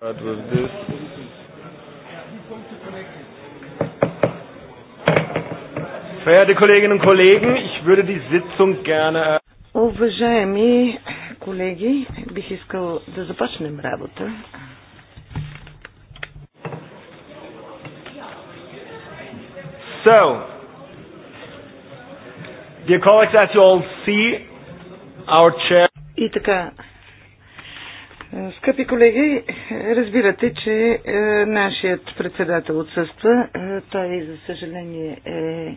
But was this. Verehrte Kolleginnen und Kollegen, ich würde die Sitzung gerne. Уважаеми колеги, бих искал да започнем работа. So, dear colleagues, as you all see, our chair. И така, Скъпи колеги, разбирате, че е, нашият председател отсъства. Е, той, за съжаление, е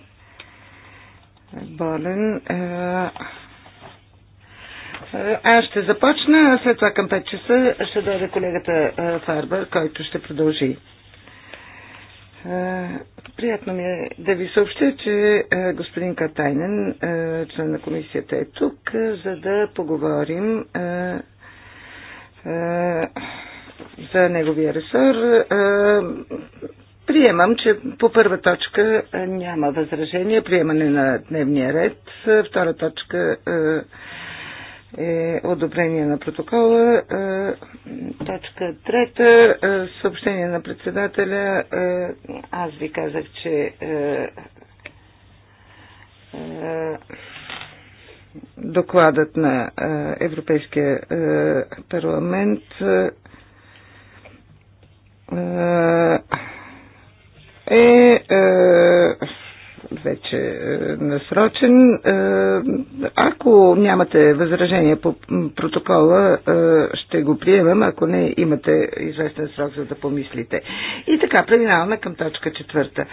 болен. Е, е аз ще започна, а след това към 5 часа ще дойде колегата е, Фарбър, който ще продължи. Е, приятно ми е да ви съобщя, че господин Катайнен, член на комисията, е тук, за да поговорим е, за неговия ресор. Е, приемам, че по първа точка е, няма възражение, приемане на дневния ред. Втора точка е одобрение на протокола. Точка трета, съобщение на председателя. Аз ви казах, че докладът на е, Европейския е, парламент е, е вече насрочен. Ако нямате възражение по протокола, ще го приемам, ако не имате известен срок за да помислите. И така, преминаваме към точка четвърта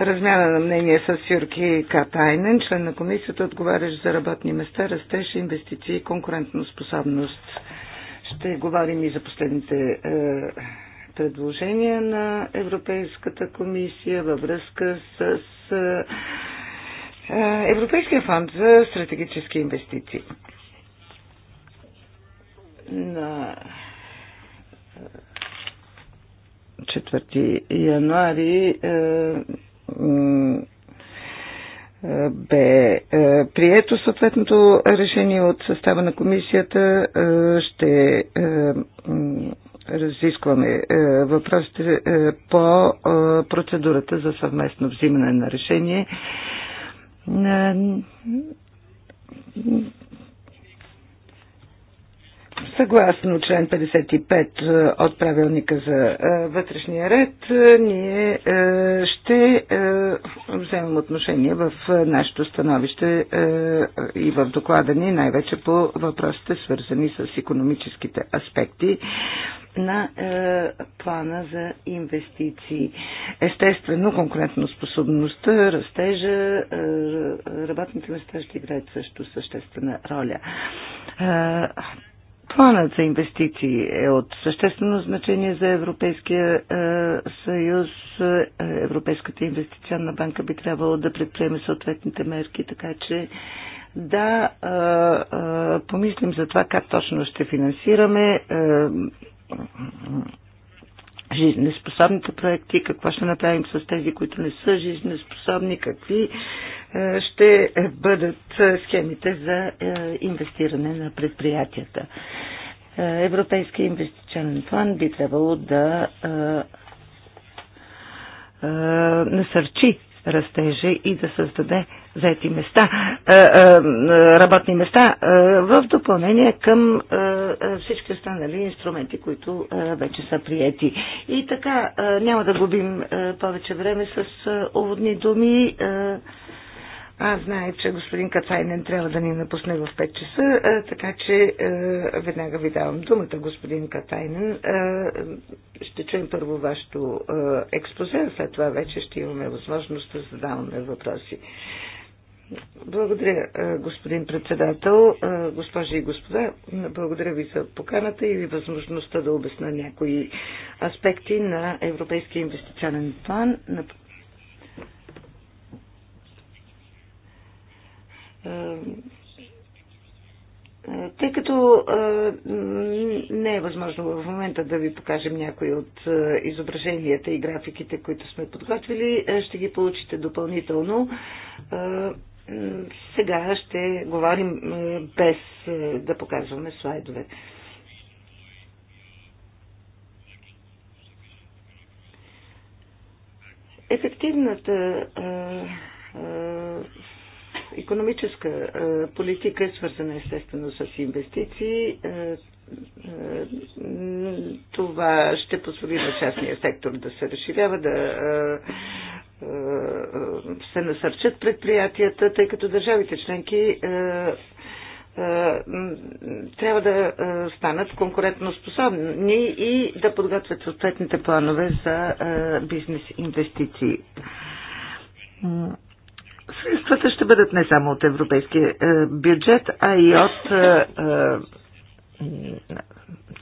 размяна на мнение с Юрки Катайнен, член на комисията, отговарящ за работни места, растеж, инвестиции и конкурентоспособност. Ще говорим и за последните е, предложения на Европейската комисия във връзка с е, Европейския фонд за стратегически инвестиции. На 4 е, януари е, бе е, прието съответното решение от състава на комисията. Е, ще е, разискваме въпросите по процедурата за съвместно взимане на решение Съгласно член 55 е, от правилника за е, вътрешния ред, е, ние ще вземем отношение в нашето становище и в доклада ни, най-вече по въпросите свързани с економическите аспекти на плана за инвестиции. Естествено, конкурентно способността, растежа, работните места ще играят също съществена роля Планът за инвестиции е от съществено значение за Европейския е, съюз. Е, Европейската инвестиционна банка би трябвало да предприеме съответните мерки, така че да е, е, помислим за това как точно ще финансираме Е, жизнеспособните проекти, какво ще направим с тези, които не са жизнеспособни, какви е, ще бъдат е, схемите за е, инвестиране на предприятията. Европейския инвестиционен план би трябвало да насърчи растежа и да създаде заети места, е, е, е, работни места, в допълнение към всички останали инструменти, които вече са приети. И така, няма да губим повече време с уводни думи. Аз знае, че господин Кацайнен трябва да ни напусне в 5 часа, така че веднага ви давам думата, господин Кацайнен. Ще чуем първо вашето експозе, след това вече ще имаме възможност да задаваме въпроси. Благодаря, е, господин председател, е, госпожи и господа. Благодаря ви за поканата и възможността да обясна някои аспекти на Европейския инвестиционен план. Е, тъй като не е възможно в момента да ви покажем някои от изображенията и графиките, които сме подготвили, ще ги получите допълнително сега ще говорим е, без е, да показваме слайдове. Ефективната економическа е, политика е свързана естествено с инвестиции. Това ще позволи на частния сектор да се разширява, да е, е, се насърчат предприятията, тъй като държавите членки е, трябва да станат конкурентно способни и да подготвят съответните планове за бизнес инвестиции. Средствата ще бъдат не само от европейския бюджет, а и от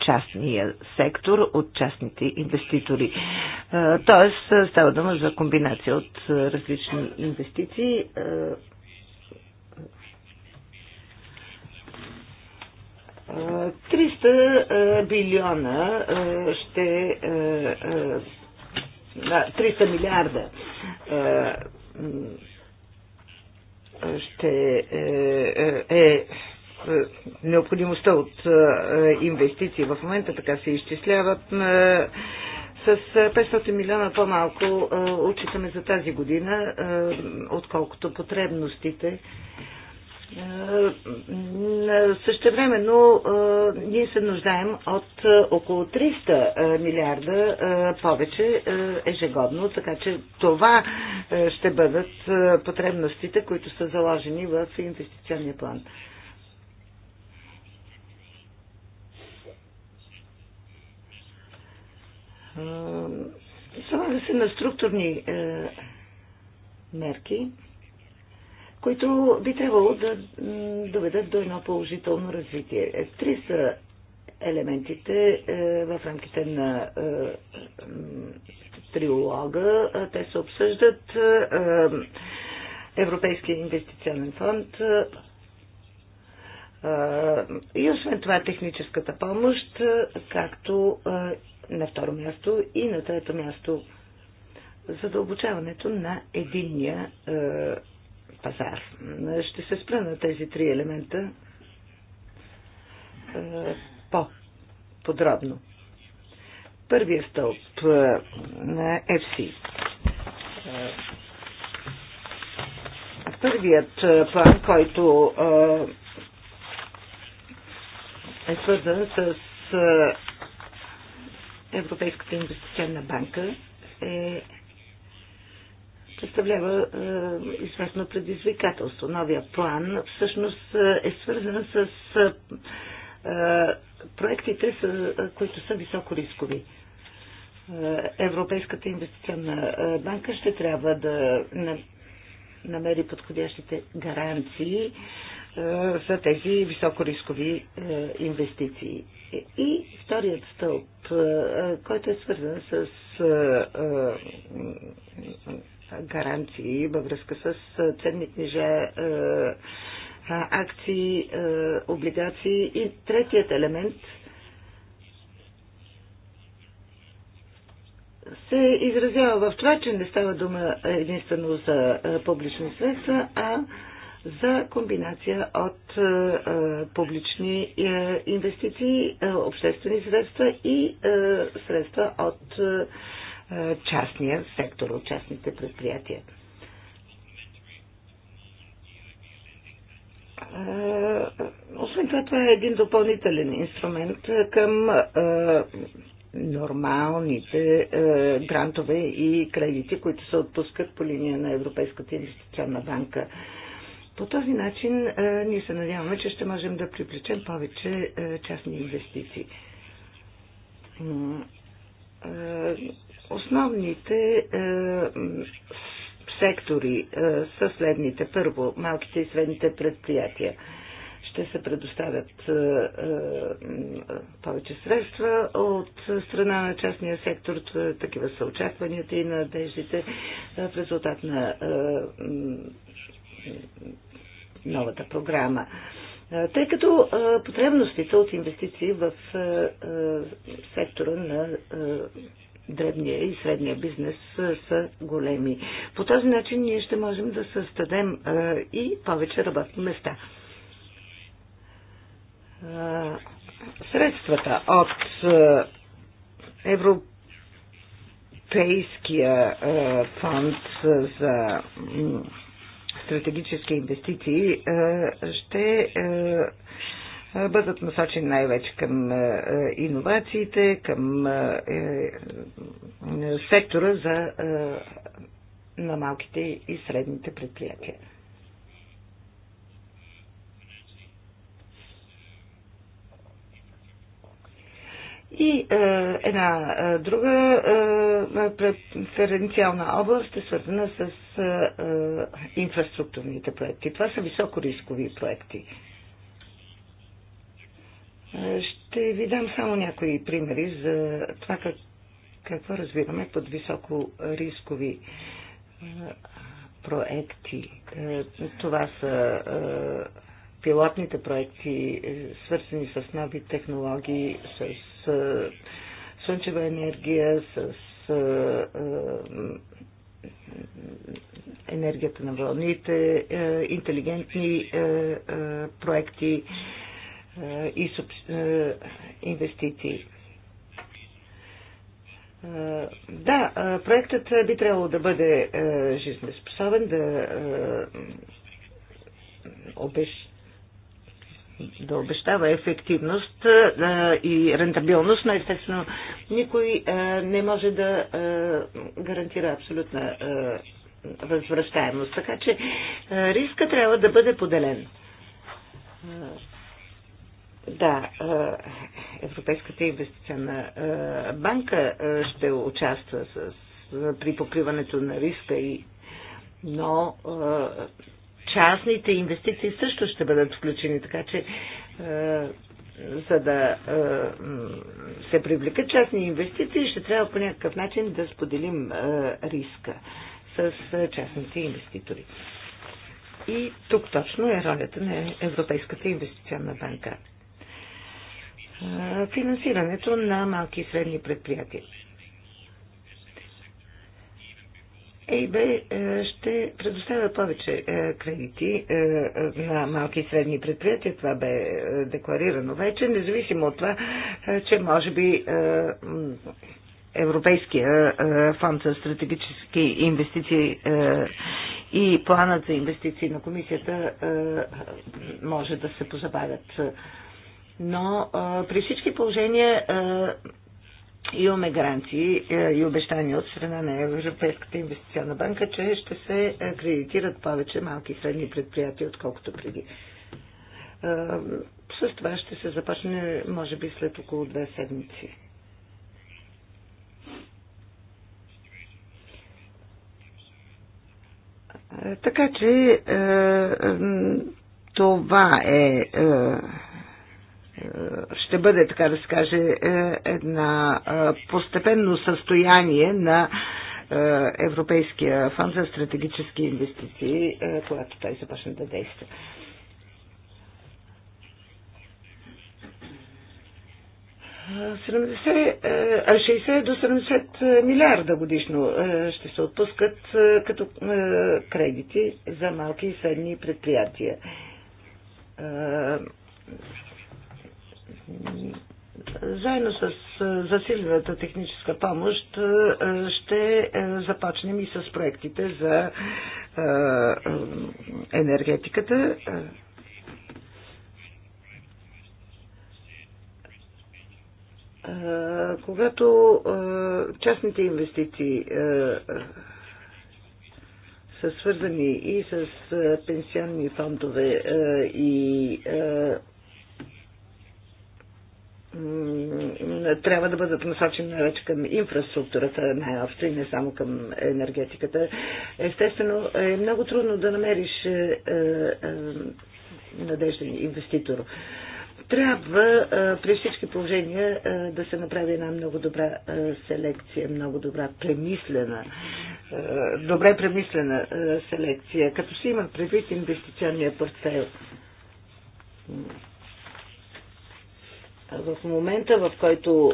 частния сектор, от частните инвеститори. Е, тоест, е, става дума за комбинация от е, различни инвестиции. Триста 300 билиона ще 300 милиарда ще е, е, е е, необходимостта от е, инвестиции в момента, така се изчисляват. Е, с 500 милиона по-малко отчитаме за тази година, отколкото потребностите. но ние се нуждаем от около 300 милиарда повече ежегодно, така че това ще бъдат потребностите, които са заложени в инвестиционния план. Слага се на структурни е, мерки, които би трябвало да доведат до едно положително развитие. Е, три са елементите е, в рамките на триолога. Те се обсъждат. Европейския инвестиционен фонд и освен това техническата помощ, както на второ място и на трето място задълбочаването на единния е, пазар. Ще се спра на тези три елемента е, по-подробно. Първия стълб е, на FC. Е, първият е, план, който е, е свързан с е, Европейската инвестиционна банка е представлява е, известно предизвикателство. Новия план всъщност е свързан с е, проектите, с, е, които са високо рискови. Е, Европейската инвестиционна е, банка ще трябва да намери подходящите гаранции за е, тези високорискови е, инвестиции. И вторият стълб, е, който е свързан с гаранции във връзка с ценни книжа, акции, облигации. И третият елемент се изразява в това, че не става дума единствено за публични средства, а за комбинация от е, е, публични е, инвестиции, обществени средства и средства от частния сектор, от частните предприятия. Освен това, това е един допълнителен инструмент към нормалните грантове и кредити, които се отпускат по линия на Европейската инвестиционна банка. По този начин е, ние се надяваме, че ще можем да привлечем повече е, частни инвестиции. Е, основните сектори са следните. Първо, малките и средните предприятия. Ще се предоставят повече средства от страна на частния сектор. Такива са очакванията и надеждите в резултат на новата програма. Тъй като потребностите от инвестиции в сектора на дребния и средния бизнес са големи. По този начин ние ще можем да създадем и повече работни места. Средствата от Европейския фонд за стратегически инвестиции е, ще е, бъдат насочени най-вече към е, иновациите, към сектора за, на малките и средните предприятия. И е, една е, друга е, преференциална област е свързана с е, е инфраструктурните проекти. Това са високорискови проекти. Е, ще ви дам само някои примери за това как, какво разбираме под високорискови е, проекти. Това са пилотните проекти, свързани с нови технологии, с е, слънчева енергия, с е, е, енергията на вълните, интелигентни проекти и инвестиции. Да, проектът би трябвало да бъде жизнеспособен, да обещава да обещава ефективност и рентабилност, но естествено никой не може да гарантира абсолютна възвръщаемост. Така че риска трябва да бъде поделен. Да, Европейската инвестиционна банка ще участва с, при покриването на риска и но частните инвестиции също ще бъдат включени, така че е, за да е, се привлекат частни инвестиции, ще трябва по някакъв начин да споделим е, риска с частните инвеститори. И тук точно е ролята на Европейската инвестиционна банка. Финансирането на малки и средни предприятия. ЕИБ е, ще предоставя повече е, кредити е, на малки и средни предприятия. Това бе декларирано вече, независимо от това, че може би Европейския фонд за стратегически инвестиции и планът за инвестиции на комисията може да се позабавят. Но при всички положения имаме гаранции е, и обещания от страна на Европейската инвестиционна банка, че ще се кредитират повече малки и средни предприятия, отколкото преди. Е, с това ще се започне, може би, след около две седмици. Е, така че това е ще бъде, така да се каже, е, една е, постепенно състояние на е, Европейския фонд за стратегически инвестиции, когато той започне да действа. до 60 до 70 милиарда годишно ще се отпускат като кредити за малки и средни предприятия. Заедно с засилената техническа помощ е, ще е, започнем и с проектите за е, енергетиката. Когато частните инвестиции са свързани и с пенсионни фондове и трябва да бъдат насочени най-вече към инфраструктурата, най-общо и не само към енергетиката. Естествено, е много трудно да намериш е, е, надежден инвеститор. Трябва е, при всички положения е, да се направи една много добра е, селекция, много добра премислена, е, добре премислена е, селекция, като се има предвид инвестиционния портфел. В момента, в който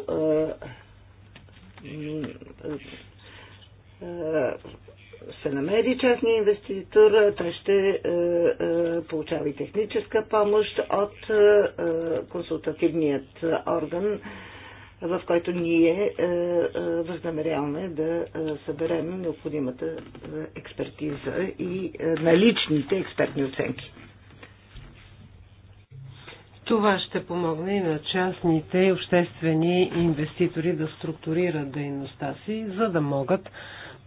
се намери частния инвеститор, той ще получава и техническа помощ от консултативният орган, в който ние възнамеряваме да съберем необходимата експертиза и наличните експертни оценки. Това ще помогне и на частните и обществени инвеститори да структурират дейността си, за да могат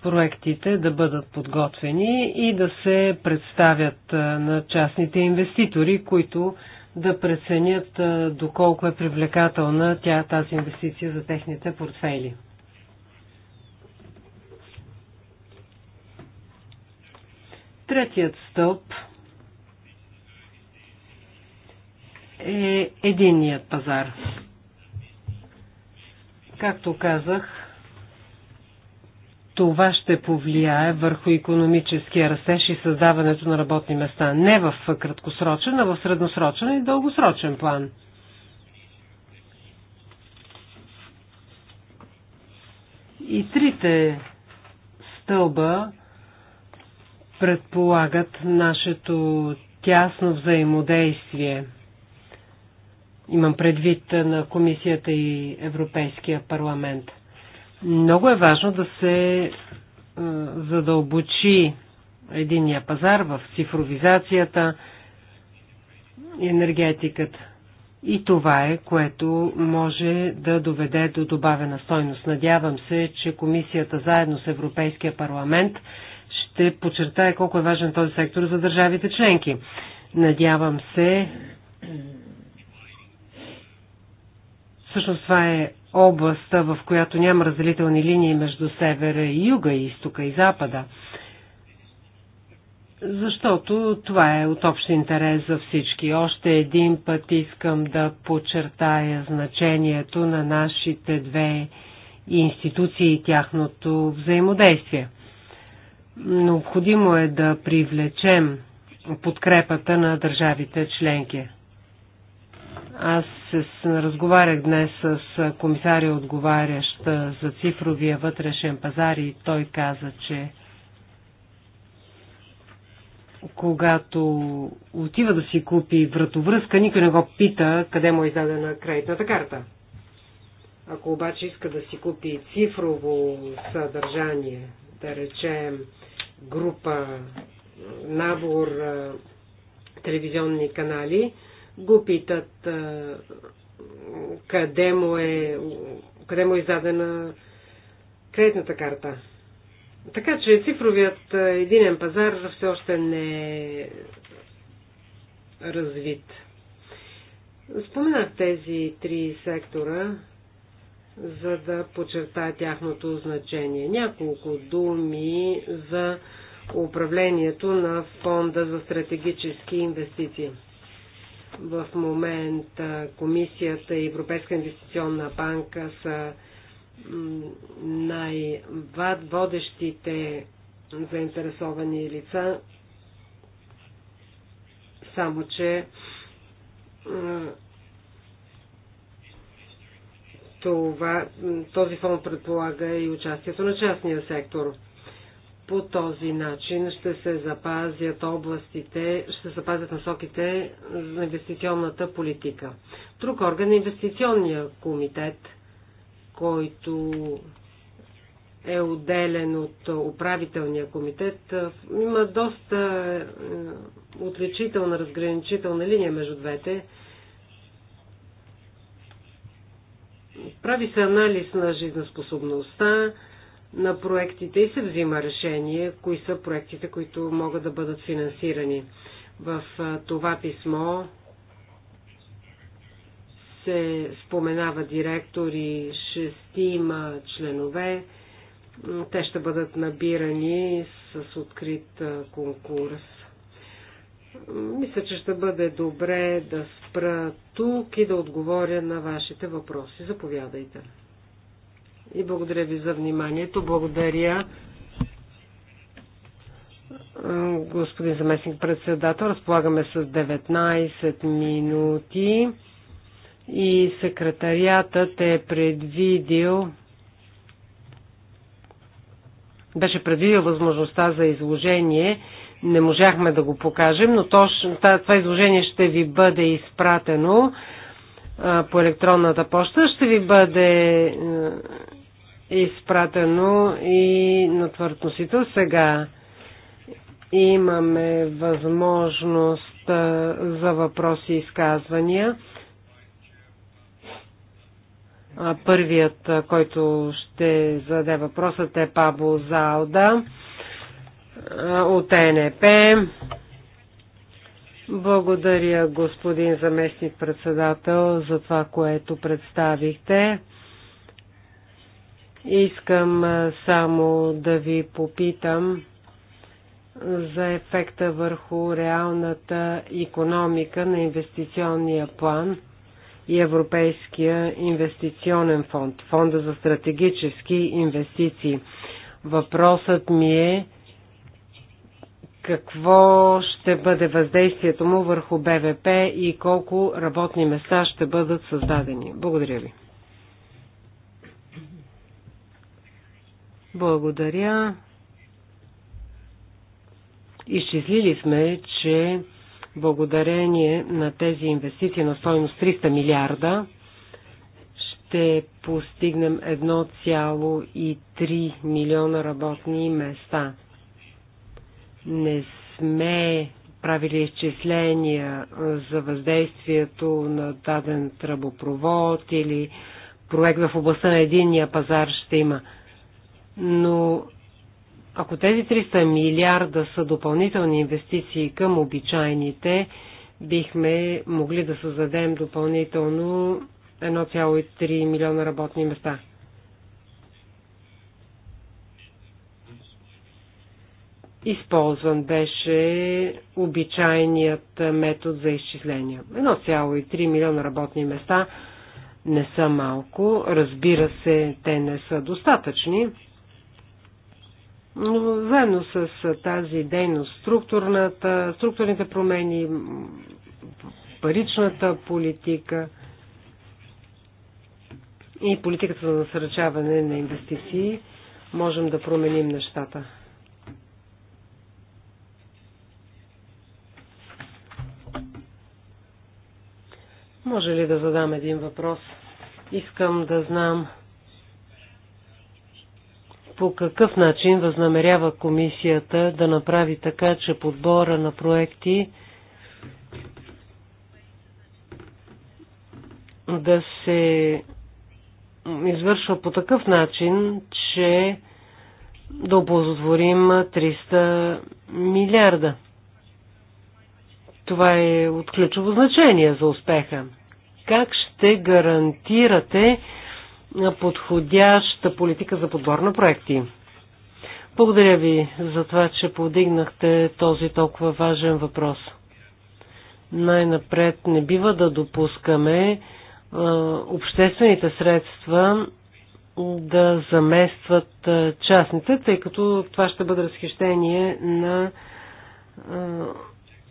проектите да бъдат подготвени и да се представят на частните инвеститори, които да преценят доколко е привлекателна тя тази инвестиция за техните портфели. Третият стълб е единният пазар. Както казах, това ще повлияе върху економическия растеж и създаването на работни места. Не в краткосрочен, а в средносрочен и дългосрочен план. И трите стълба предполагат нашето тясно взаимодействие – Имам предвид на комисията и Европейския парламент. Много е важно да се е, задълбочи единния пазар в цифровизацията и енергетиката. И това е, което може да доведе до добавена стойност. Надявам се, че комисията заедно с Европейския парламент ще подчертае колко е важен този сектор за държавите членки. Надявам се Всъщност това е областта, в която няма разделителни линии между севера и юга, и изтока и запада. Защото това е от общ интерес за всички. Още един път искам да подчертая значението на нашите две институции и тяхното взаимодействие. Необходимо е да привлечем подкрепата на държавите членки. Аз се разговарях днес с комисаря, отговарящ за цифровия вътрешен пазар и той каза, че когато отива да си купи вратовръзка, никой не го пита къде му е издадена кредитната карта. Ако обаче иска да си купи цифрово съдържание, да речем група, набор телевизионни канали, го питат къде му е, къде му е издадена кредитната карта. Така че цифровият единен пазар все още не е развит. Споменах тези три сектора, за да подчертая тяхното значение. Няколко думи за управлението на фонда за стратегически инвестиции. В момента Комисията и Европейска инвестиционна банка са най-водещите заинтересовани лица, само че това, този фонд предполага и участието на частния сектор. По този начин ще се запазят областите, ще се запазят насоките на инвестиционната политика. Друг орган е инвестиционния комитет, който е отделен от управителния комитет. Има доста е, отличителна, разграничителна линия между двете. Прави се анализ на жизнеспособността, на проектите и се взима решение, кои са проектите, които могат да бъдат финансирани. В това писмо се споменава директор и шестима членове. Те ще бъдат набирани с открит конкурс. Мисля, че ще бъде добре да спра тук и да отговоря на вашите въпроси. Заповядайте и благодаря ви за вниманието. Благодаря господин заместник председател. Разполагаме с 19 минути и секретариатът е предвидил беше предвидил възможността за изложение. Не можахме да го покажем, но то, това изложение ще ви бъде изпратено по електронната почта. Ще ви бъде изпратено и на твърд носител. Сега имаме възможност за въпроси и изказвания. Първият, който ще зададе въпросът е Пабло Залда от ЕНП. Благодаря, господин заместник председател, за това, което представихте. Искам само да ви попитам за ефекта върху реалната економика на инвестиционния план и Европейския инвестиционен фонд, фонда за стратегически инвестиции. Въпросът ми е какво ще бъде въздействието му върху БВП и колко работни места ще бъдат създадени. Благодаря ви. Благодаря. Изчислили сме, че благодарение на тези инвестиции на стойност 300 милиарда ще постигнем 1,3 милиона работни места. Не сме правили изчисления за въздействието на даден тръбопровод или проект в областта на единния пазар ще има. Но ако тези 300 милиарда са допълнителни инвестиции към обичайните, бихме могли да създадем допълнително 1,3 милиона работни места. Използван беше обичайният метод за изчисления. 1,3 милиона работни места не са малко, разбира се, те не са достатъчни заедно с тази дейност, структурната, структурните промени, паричната политика и политиката за насърчаване на инвестиции, можем да променим нещата. Може ли да задам един въпрос? Искам да знам по какъв начин възнамерява комисията да направи така, че подбора на проекти да се извършва по такъв начин, че да оползотворим 300 милиарда. Това е от ключово значение за успеха. Как ще гарантирате подходяща политика за подбор на проекти. Благодаря ви за това, че повдигнахте този толкова важен въпрос. Най-напред не бива да допускаме обществените средства да заместват частните, тъй като това ще бъде разхищение на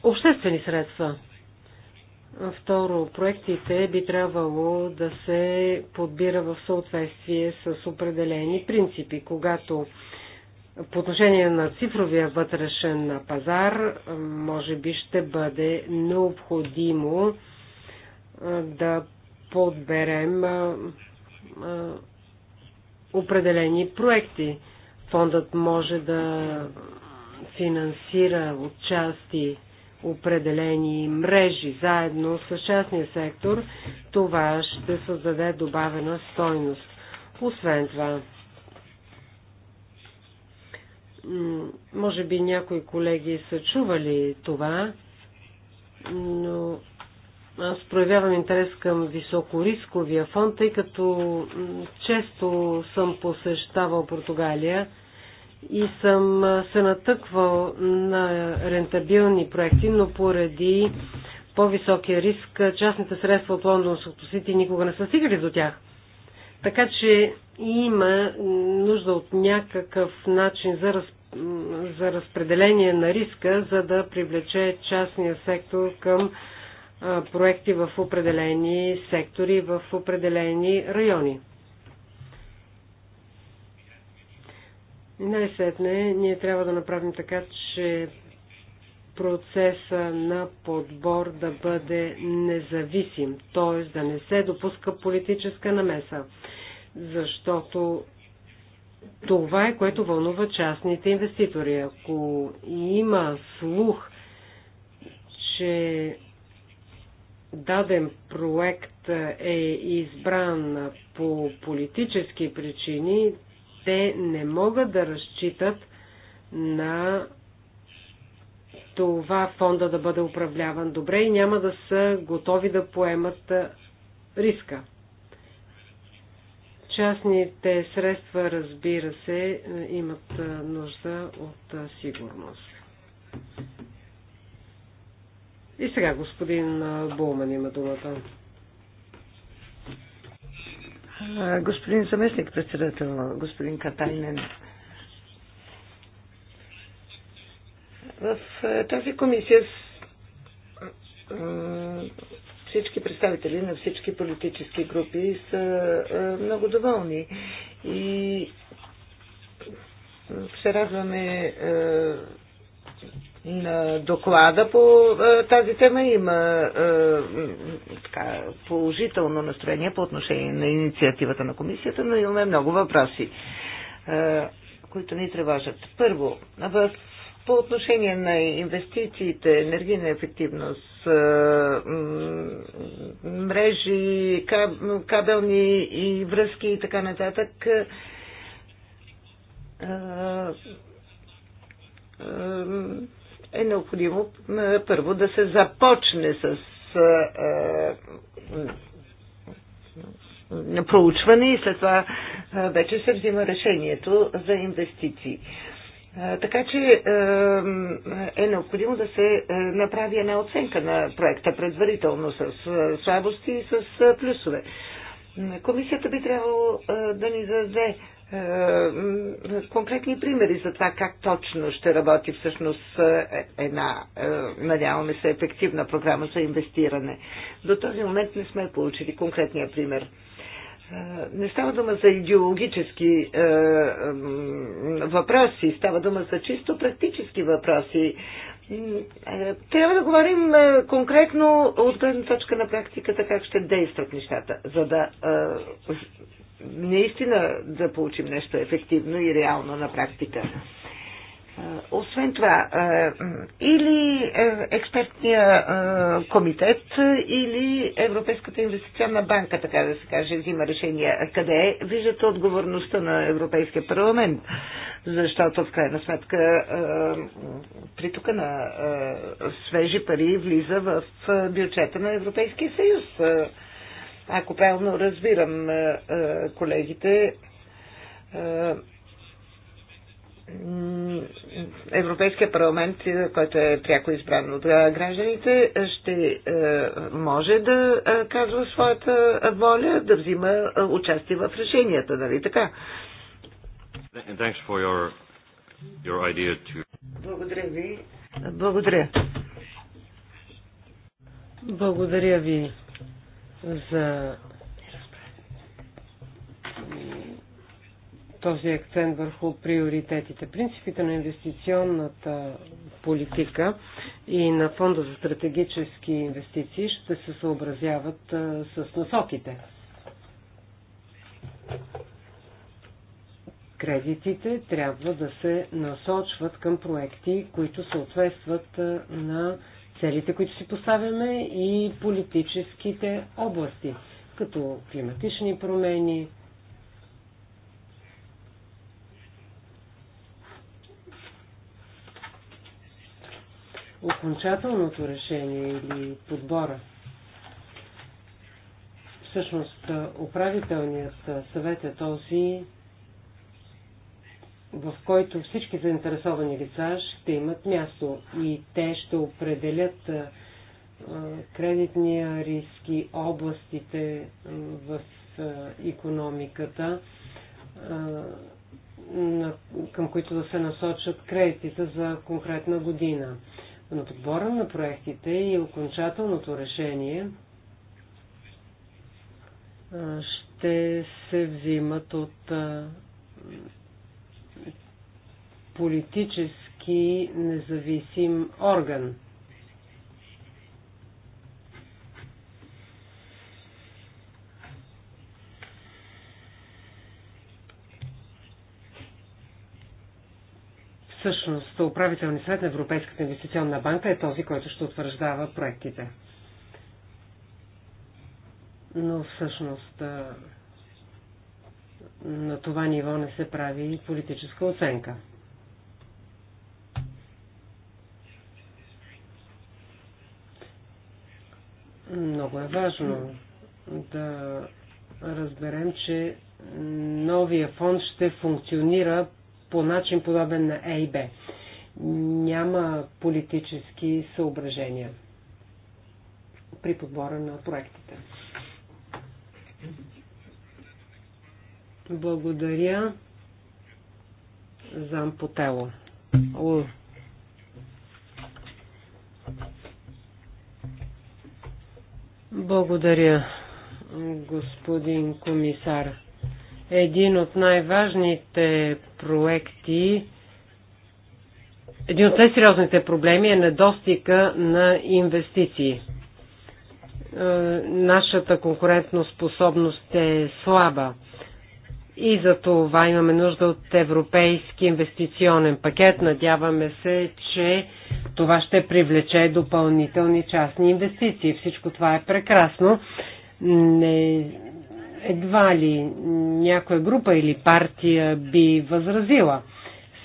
обществени средства. Второ, проектите би трябвало да се подбира в съответствие с определени принципи. Когато по отношение на цифровия вътрешен пазар, може би ще бъде необходимо да подберем определени проекти. Фондът може да финансира отчасти определени мрежи заедно с частния сектор, това ще създаде добавена стойност. Освен това, може би някои колеги са чували това, но аз проявявам интерес към високорисковия фонд, тъй като често съм посещавал Португалия и съм се натъквал на рентабилни проекти, но поради по-високия риск частните средства от Лондонското Сити никога не са стигали до тях. Така че има нужда от някакъв начин за, раз, за разпределение на риска, за да привлече частния сектор към а, проекти в определени сектори, в определени райони. Най-сетне ние трябва да направим така, че процеса на подбор да бъде независим, т.е. да не се допуска политическа намеса, защото това е което вълнува частните инвеститори. Ако има слух, че даден проект е избран по политически причини, те не могат да разчитат на това фонда да бъде управляван добре и няма да са готови да поемат риска. Частните средства, разбира се, имат нужда от сигурност. И сега господин Булман има думата. Господин заместник председател, господин Катайнен, в тази комисия всички представители на всички политически групи са много доволни и се радваме доклада по е, тази тема има е, така, положително настроение по отношение на инициативата на комисията, но имаме много въпроси, е, които ни тревожат. Първо, в по отношение на инвестициите, енергийна ефективност, мрежи, кабелни и връзки и така нататък, е необходимо първо да се започне с проучване и след това вече се взима решението за инвестиции. Така че е необходимо да се направи една оценка на проекта предварително с слабости и с плюсове. Комисията би трябвало да ни даде е, конкретни примери за това как точно ще работи всъщност е, една, е, надяваме се, ефективна програма за инвестиране. До този момент не сме получили конкретния пример. Не става дума за идеологически въпроси, става дума за чисто практически въпроси. Трябва да говорим конкретно от гледна точка на практиката как ще действат нещата, за да наистина да получим нещо ефективно и реално на практика. Освен това, или е, експертния комитет, или Европейската инвестиционна банка, така да се каже, взима решения. Къде е? виждате отговорността на Европейския парламент? Защото в крайна сметка притока на свежи пари влиза в бюджета на Европейския съюз ако правилно разбирам е, е, колегите, е, Европейския парламент, който е пряко избран от гражданите, ще може да казва своята воля, да взима участие в решенията, нали така? Благодаря ви. Благодаря. Благодаря ви за този акцент върху приоритетите. Принципите на инвестиционната политика и на фонда за стратегически инвестиции ще се съобразяват с насоките. Кредитите трябва да се насочват към проекти, които съответстват на целите, които си поставяме и политическите области, като климатични промени, окончателното решение или подбора. Всъщност, управителният съвет е този, в който всички заинтересовани лица ще имат място и те ще определят кредитния риск и областите в економиката, към които да се насочат кредитите за конкретна година. Но подбора на проектите и окончателното решение ще се взимат от политически независим орган. Всъщност, управителният съвет на Европейската инвестиционна банка е този, който ще утвърждава проектите. Но всъщност на това ниво не се прави политическа оценка. Много е важно да разберем, че новия фонд ще функционира по начин подобен на ЕИБ. Няма политически съображения при подбора на проектите. Благодаря. Зампотело. О, Благодаря, господин комисар. Един от най-важните проекти, един от най-сериозните проблеми е недостига на инвестиции. Е, нашата способност е слаба и за това имаме нужда от европейски инвестиционен пакет. Надяваме се, че това ще привлече допълнителни частни инвестиции. Всичко това е прекрасно. Не, едва ли някоя група или партия би възразила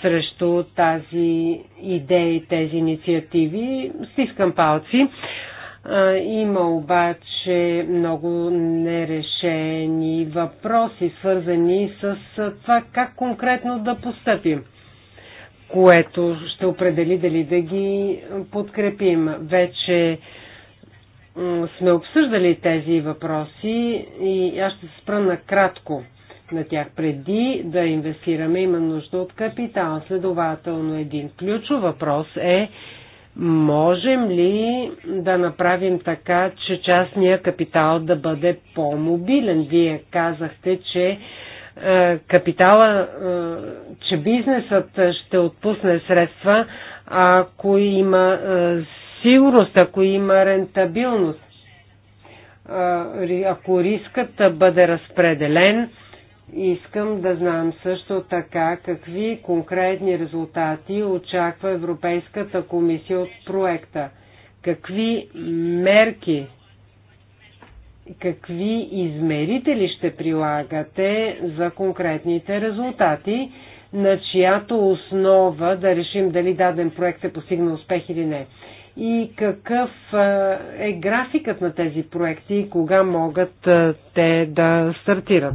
срещу тази идея и тези инициативи. Стискам палци. Има обаче много нерешени въпроси, свързани с това как конкретно да поступим което ще определи дали да ги подкрепим. Вече сме обсъждали тези въпроси и аз ще се спра накратко на тях. Преди да инвестираме има нужда от капитал. Следователно един ключов въпрос е можем ли да направим така, че частния капитал да бъде по-мобилен? Вие казахте, че е, капитала, е, че бизнесът ще отпусне средства, ако има е, сигурност, ако има рентабилност, ако рискът бъде разпределен, Искам да знам също така какви конкретни резултати очаква Европейската комисия от проекта. Какви мерки какви измерители ще прилагате за конкретните резултати, на чиято основа да решим дали даден проект е постигнал успех или не. И какъв е графикът на тези проекти и кога могат те да стартират?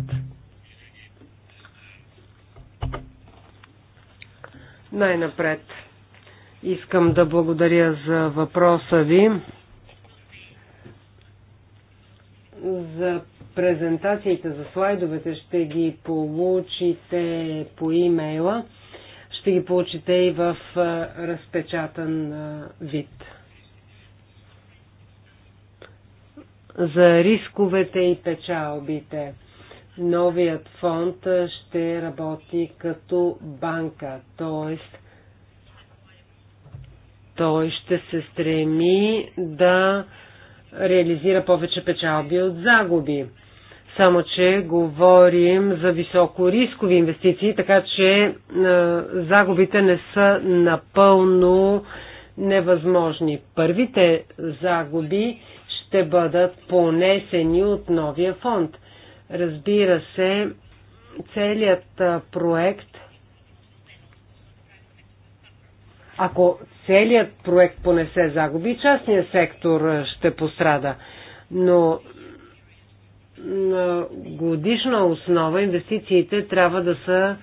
Най-напред искам да благодаря за въпроса ви за презентациите, за слайдовете ще ги получите по имейла. Ще ги получите и в разпечатан вид. За рисковете и печалбите. Новият фонд ще работи като банка, т.е. той ще се стреми да реализира повече печалби от загуби. Само, че говорим за високо рискови инвестиции, така че а, е, загубите не са напълно невъзможни. Първите загуби ще бъдат понесени от новия фонд. Разбира се, целият проект Ако целият проект понесе загуби, частният сектор ще пострада. Но на годишна основа инвестициите трябва да са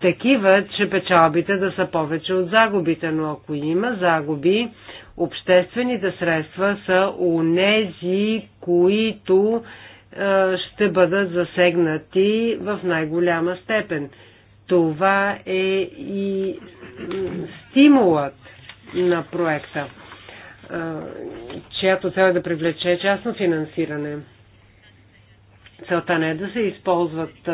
такива, че печалбите да са повече от загубите, но ако има загуби, обществените средства са унези, които е, ще бъдат засегнати в най-голяма степен. Това е и стимулът на проекта, чиято цел е да привлече частно финансиране. Целта не е да се използват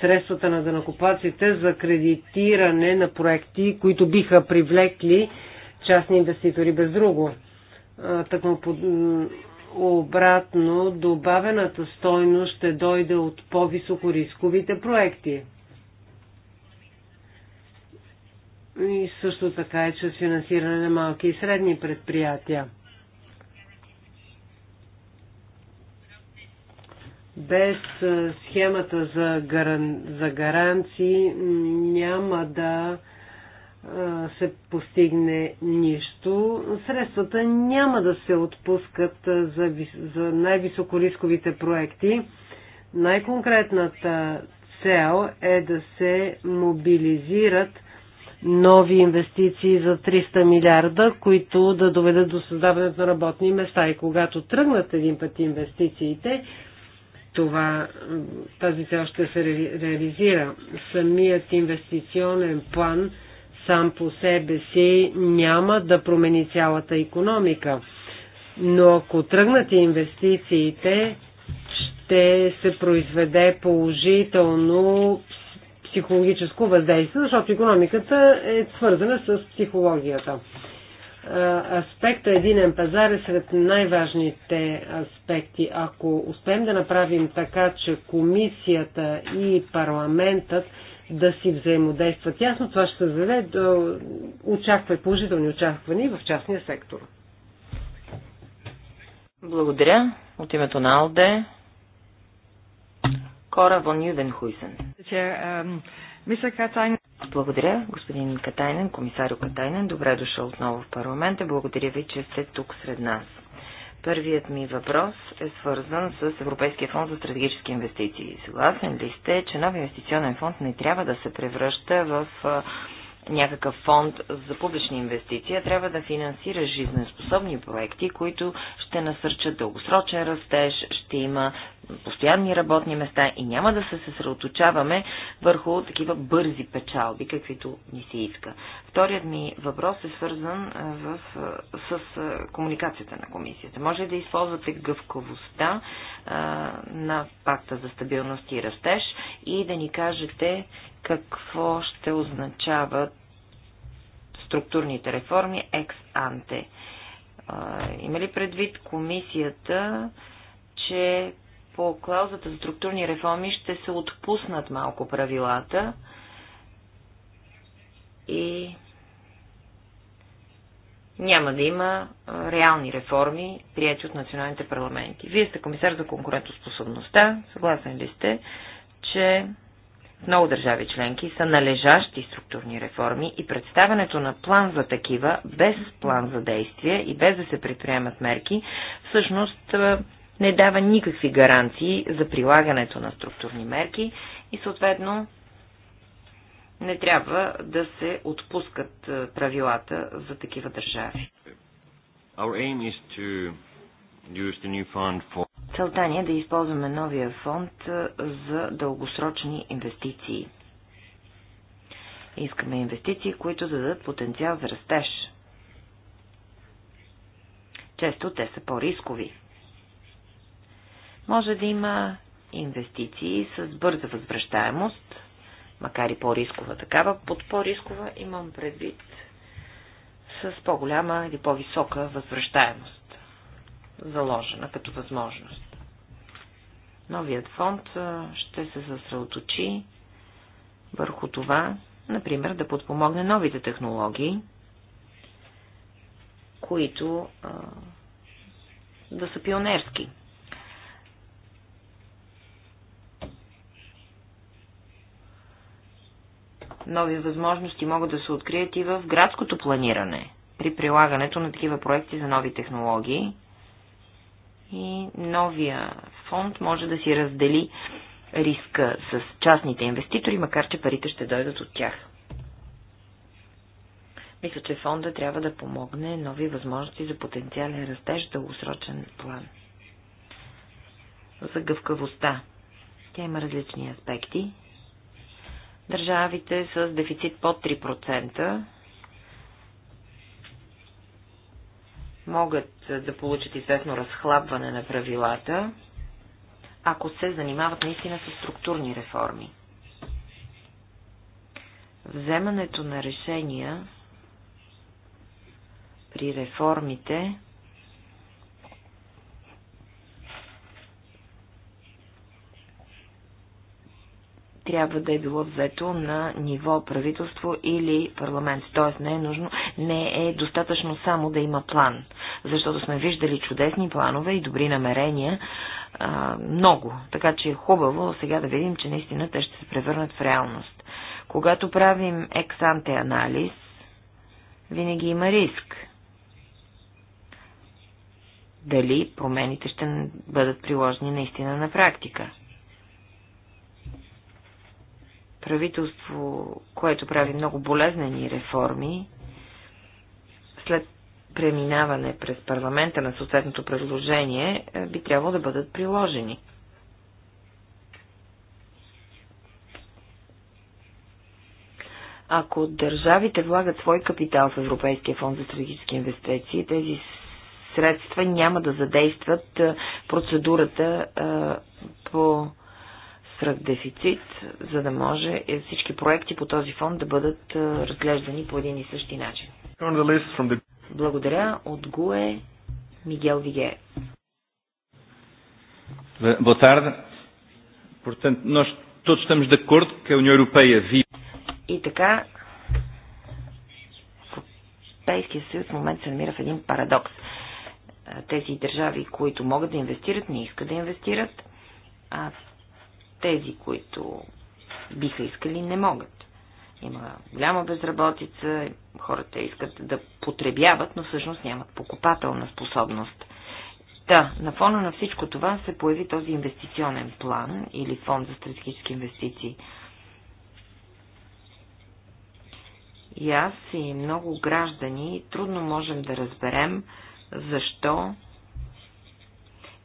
средствата на данакоплаците за кредитиране на проекти, които биха привлекли частни инвеститори без друго. Тъкмо под... обратно, добавената стойност ще дойде от по-високорисковите проекти. и също така е чрез финансиране на малки и средни предприятия. Без схемата за, гаран... за гаранции няма да се постигне нищо. Средствата няма да се отпускат за, за най-високорисковите проекти. Най-конкретната цел е да се мобилизират нови инвестиции за 300 милиарда, които да доведат до създаването на работни места. И когато тръгнат един път инвестициите, това, тази цел ще се реализира. Самият инвестиционен план сам по себе си няма да промени цялата економика. Но ако тръгнат инвестициите, ще се произведе положително психологическо въздействие, защото економиката е свързана с психологията. Аспекта единен пазар е сред най-важните аспекти. Ако успеем да направим така, че комисията и парламентът да си взаимодействат ясно, това ще заведе до очаква положителни очаквания в частния сектор. Благодаря. От името на Алде Кора Вон Ювенхуйсен. Um, Благодаря, господин Катайнен, комисарио Катайнен. Добре дошъл отново в парламента. Благодаря ви, че сте тук сред нас. Първият ми въпрос е свързан с Европейския фонд за стратегически инвестиции. Съгласен ли сте, че нов инвестиционен фонд не трябва да се превръща в някакъв фонд за публични инвестиции, а трябва да финансира жизнеспособни проекти, които ще насърчат дългосрочен растеж, ще има постоянни работни места и няма да се съсредоточаваме върху такива бързи печалби, каквито ни се иска. Вторият ми въпрос е свързан в, с комуникацията на комисията. Може да използвате гъвкавостта а, на пакта за стабилност и растеж и да ни кажете какво ще означават структурните реформи екс-анте. Има ли предвид комисията, че по клаузата за структурни реформи ще се отпуснат малко правилата и няма да има реални реформи, прияти от националните парламенти. Вие сте комисар за конкурентоспособността. Съгласен ли сте, че в много държави членки са належащи структурни реформи и представянето на план за такива, без план за действие и без да се предприемат мерки, всъщност не дава никакви гаранции за прилагането на структурни мерки и съответно не трябва да се отпускат правилата за такива държави. For... Целта ни е да използваме новия фонд за дългосрочни инвестиции. Искаме инвестиции, които да дадат потенциал за растеж. Често те са по-рискови. Може да има инвестиции с бърза възвръщаемост, макар и по-рискова такава. Под по-рискова имам предвид с по-голяма или по-висока възвръщаемост заложена като възможност. Новият фонд ще се съсредоточи върху това, например, да подпомогне новите технологии, които а, да са пионерски. Нови възможности могат да се открият и в градското планиране, при прилагането на такива проекти за нови технологии – и новия фонд може да си раздели риска с частните инвеститори, макар че парите ще дойдат от тях. Мисля, че фонда трябва да помогне нови възможности за потенциален растеж в дългосрочен план. За гъвкавостта. Тя има различни аспекти. Държавите с дефицит под 3% могат да получат известно разхлабване на правилата, ако се занимават наистина с структурни реформи. Вземането на решения при реформите трябва да е било взето на ниво правителство или парламент. Тоест не е нужно, не е достатъчно само да има план, защото сме виждали чудесни планове и добри намерения, а, много. Така че е хубаво сега да видим, че наистина те ще се превърнат в реалност. Когато правим ексанте анализ, винаги има риск. Дали промените ще бъдат приложени наистина на практика? правителство, което прави много болезнени реформи, след преминаване през парламента на съответното предложение, е, би трябвало да бъдат приложени. Ако държавите влагат свой капитал в Европейския фонд за стратегически инвестиции, тези средства няма да задействат е, процедурата е, по сред дефицит, за да може е, всички проекти по този фонд да бъдат е, разглеждани по един и същи начин. Благодаря. От ГУЕ Мигел Виге. И така, Европейския съюз в момента се намира в един парадокс. Е, тези държави, които могат да инвестират, не искат да инвестират, а тези, които биха искали, не могат. Има голяма безработица, хората искат да потребяват, но всъщност нямат покупателна способност. Та, да, на фона на всичко това се появи този инвестиционен план или фонд за стратегически инвестиции. И аз и много граждани трудно можем да разберем защо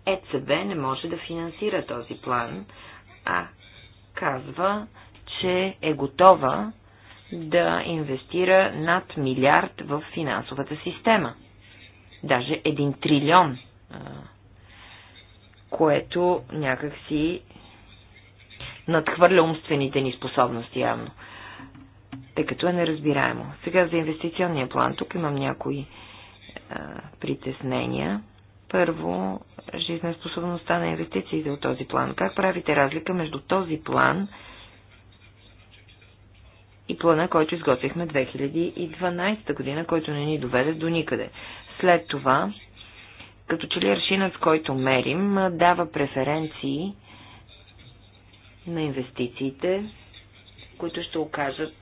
ЕЦБ не може да финансира този план, а казва, че е готова да инвестира над милиард в финансовата система. Даже един трилион, което някакси надхвърля умствените ни способности явно, тъй като е неразбираемо. Сега за инвестиционния план. Тук имам някои а, притеснения. Първо, жизнеспособността на инвестициите от този план. Как правите разлика между този план и плана, който изготвихме 2012 година, който не ни доведе до никъде? След това, като че ли аршинът, който мерим, дава преференции на инвестициите, които ще окажат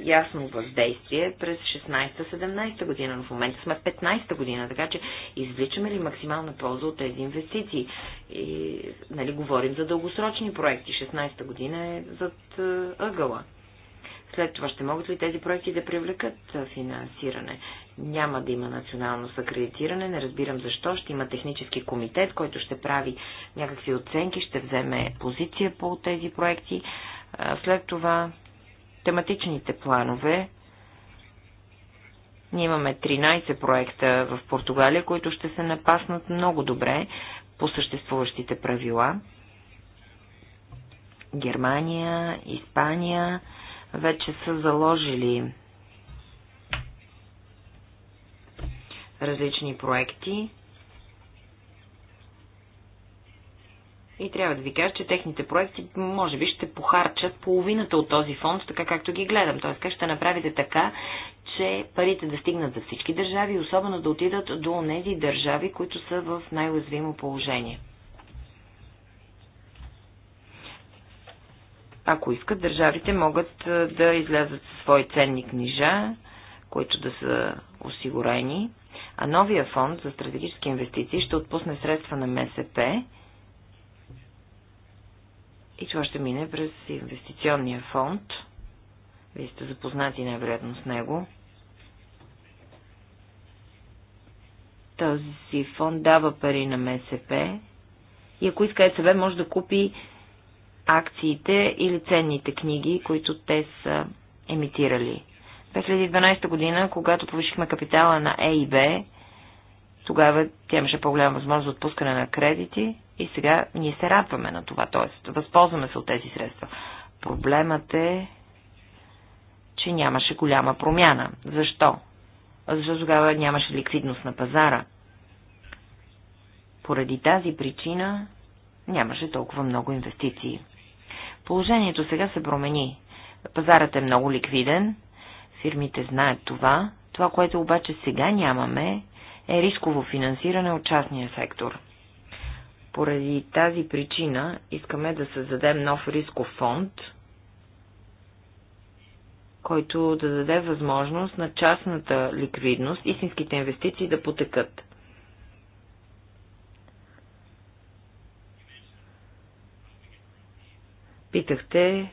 ясно въздействие през 16-17 година, но в момента сме 15 година, така че извличаме ли максимална полза от тези инвестиции? И, нали, говорим за дългосрочни проекти, 16 та година е зад ъгъла. След това ще могат ли тези проекти да привлекат финансиране? Няма да има национално съкредитиране, не разбирам защо. Ще има технически комитет, който ще прави някакви оценки, ще вземе позиция по тези проекти. След това тематичните планове. Ние имаме 13 проекта в Португалия, които ще се напаснат много добре по съществуващите правила. Германия, Испания вече са заложили различни проекти И трябва да ви кажа, че техните проекти може би ще похарчат половината от този фонд, така както ги гледам. Тоест, как ще направите така, че парите да стигнат за всички държави, особено да отидат до тези държави, които са в най-уязвимо положение. Ако искат, държавите могат да излязат със свои ценни книжа, които да са осигурени, а новия фонд за стратегически инвестиции ще отпусне средства на МСП, и това ще мине през инвестиционния фонд. Вие сте запознати най-вероятно с него. Този фонд дава пари на МСП и ако иска ЕЦБ, може да купи акциите или ценните книги, които те са емитирали. 2012 година, когато повишихме капитала на ЕИБ, тогава тя имаше по-голяма възможност за отпускане на кредити и сега ние се радваме на това, т.е. възползваме се от тези средства. Проблемът е, че нямаше голяма промяна. Защо? Защото тогава нямаше ликвидност на пазара. Поради тази причина нямаше толкова много инвестиции. Положението сега се промени. Пазарът е много ликвиден, фирмите знаят това. Това, което обаче сега нямаме, е рисково финансиране от частния сектор – поради тази причина искаме да създадем нов рисков фонд, който да даде възможност на частната ликвидност, истинските инвестиции да потекат. Питахте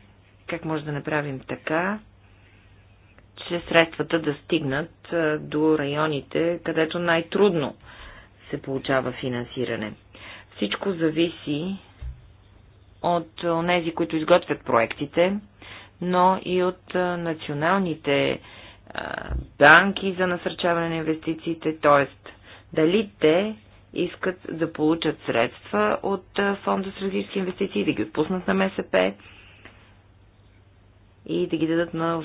как може да направим така, че средствата да стигнат до районите, където най-трудно се получава финансиране. Всичко зависи от тези, които изготвят проектите, но и от националните банки за насърчаване на инвестициите, т.е. дали те искат да получат средства от Фонда стратегически инвестиции, да ги отпуснат на МСП и да ги дадат на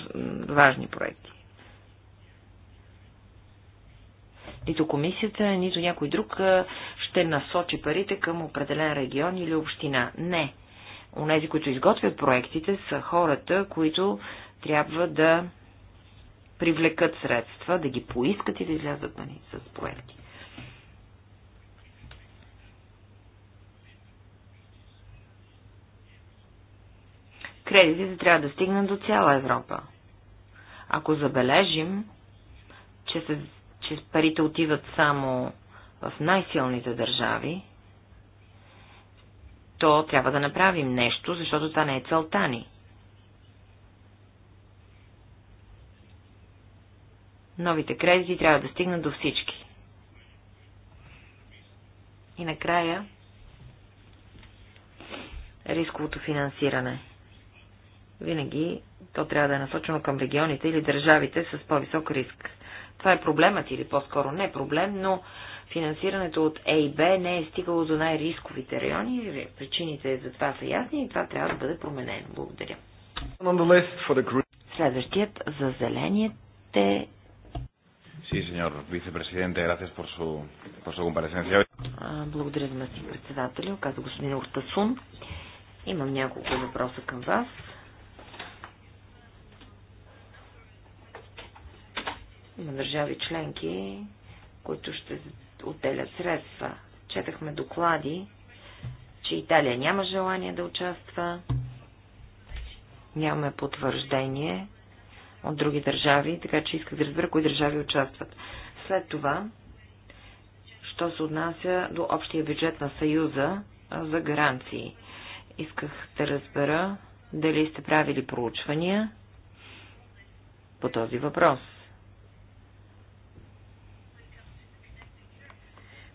важни проекти. Нито комисията, нито някой друг ще насочи парите към определен регион или община. Не. Онези, които изготвят проектите, са хората, които трябва да привлекат средства, да ги поискат и да излязат на ни с проекти. Кредитите трябва да стигнат до цяла Европа. Ако забележим, че се че парите отиват само в най-силните държави, то трябва да направим нещо, защото това не е целта ни. Новите кредити трябва да стигнат до всички. И накрая рисковото финансиране. Винаги то трябва да е насочено към регионите или държавите с по-висок риск. Това е проблемът или по-скоро не е проблем, но финансирането от ЕИБ не е стигало до най-рисковите райони. Причините за това са ясни и това трябва да бъде променено. Благодаря. Следващият за зелените Sí, señor vicepresidente, gracias por su, por su comparecencia. Благодаря, заместник каза господин Уртасун. Имам няколко въпроса към вас. На държави членки, които ще отделят средства. Четахме доклади, че Италия няма желание да участва. Нямаме потвърждение от други държави, така че исках да разбера кои държави участват. След това, що се отнася до общия бюджет на Съюза за гаранции. Исках да разбера дали сте правили проучвания по този въпрос.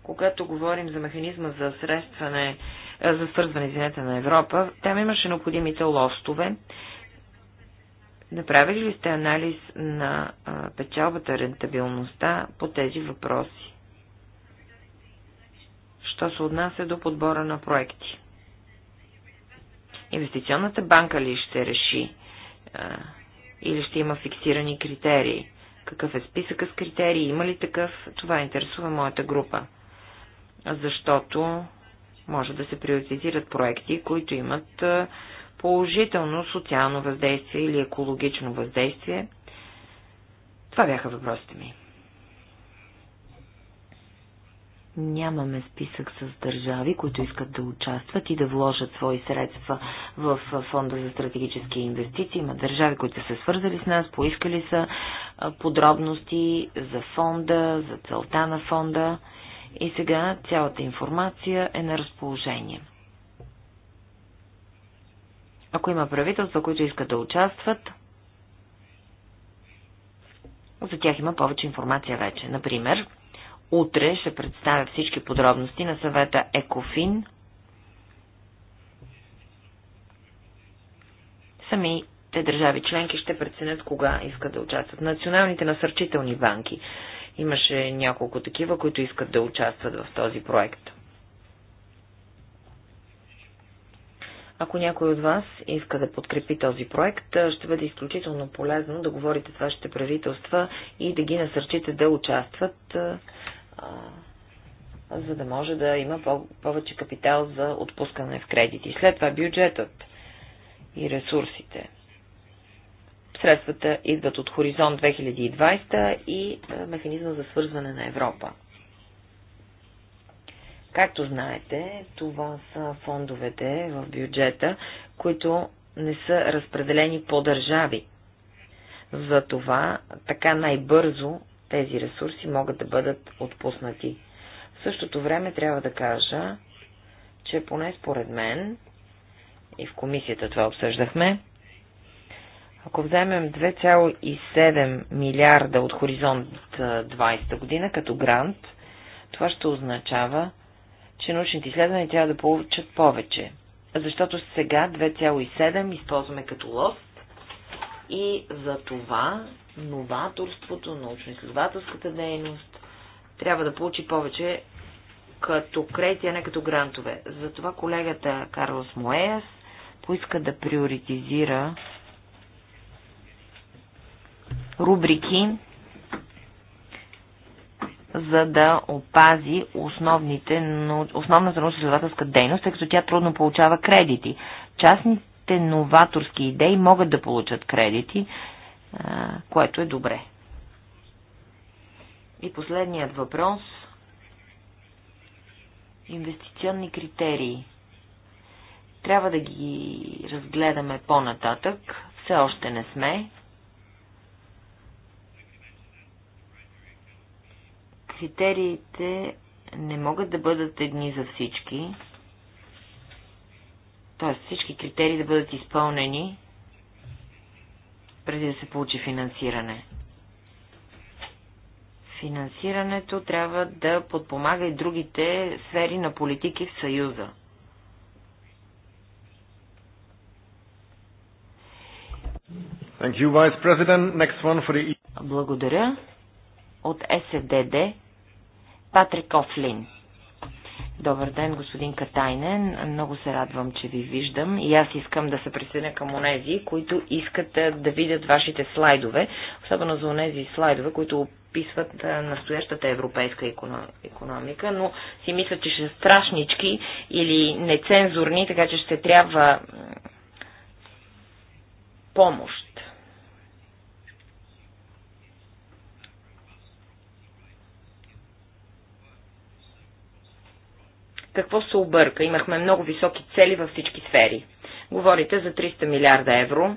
Когато говорим за механизма за средстване, за свързване извинете, на Европа, там имаше необходимите лостове. Направили ли сте анализ на печалбата, рентабилността по тези въпроси? Що се отнася до подбора на проекти? Инвестиционната банка ли ще реши? Или ще има фиксирани критерии? Какъв е списъка с критерии? Има ли такъв? Това интересува моята група защото може да се приоритизират проекти, които имат положително социално въздействие или екологично въздействие. Това бяха въпросите ми. Нямаме списък с държави, които искат да участват и да вложат свои средства в Фонда за стратегически инвестиции. Има държави, които са се свързали с нас, поискали са подробности за фонда, за целта на фонда. И сега цялата информация е на разположение. Ако има правителства, които искат да участват, за тях има повече информация вече. Например, утре ще представя всички подробности на съвета ЕКОФИН. Сами те държави членки ще преценят кога искат да участват. Националните насърчителни банки. Имаше няколко такива, които искат да участват в този проект. Ако някой от вас иска да подкрепи този проект, ще бъде изключително полезно да говорите с вашите правителства и да ги насърчите да участват, за да може да има повече капитал за отпускане в кредити. След това бюджетът и ресурсите. Средствата идват от Хоризонт 2020 и е, Механизма за свързване на Европа. Както знаете, това са фондовете в бюджета, които не са разпределени по държави. Затова така най-бързо тези ресурси могат да бъдат отпуснати. В същото време трябва да кажа, че поне според мен, и в комисията това обсъждахме, ако вземем 2,7 милиарда от хоризонт 20 година като грант, това ще означава, че научните изследвания трябва да получат повече. Защото сега 2,7 използваме като лост и за това новаторството, научно-изследователската дейност трябва да получи повече като кредити, а не като грантове. Затова колегата Карлос Моес поиска да приоритизира рубрики, за да опази основните, основната научно-изследователска дейност, тъй като тя трудно получава кредити. Частните новаторски идеи могат да получат кредити, което е добре. И последният въпрос. Инвестиционни критерии. Трябва да ги разгледаме по-нататък. Все още не сме. критериите не могат да бъдат едни за всички, т.е. всички критерии да бъдат изпълнени преди да се получи финансиране. Финансирането трябва да подпомага и другите сфери на политики в Съюза. Thank you, Vice President. Next one for the... E- Благодаря. От СДД Патрик Офлин. Добър ден, господин Катайнен. Много се радвам, че ви виждам и аз искам да се присъединя към онези, които искат да видят вашите слайдове, особено за онези слайдове, които описват настоящата европейска економика, но си мисля, че ще страшнички или нецензурни, така че ще трябва помощ. Какво се обърка? Имахме много високи цели във всички сфери. Говорите за 300 милиарда евро.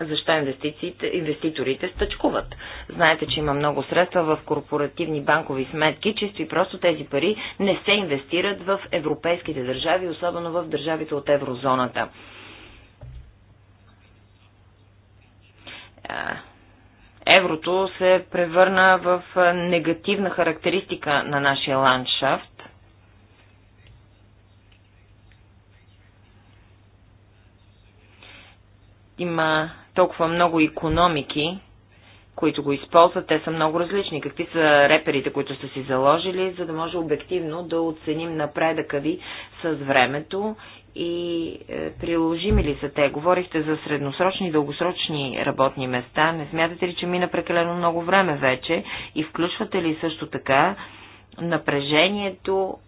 Защо инвестициите, инвеститорите стъчкуват? Знаете, че има много средства в корпоративни банкови сметки. Чисто и просто тези пари не се инвестират в европейските държави, особено в държавите от еврозоната. еврото се превърна в негативна характеристика на нашия ландшафт Има толкова много економики, които го използват, те са много различни. Какви са реперите, които са си заложили, за да може обективно да оценим напредъка ви с времето и е, приложими ли са те? Говорихте за средносрочни и дългосрочни работни места. Не смятате ли, че мина прекалено много време вече? И включвате ли също така напрежението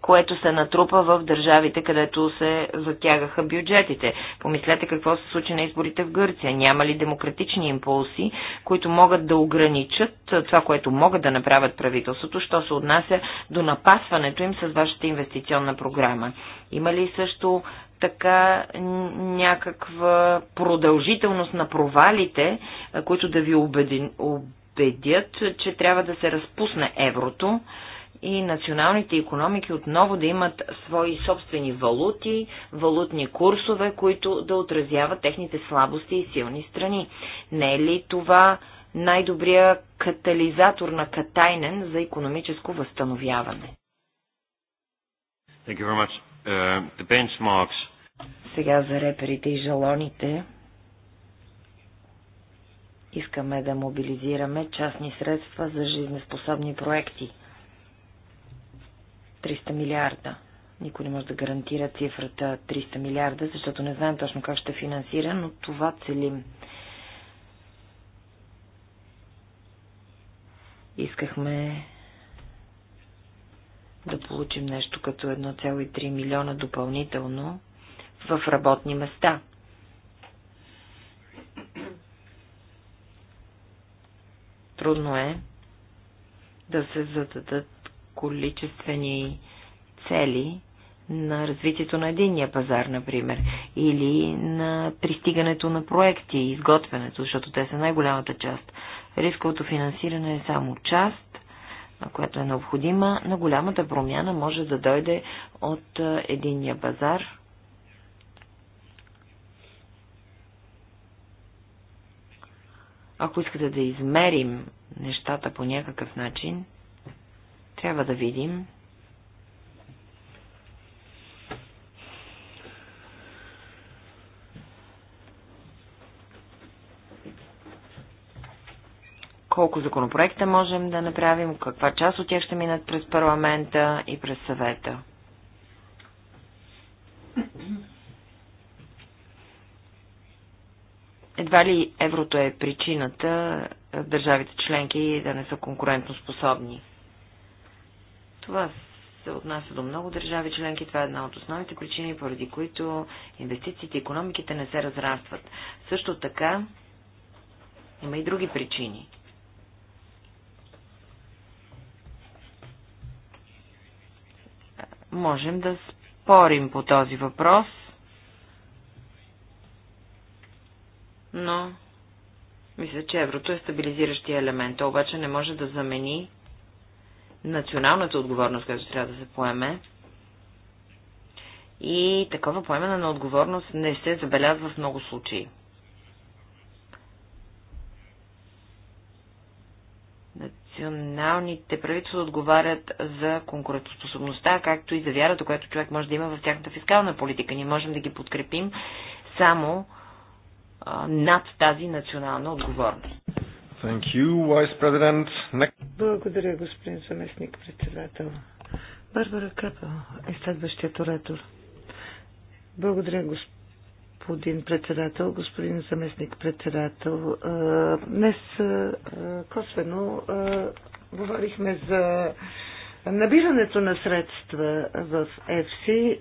което се натрупа в държавите, където се затягаха бюджетите. Помислете какво се случи на изборите в Гърция. Няма ли демократични импулси, които могат да ограничат това, което могат да направят правителството, що се отнася до напасването им с вашата инвестиционна програма? Има ли също така някаква продължителност на провалите, които да ви убедят, че трябва да се разпусне еврото? и националните економики отново да имат свои собствени валути, валутни курсове, които да отразяват техните слабости и силни страни. Не е ли това най-добрия катализатор на Катайнен за економическо възстановяване? Thank you very much. Uh, the benchmarks. Сега за реперите и жалоните искаме да мобилизираме частни средства за жизнеспособни проекти. 300 милиарда. Никой не може да гарантира цифрата 300 милиарда, защото не знаем точно как ще финансира, но това целим. Искахме да получим нещо като 1,3 милиона допълнително в работни места. Трудно е да се зададат количествени цели на развитието на единния пазар, например, или на пристигането на проекти и изготвянето, защото те са най-голямата част. Рисковото финансиране е само част, която е необходима, но голямата промяна може да дойде от единния пазар, ако искате да измерим нещата по някакъв начин, трябва да видим. Колко законопроекта можем да направим, каква част от тях ще минат през парламента и през съвета. Едва ли еврото е причината е, държавите членки да не са конкурентно способни. Това се отнася до много държави членки. Това е една от основните причини, поради които инвестициите и економиките не се разрастват. Също така има и други причини. Можем да спорим по този въпрос, но мисля, че еврото е стабилизиращия елемент. обаче не може да замени националната отговорност, която трябва да се поеме. И такова поемане на отговорност не се забелязва в много случаи. Националните правителства отговарят за конкурентоспособността, както и за вярата, която човек може да има в тяхната фискална политика. Ние можем да ги подкрепим само над тази национална отговорност. Thank you, Vice President. Next... Благодаря, господин заместник председател. Барбара Капел е следващият оратор. Благодаря, господин председател, господин заместник председател. Днес косвено говорихме за набирането на средства в ЕФСИ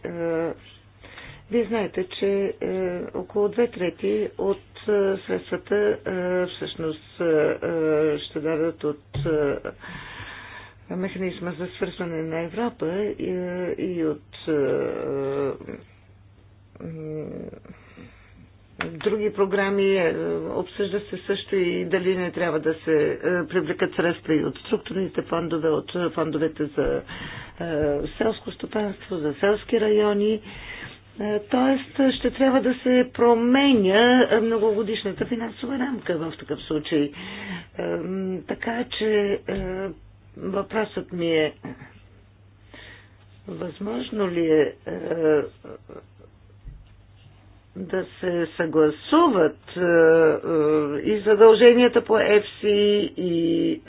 вие знаете, че е, около две трети от е, средствата е, всъщност е, е ще дадат от е, механизма за свързване на Европа е, и от е, е други програми. Е, обсъжда се също и дали не трябва да се е, привлекат средства и от структурните фондове, от фондовете за е, селско стопанство, за селски райони. Е, е, тоест ще трябва да се променя многогодишната финансова рамка в такъв случай. Е, така че е, въпросът ми е възможно ли е да се съгласуват и задълженията по ЕФСИ и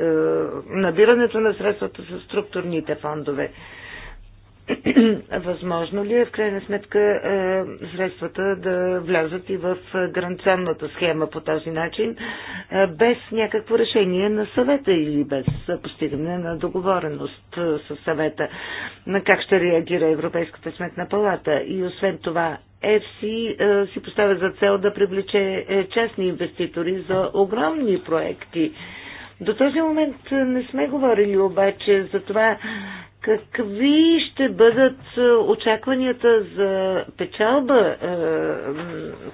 набирането на средствата с структурните фондове. Възможно ли е в крайна сметка е, средствата да влязат и в е, гаранционната схема по този начин, е, без някакво решение на съвета или без постигане на договореност с съвета? На как ще реагира Европейската сметна палата? И освен това, ЕФСИ си поставя за цел да привлече частни инвеститори за огромни проекти. До този момент не сме говорили обаче за това Какви ще бъдат е, очакванията за печалба, е,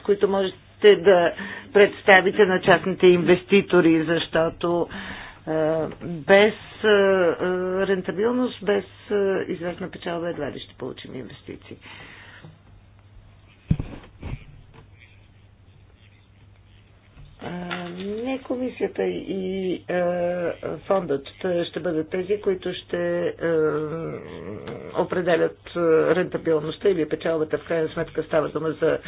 които можете да представите на частните инвеститори, защото е, без рентабилност, без известна печалба едва ли ще получим инвестиции? не комисията и фондът ще бъдат тези, които ще определят рентабилността или печалбата. В крайна сметка става дума за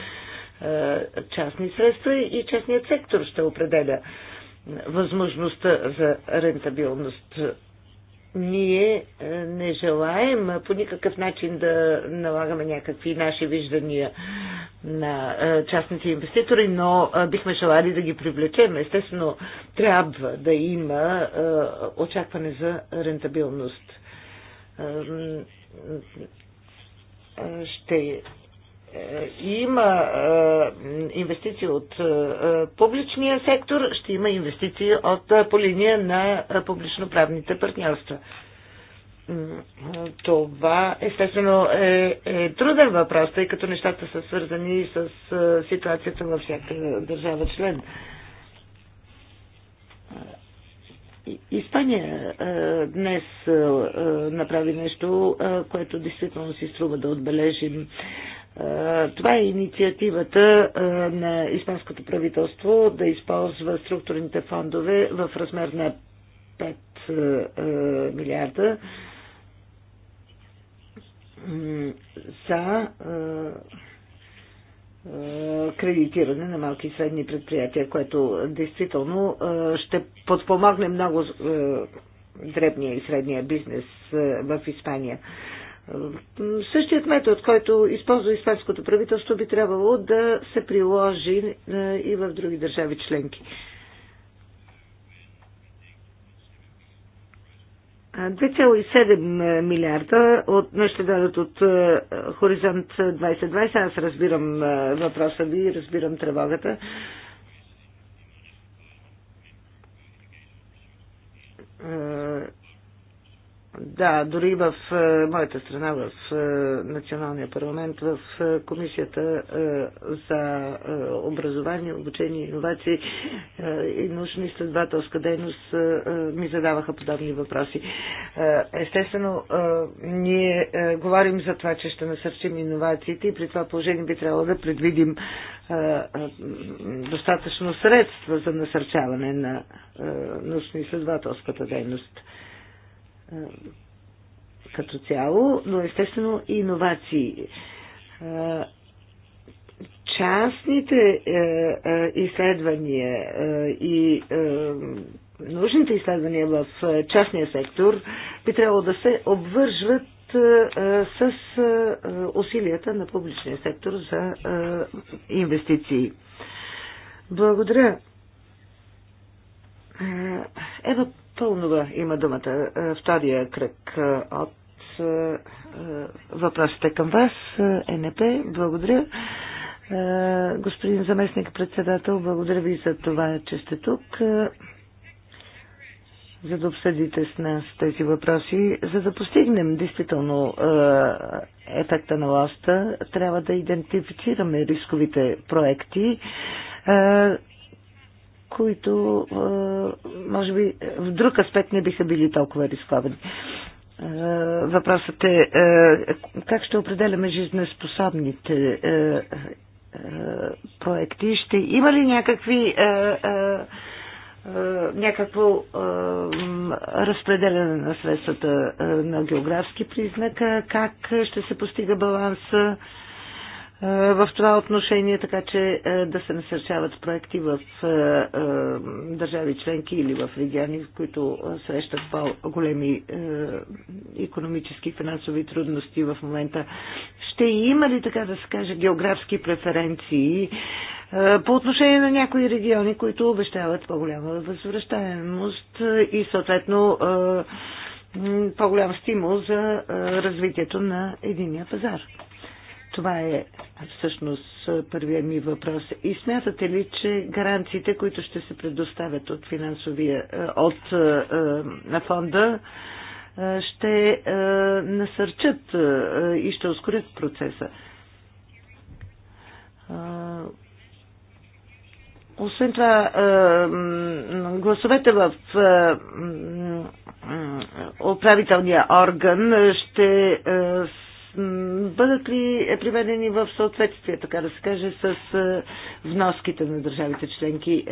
частни средства и частният сектор ще определя възможността за рентабилност ние е, не желаем по никакъв начин да налагаме някакви наши виждания на е, частните инвеститори, но е, бихме желали да ги привлечем. Естествено, трябва да има очакване за рентабилност. Ще е, има е, инвестиции от е, публичния сектор, ще има инвестиции от, по линия на публично-правните партньорства. Това естествено е, е труден въпрос, тъй като нещата са свързани с ситуацията във всяка държава член. Испания днес направи нещо, което действително си струва да отбележим. Е, това е инициативата е, на испанското правителство да използва структурните фондове в размер на 5 е, милиарда за кредитиране на малки и средни предприятия, което действително ще подпомогне много дребния и средния бизнес в Испания. Същият метод, който използва испанското правителство, би трябвало да се приложи е, и в други държави членки. 2,7 е, милиарда от, ще дадат от е, Хоризонт 2020. Аз разбирам въпроса ви, разбирам тревогата. Да, дори в е, моята страна, в е, Националния парламент, в е, Комисията за образование, обучение, иновации и научно-изследователска дейност ми задаваха подобни въпроси. Естествено, ние говорим за това, че ще насърчим иновациите и при това положение би трябвало да предвидим достатъчно средства за насърчаване на научно-изследователската дейност като цяло, но естествено и иновации. Частните изследвания и научните изследвания в частния сектор би трябвало да се обвържват с усилията на публичния сектор за инвестиции. Благодаря. Ева Пълнова има думата. Е, втория кръг е, от е, въпросите към вас. НП, благодаря. Господин заместник председател, благодаря ви за това, че сте тук, за да обсъдите с нас тези въпроси. За да постигнем действително ефекта на лоста, трябва да идентифицираме рисковите проекти които може би в друг аспект не биха били толкова рисковани. Въпросът е как ще определяме жизнеспособните проекти? Ще има ли някакви някакво разпределяне на средствата на географски признака, как ще се постига баланса, е, в това отношение, така че е, да се насърчават проекти в е, държави членки или в региони, в които срещат по-големи економически и финансови трудности в момента. Ще има ли, така да се каже, географски преференции по отношение на някои региони, които обещават по-голяма възвръщаемост и съответно по-голям стимул за развитието на единия пазар? Това е всъщност първия ми въпрос. И смятате ли, че гаранциите, които ще се предоставят от финансовия, е, от е, е, на фонда, ще насърчат и ще ускорят процеса? Освен това, гласовете в управителния орган ще бъдат ли приведени в съответствие, така да се каже, с вноските на държавите членки?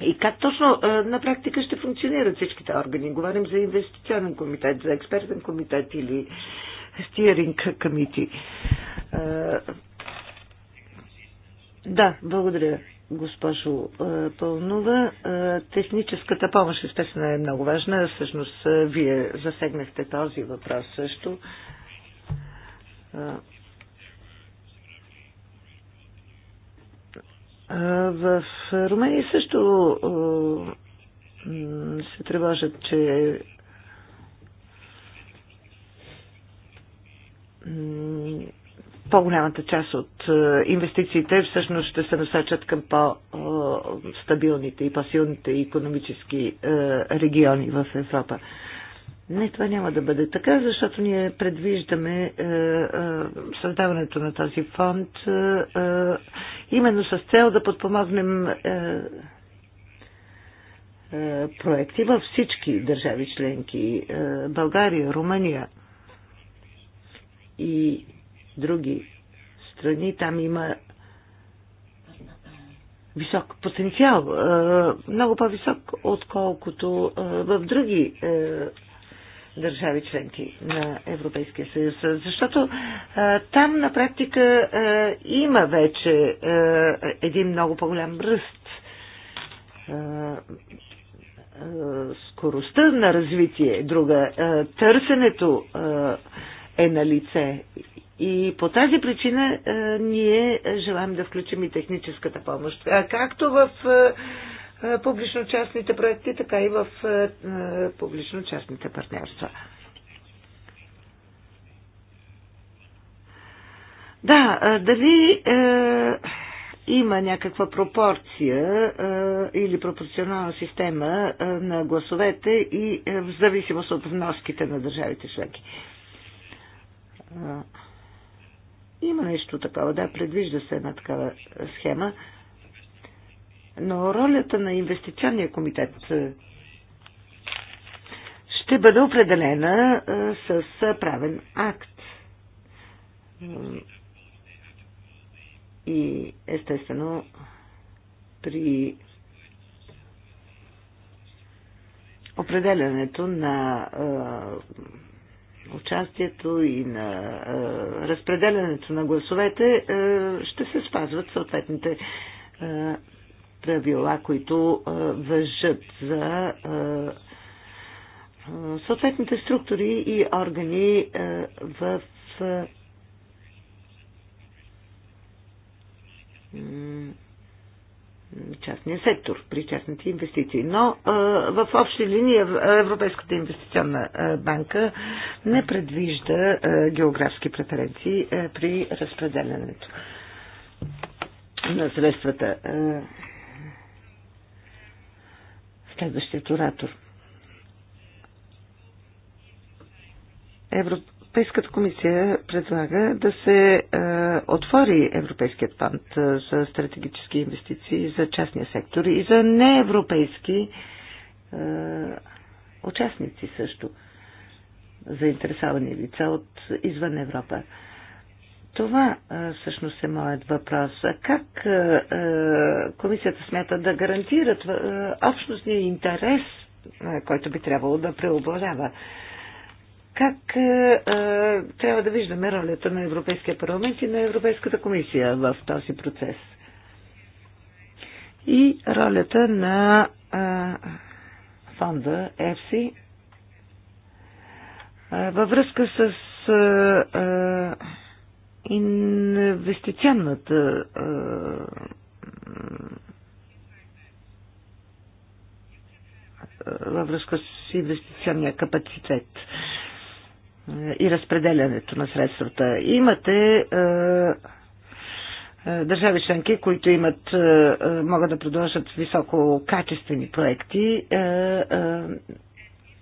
И как точно на практика ще функционират всичките органи? Говорим за инвестиционен комитет, за експертен комитет или стиринг комити. Да, благодаря, госпожо Пълнова. Техническата помощ, естествено, е много важна. Всъщност, вие засегнахте този въпрос също. В Румъния също се тревожа, че по-голямата част от инвестициите всъщност ще се насочат към по-стабилните и по-силните економически региони в Европа. Не, това няма да бъде така, защото ние предвиждаме е, е, създаването на този фонд е, е, именно с цел да подпомогнем е, е, проекти във всички държави членки е, България, Румъния и други страни. Там има висок потенциал, е, много по-висок, отколкото е, в други. Е, държави членки на Европейския съюз. Защото а, там на практика а, има вече а, един много по-голям ръст. А, скоростта на развитие е друга. А, търсенето а, е на лице. И по тази причина а, ние желаем да включим и техническата помощ. А, както в. А, е, публично-частните проекти, така и в е, е, публично-частните партньорства. Да, дали е, има някаква пропорция е, или пропорционална система е, на гласовете и е, в зависимост от вноските на държавите членки? Е, има нещо такова, да, предвижда се една такава схема. Е, но ролята на инвестиционния комитет е, ще бъде определена е, с правен акт. И естествено при определянето на е, участието и на е, разпределянето на гласовете е, ще се спазват съответните е, правила, които въжат за съответните структури и органи в частния сектор, при частните инвестиции. Но в общи линии Европейската инвестиционна банка не предвижда географски преференции при разпределянето на средствата. Следващият оратор. Европейската комисия предлага да се е, отвори Европейският фонд е, за стратегически инвестиции за частния сектор и за неевропейски е, участници също, заинтересовани лица от извън Европа. Е, това всъщност е моят въпрос. Как комисията смята да гарантира общностния интерес, който би трябвало да преобладава? Как трябва да виждаме ролята на Европейския парламент и на Европейската комисия в този процес? И ролята на фонда ЕФСИ във връзка с инвестиционната във връзка с инвестиционния капацитет и разпределянето на средствата. Имате държави членки, които имат, могат да предложат високо качествени проекти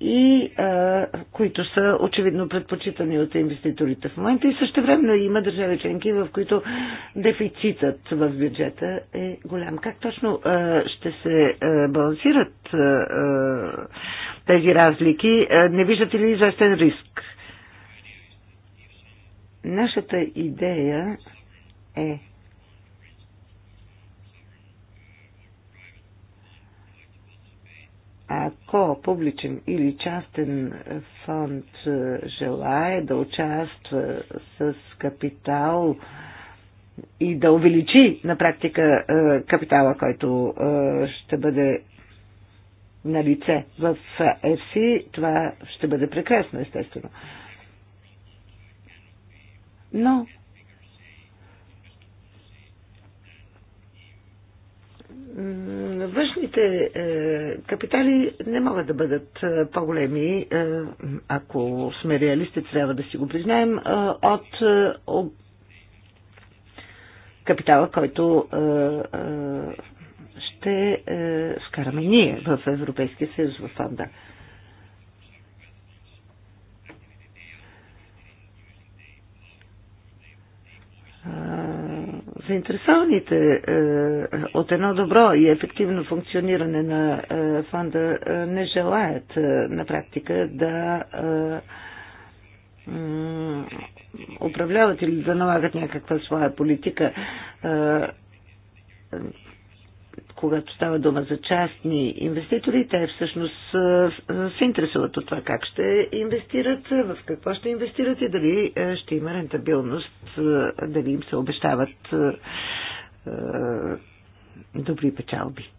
и а, които са очевидно предпочитани от инвеститорите в момента и също време има държави членки, в които дефицитът в бюджета е голям. Как точно а, ще се а, балансират а, тези разлики? А, не виждате ли известен риск? Нашата идея е ако публичен или частен фонд е, желае да участва с капитал и да увеличи на практика е, капитала, който е, ще бъде на лице в ЕФСИ, това ще бъде прекрасно, естествено. Но Външните е, капитали не могат да бъдат е, по-големи, е, ако сме реалисти, трябва да си го признаем, от капитала, който ще вкараме ние в Европейския съюз в фонда. заинтересованите е, от едно добро и ефективно функциониране на е, фонда е, не желаят на практика да управляват или да налагат някаква своя политика когато става дума за частни инвеститори, те всъщност се интересуват от това как ще инвестират, в какво ще инвестират и дали ще има рентабилност, дали им се обещават добри печалби.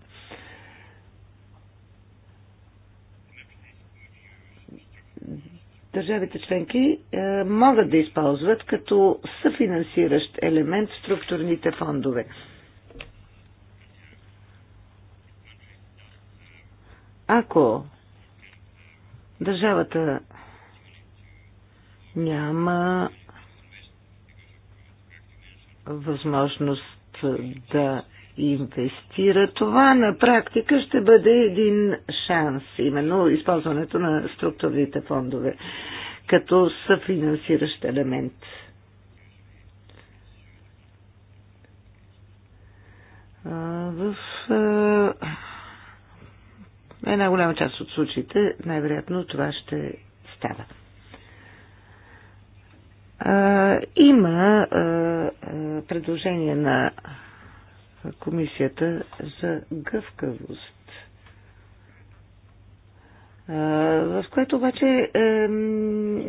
държавите членки е, могат да използват като съфинансиращ елемент структурните фондове. Ако държавата няма възможност да инвестира, това на практика ще бъде един шанс, именно използването на структурните фондове като съфинансиращ елемент. В една голяма част от случаите най-вероятно това ще става. А, има а, а, предложение на комисията за гъвкавост в което обаче е,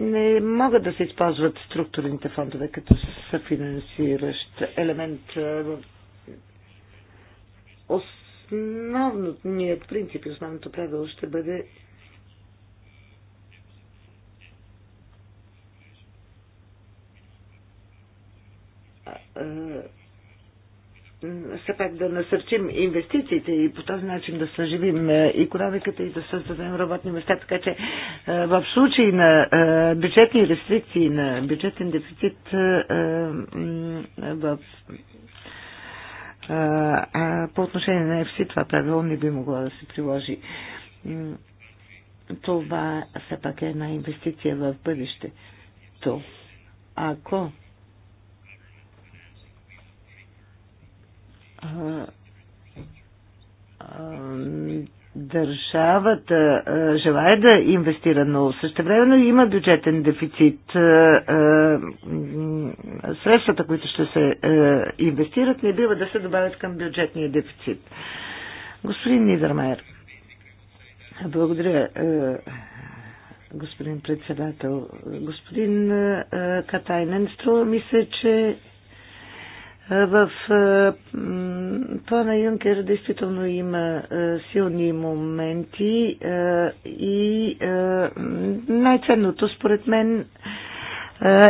не могат да се използват структурните фондове като съфинансиращ елемент. Е, Основният принцип основното правило ще бъде все пак да насърчим инвестициите и по този начин да съживим економиката и да създадем работни места. Така че е, в случай на е, бюджетни рестрикции, на бюджетен дефицит е, в а по отношение на FC това правило не би могло да се приложи. Това все пак е една инвестиция в бъдещето. Ако държавата е, желая да инвестира, но същевременно има бюджетен дефицит. Е, е, средствата, които ще се е, инвестират, не бива да се добавят към бюджетния дефицит. Господин Нидермайер, благодаря, е, господин председател. Господин е, Катайнен, струва ми се, че в плана е, Юнкер действително има е, силни моменти е, и най-ценното според мен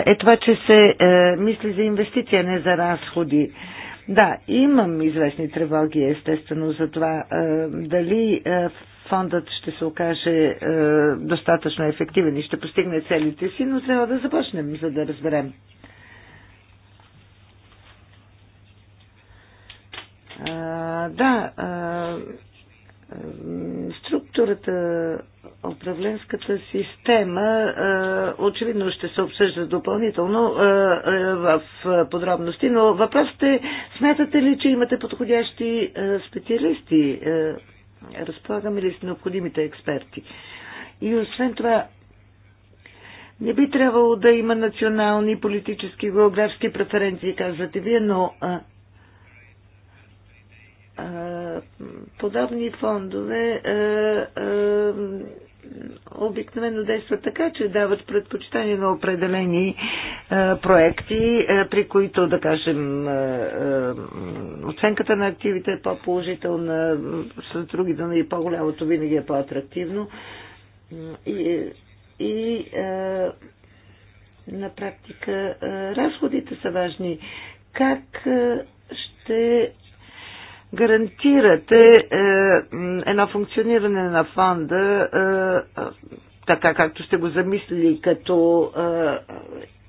е това, че се мисли за инвестиция, не за разходи. Да, имам известни тревоги, естествено, за това дали фондът ще се окаже достатъчно ефективен и ще постигне целите си, но трябва да започнем, за да разберем да, структурата, управленската система очевидно ще се обсъжда допълнително в подробности, но въпросът е, смятате ли, че имате подходящи специалисти? Разполагаме ли с необходимите експерти? И освен това, не би трябвало да има национални, политически, географски преференции, казвате вие, но подобни фондове обикновено действат така, че дават предпочитание на определени проекти, при които, да кажем, оценката на активите е по-положителна, с други думи и по-голямото винаги е по-атрактивно. И, и на практика разходите са важни. Как ще гарантирате е, едно функциониране на фонда е, е, така както сте го замислили, като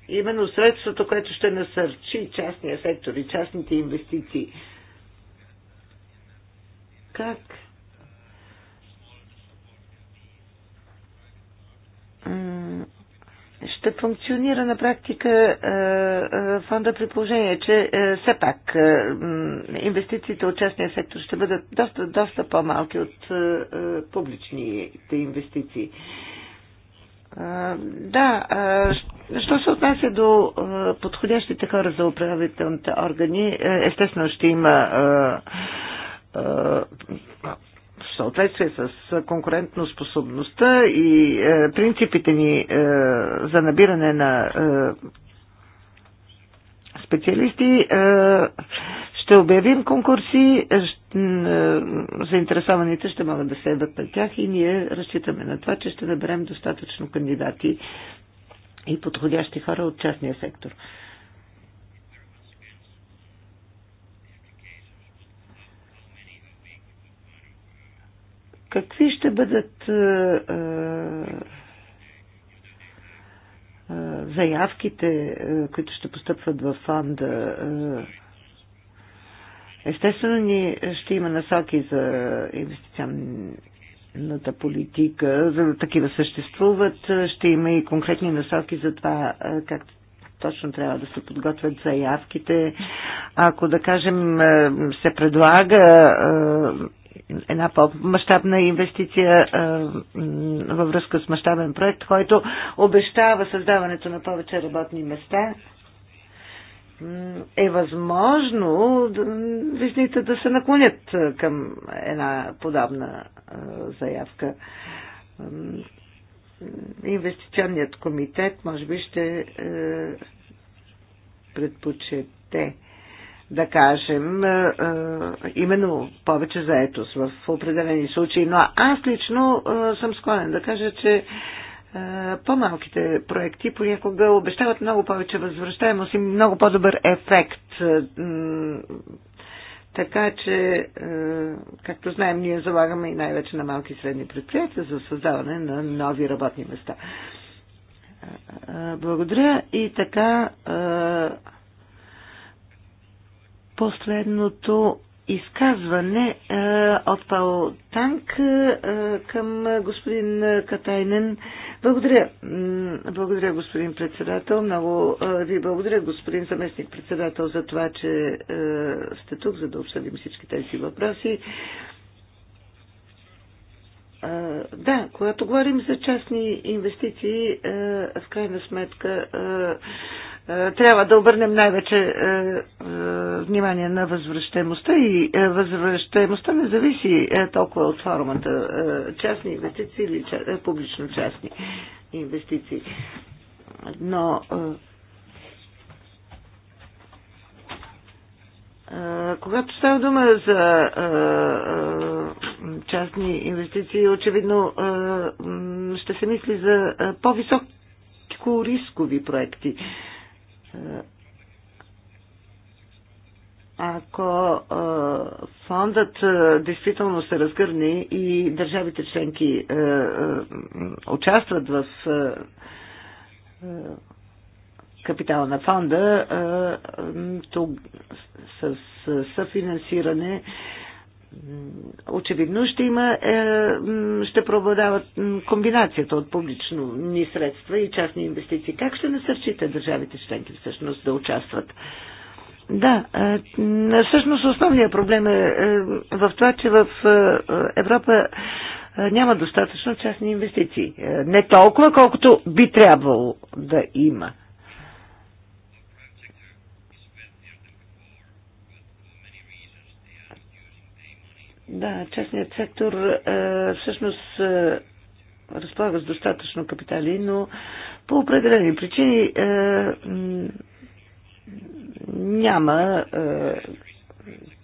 именно средството, което ще насърчи частния сектор и частните инвестиции. Как? М- ще функционира на практика е, е, фонда при положение, че е, все пак инвестициите от частния сектор ще бъдат доста, доста по-малки от публичните инвестиции. Да, що се отнася до подходящите хора за управителните органи, естествено ще има съответствие с конкурентно способността и е, принципите ни е, за набиране на е, специалисти, ще обявим конкурси, заинтересованите ще могат да следват на тях и ние разчитаме на това, че ще наберем достатъчно кандидати и подходящи хора от частния сектор. Какви ще бъдат е, е, е, заявките, които ще постъпват в фонда? Естествено, ни ще има насоки за инвестиционната политика, за да такива съществуват. Ще има и конкретни насоки за това как точно трябва да се подготвят заявките. Ако, да кажем, се предлага една по-масштабна инвестиция във връзка с мащабен проект, който обещава създаването на повече работни места е възможно визните да се наклонят към една подобна заявка. Инвестиционният комитет може би ще е, предпочете да кажем, именно повече заетост в определени случаи. Но аз лично съм склонен да кажа, че по-малките проекти понякога обещават много повече възвръщаемост и много по-добър ефект. Така че, както знаем, ние залагаме и най-вече на малки и средни предприятия за създаване на нови работни места. Благодаря и така последното изказване е, от Пао Танк е, към господин Катайнен. Благодаря. Благодаря, господин председател. Много е, ви благодаря, господин заместник председател, за това, че е, сте тук, за да обсъдим всички тези въпроси. Е, да, когато говорим за частни инвестиции, е, в крайна сметка е, е, трябва да обърнем най-вече е, е, внимание на възвръщаемостта и възвръщаемостта не зависи толкова от формата частни инвестиции или публично-частни инвестиции. Но когато става дума за частни инвестиции, очевидно ще се мисли за по-високо рискови проекти ако а, фондът а, действително се разгърне и държавите членки а, а, участват в а, а, капитала на фонда а, то, с, с съфинансиране очевидно ще има, е, ще преобладават комбинацията от публични средства и частни инвестиции. Как ще насърчите държавите членки всъщност да участват? Да, е, всъщност основният проблем е, е в това, че в Европа няма достатъчно частни инвестиции. Не толкова, колкото би трябвало да има. Да, частният сектор е, всъщност е, разполага с достатъчно капитали, но по определени причини е, няма е,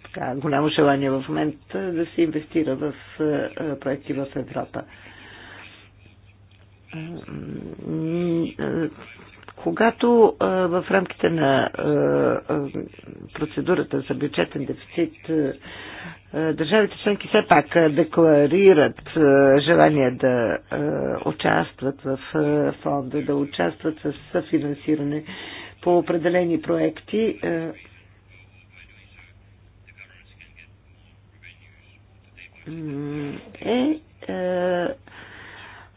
така, голямо желание в момента е, да се инвестира в е, е проекти в Европа е, когато а, в рамките на а, процедурата за бюджетен дефицит а, държавите членки все пак а, декларират а, желание да а, участват в а, фонда, да участват в съфинансиране по определени проекти, а, е, е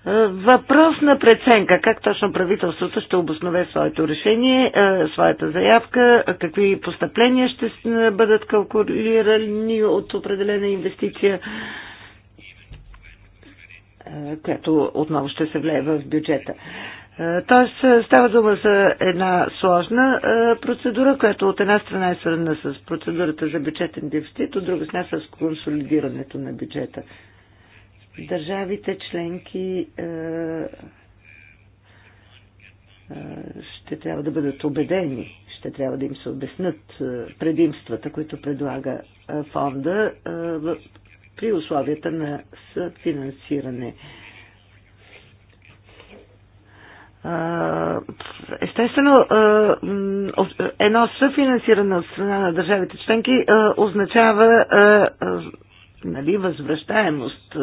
е, въпрос на преценка. Как точно правителството ще обоснове своето решение, е, своята заявка, какви постъпления ще е, бъдат калкулирани от определена инвестиция, която отново ще се влее в бюджета. Тоест става дума за една сложна процедура, която от една страна е свързана с процедурата за бюджетен дефицит, от друга страна с консолидирането на бюджета държавите членки е, е, ще трябва да бъдат убедени, ще трябва да им се обяснат е, предимствата, които предлага фонда при условията на съфинансиране. Естествено, едно съфинансиране от страна на държавите членки означава нали, възвръщаемост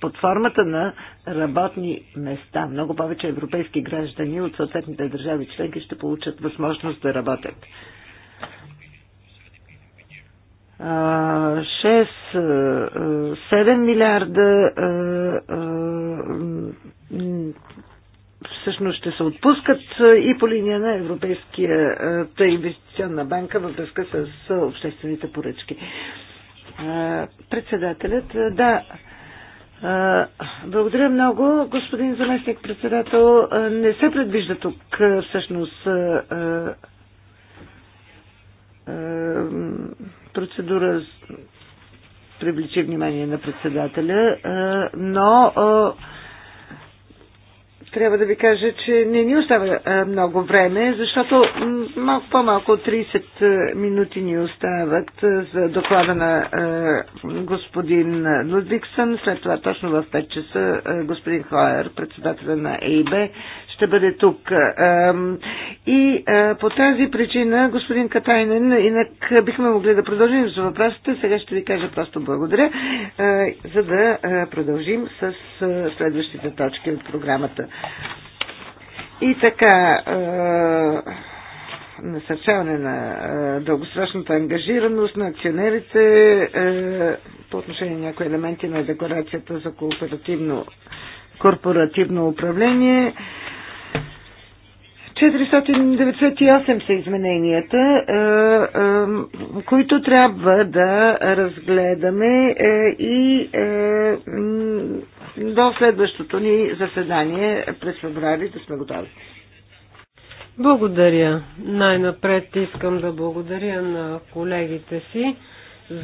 под формата на работни места. Много повече европейски граждани от съответните държави членки ще получат възможност да работят. Шест, седем милиарда всъщност ще се отпускат и по линия на Европейския инвестиционна банка във връзка с обществените поръчки. Е, председателят, е, да. Е, благодаря много, господин заместник председател. Не се предвижда тук всъщност процедура привлече внимание на председателя, но трябва да ви кажа, че не ни остава а, много време, защото малко по-малко от 30 минути ни остават за доклада на а, господин Лудвиксън. След това точно в 5 часа а, господин Хоер, председателя на ЕИБ, ще бъде тук. И по тази причина, господин Катайнен, инак бихме могли да продължим с въпросите. Сега ще ви кажа просто благодаря, за да продължим с следващите точки от програмата. И така, насърчаване на дългосрочната ангажираност на акционерите по отношение на някои елементи на декларацията за кооперативно корпоративно управление. 498 са измененията, е, е, които трябва да разгледаме е, и до следващото ни заседание през феврари да сме готови. Благодаря. Най-напред искам да благодаря на колегите си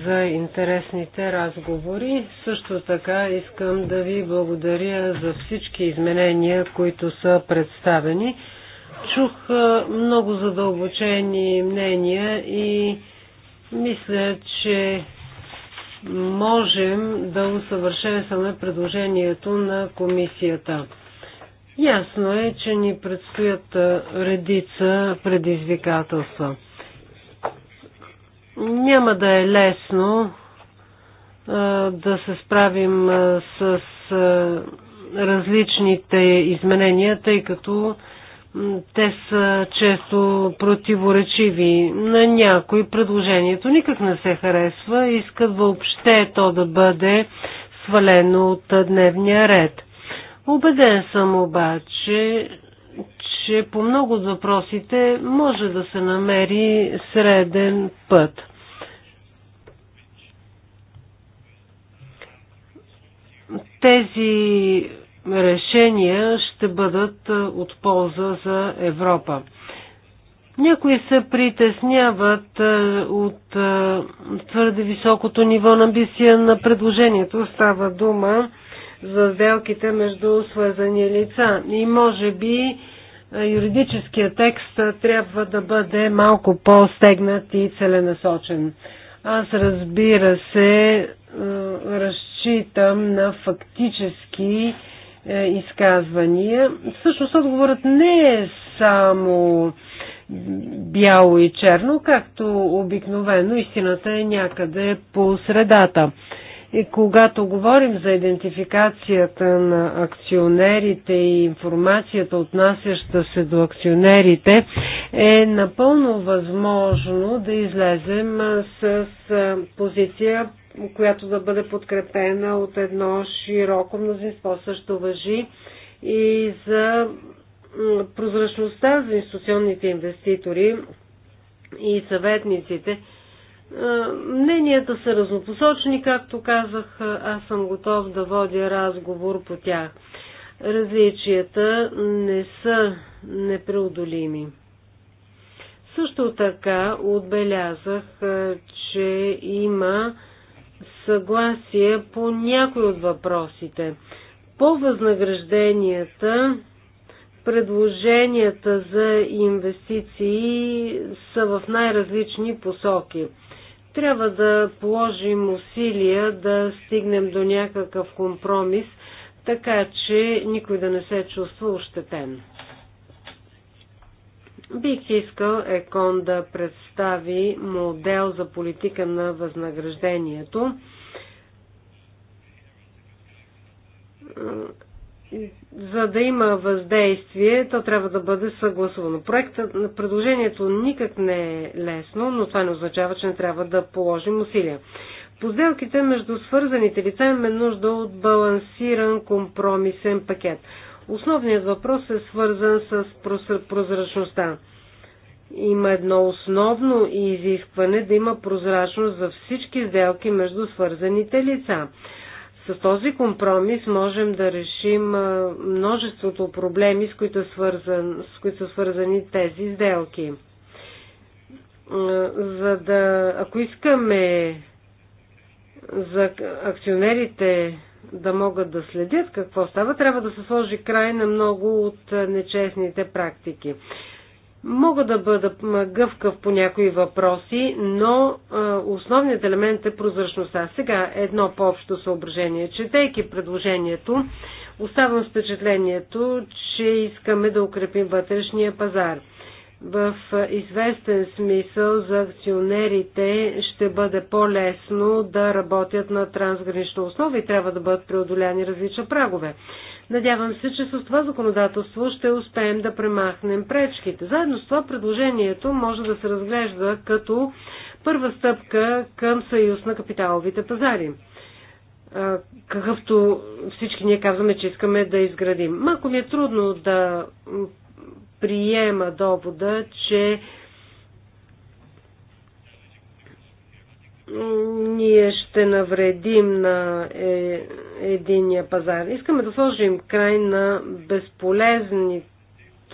за интересните разговори. Също така искам да ви благодаря за всички изменения, които са представени. Чух много задълбочени мнения и мисля, че можем да усъвършенстваме предложението на комисията. Ясно е, че ни предстоят редица предизвикателства. Няма да е лесно да се справим с различните изменения, тъй като те са често противоречиви. На някои предложението никак не се харесва. Искат въобще то да бъде свалено от дневния ред. Обеден съм обаче, че по много от въпросите може да се намери среден път. Тези решения ще бъдат е, от полза за Европа. Някои се притесняват е, от е, твърде високото ниво на амбиция на предложението. Става дума за сделките между свързани лица. И може би юридическия текст трябва да бъде малко по-стегнат и целенасочен. Аз разбира се, разчитам на фактически е, изказвания. Всъщност отговорът не е само бяло и черно, както обикновено истината е някъде по средата. И когато говорим за идентификацията на акционерите и информацията, отнасяща се до акционерите, е напълно възможно да излезем с позиция която да бъде подкрепена от едно широко мнозинство. Също въжи и за прозрачността за институционните инвеститори и съветниците. Мненията са разнопосочни, както казах, аз съм готов да водя разговор по тях. Различията не са непреодолими. Също така отбелязах, че има съгласие по някои от въпросите. По възнагражденията, предложенията за инвестиции са в най-различни посоки. Трябва да положим усилия да стигнем до някакъв компромис, така че никой да не се чувства ощетен. Бих искал ЕКОН да представи модел за политика на възнаграждението Е, за да има въздействие, то трябва да бъде съгласувано. Проектът на предложението никак не е лесно, но това не означава, че не трябва да положим усилия. По сделките между свързаните лица имаме нужда от балансиран компромисен пакет. Основният въпрос е свързан с прозрачността. Има едно основно изискване да има прозрачност за всички сделки между свързаните лица. С този компромис можем да решим множеството проблеми, с които, е свързан, с които са свързани тези сделки. За да, ако искаме за акционерите да могат да следят какво става, трябва да се сложи край на много от нечестните практики. Мога да бъда гъвкав по някои въпроси, но основният елемент е прозрачността. Сега едно по-общо съображение. Четейки предложението, оставам с впечатлението, че искаме да укрепим вътрешния пазар. В известен смисъл за акционерите ще бъде по-лесно да работят на трансгранична основа и трябва да бъдат преодоляни различни прагове. Надявам се, че с това законодателство ще успеем да премахнем пречките. Заедно с това предложението може да се разглежда като първа стъпка към съюз на капиталовите пазари какъвто всички ние казваме, че искаме да изградим. Малко ми е трудно да приема довода, че ние ще навредим на е, единия пазар. Искаме да сложим край на безполезното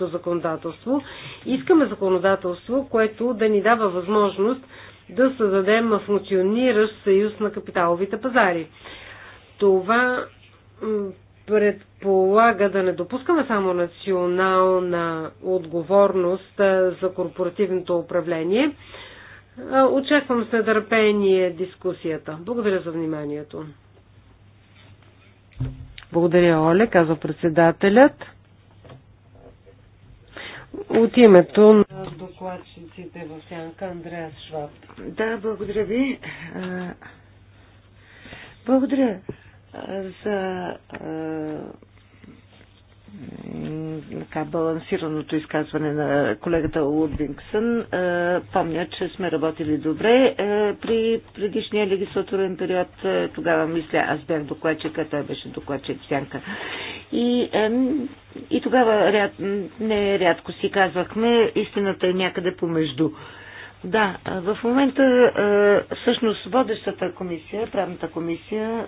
законодателство. Искаме законодателство, което да ни дава възможност да създадем функциониращ съюз на капиталовите пазари. Това предполага да не допускаме само национална отговорност за корпоративното управление, Очаквам с нетърпение дискусията. Благодаря за вниманието. Благодаря, Оле, казва председателят. От името на докладчиците в Сянка Андреас Шваб. Да, благодаря ви. Благодаря за така балансираното изказване на колегата Лудвингсън. Е, помня, че сме работили добре е, при предишния легислатурен период. Е, тогава, мисля, аз бях докладчика, той беше докладчик Сянка. И, и тогава ряд, не рядко си казвахме, истината е някъде помежду. Да, в момента всъщност водещата комисия, правната комисия,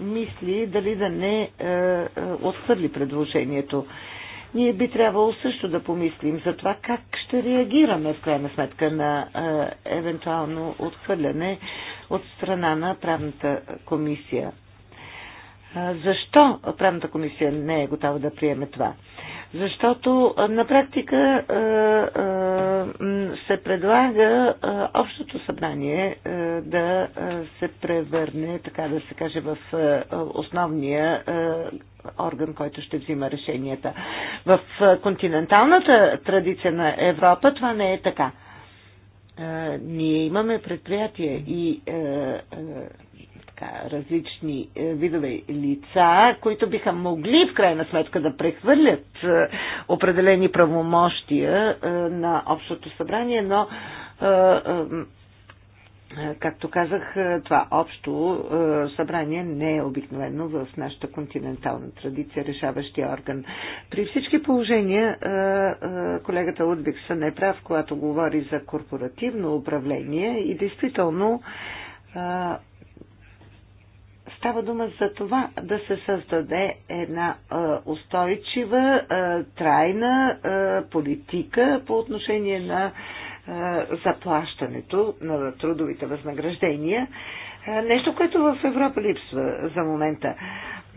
мисли дали да не отхвърли предложението. Ние би трябвало също да помислим за това как ще реагираме в крайна сметка на евентуално отхвърляне от страна на правната комисия. Защо правната комисия не е готова да приеме това? Защото на практика се предлага общото събрание да се превърне, така да се каже, в основния орган, който ще взима решенията. В континенталната традиция на Европа това не е така. Ние имаме предприятия и така, различни е, видове лица, които биха могли в крайна сметка да прехвърлят е, определени правомощия е, на Общото събрание, но както казах, това общо събрание не е обикновено в нашата континентална традиция решаващия орган. При всички положения колегата Лудвигсън е прав, когато говори за корпоративно управление и действително Става дума за това да се създаде една устойчива, трайна политика по отношение на заплащането на трудовите възнаграждения. Нещо, което в Европа липсва за момента.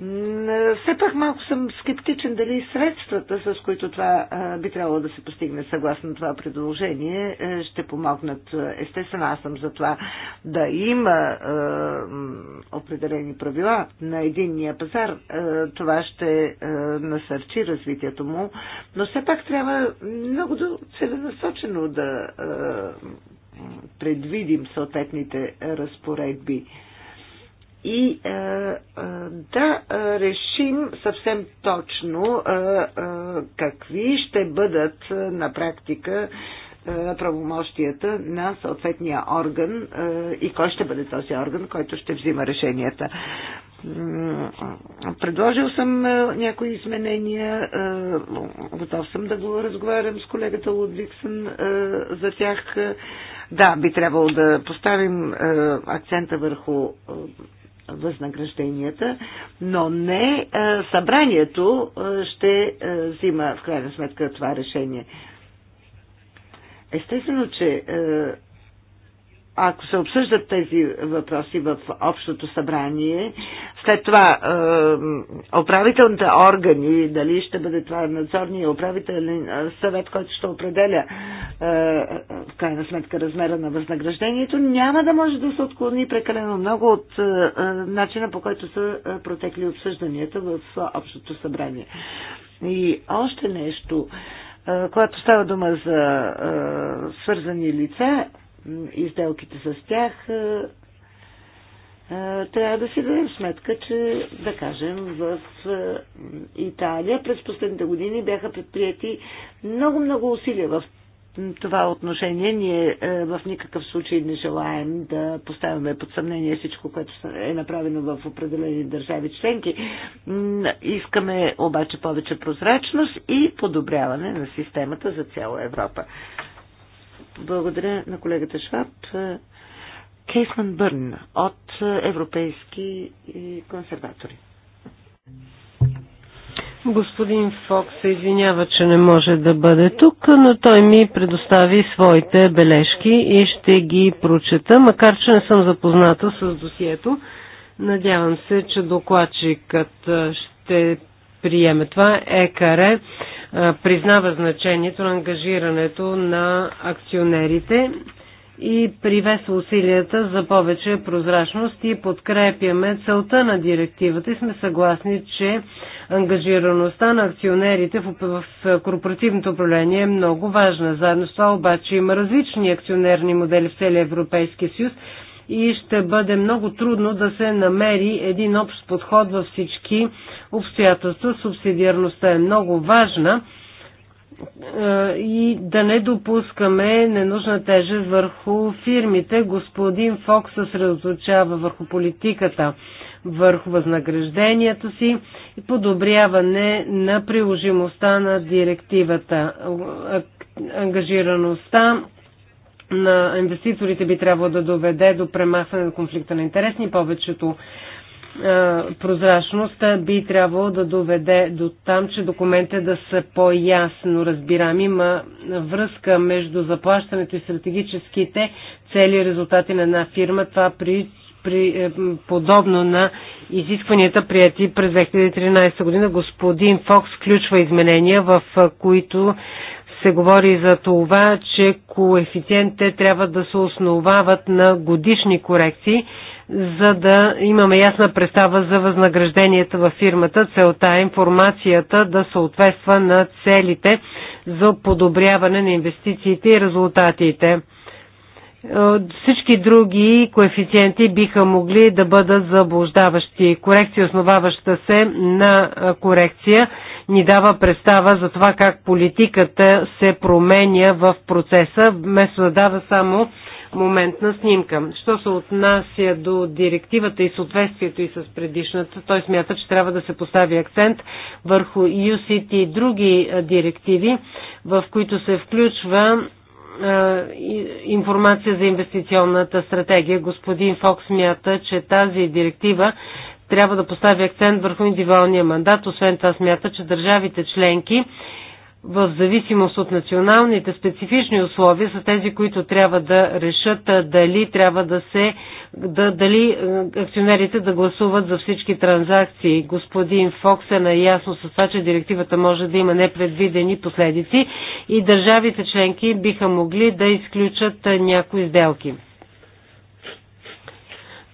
Е, все пак малко съм скептичен дали средствата, с които това би трябвало да се постигне съгласно това предложение, е, ще помогнат. Естествено, аз съм за това да има е, определени правила на единния пазар. Е, това ще е, насърчи развитието му, но все пак трябва много целенасочено да е, предвидим съответните разпоредби и е, е, да е, решим съвсем точно е, е, какви ще бъдат е, на практика е, правомощията на съответния орган е, и кой ще бъде този орган, който ще взима решенията. Предложил съм е, някои изменения, е, готов съм да го разговарям с колегата Лудвиксън за тях. Да, би трябвало да поставим акцента върху възнагражденията, но не събранието ще взима в крайна сметка това решение. Естествено, че ако се обсъждат тези въпроси в Общото събрание, след това управителните органи, дали ще бъде това надзорния управителен е, съвет, който ще определя е, в крайна сметка размера на възнаграждението, няма да може да се отклони прекалено много от е, начина по който са протекли обсъжданията в Общото събрание. И още нещо, когато става дума за свързани лица, изделките с тях, е, е, трябва да си дадем сметка, че, да кажем, в е, Италия през последните години бяха предприяти много-много усилия в това отношение. Ние в никакъв случай не желаем да поставяме под съмнение всичко, което е направено в определени държави членки. Искаме обаче повече прозрачност и подобряване на системата за цяла Европа. Благодаря на колегата Шварт. Кейсман Бърн от Европейски консерватори. Господин Фокс се извинява, че не може да бъде тук, но той ми предостави своите бележки и ще ги прочета, макар че не съм запозната с досието. Надявам се, че докладчикът ще приеме това. ЕКАРЕ признава значението на ангажирането на акционерите и привесва усилията за повече прозрачност и подкрепяме целта на директивата и сме съгласни, че ангажираността на акционерите в корпоративното управление е много важна. Заедно с това обаче има различни акционерни модели в целия Европейски съюз и ще бъде много трудно да се намери един общ подход във всички обстоятелства. Субсидиарността е много важна е, и да не допускаме ненужна тежест върху фирмите. Господин Фокс съсредоточава върху политиката, върху възнаграждението си и подобряване на приложимостта на директивата, ангажираността на инвеститорите би трябвало да доведе до премахване на конфликта на интересни. Повечето прозрачност би трябвало да доведе до там, че документите да са по-ясно разбирами. Има връзка между заплащането и стратегическите цели и резултати на една фирма. Това при, при, е, подобно на изискванията, прияти през 2013 година. Господин Фокс включва изменения, в които се говори за това, че коефициентите трябва да се основават на годишни корекции, за да имаме ясна представа за възнагражденията във фирмата. Целта е информацията да съответства на целите за подобряване на инвестициите и резултатите. Е, всички други коефициенти биха могли да бъдат заблуждаващи. Корекция, основаваща се на е, корекция, ни дава представа за това как политиката се променя в процеса, вместо да дава само моментна снимка. Що се отнася до директивата и съответствието и с предишната, той смята, че трябва да се постави акцент върху UCT и други директиви, в които се включва информация за инвестиционната стратегия. Господин Фокс смята, че тази директива трябва да постави акцент върху индивидуалния мандат. Освен това смята, че държавите членки в зависимост от националните специфични условия са тези, които трябва да решат дали трябва да се да, дали акционерите да гласуват за всички транзакции. Господин Фокс е наясно с това, че директивата може да има непредвидени последици и държавите членки биха могли да изключат някои сделки.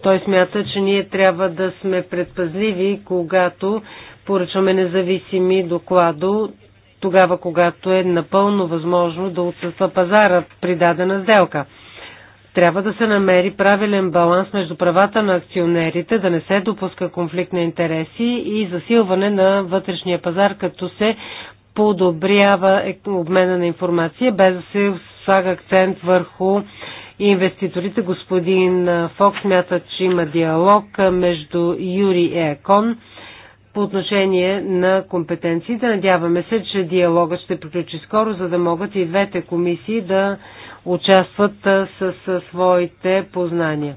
Той смята, че ние трябва да сме предпазливи, когато поръчваме независими докладо, тогава когато е напълно възможно да отсъства пазара при дадена сделка. Трябва да се намери правилен баланс между правата на акционерите, да не се допуска конфликт на интереси и засилване на вътрешния пазар, като се подобрява обмена на информация, без да се слага акцент върху и инвеститорите. Господин Фокс смята, че има диалог между Юри и Екон по отношение на компетенциите. Надяваме се, че диалогът ще приключи скоро, за да могат и двете комисии да участват с своите познания.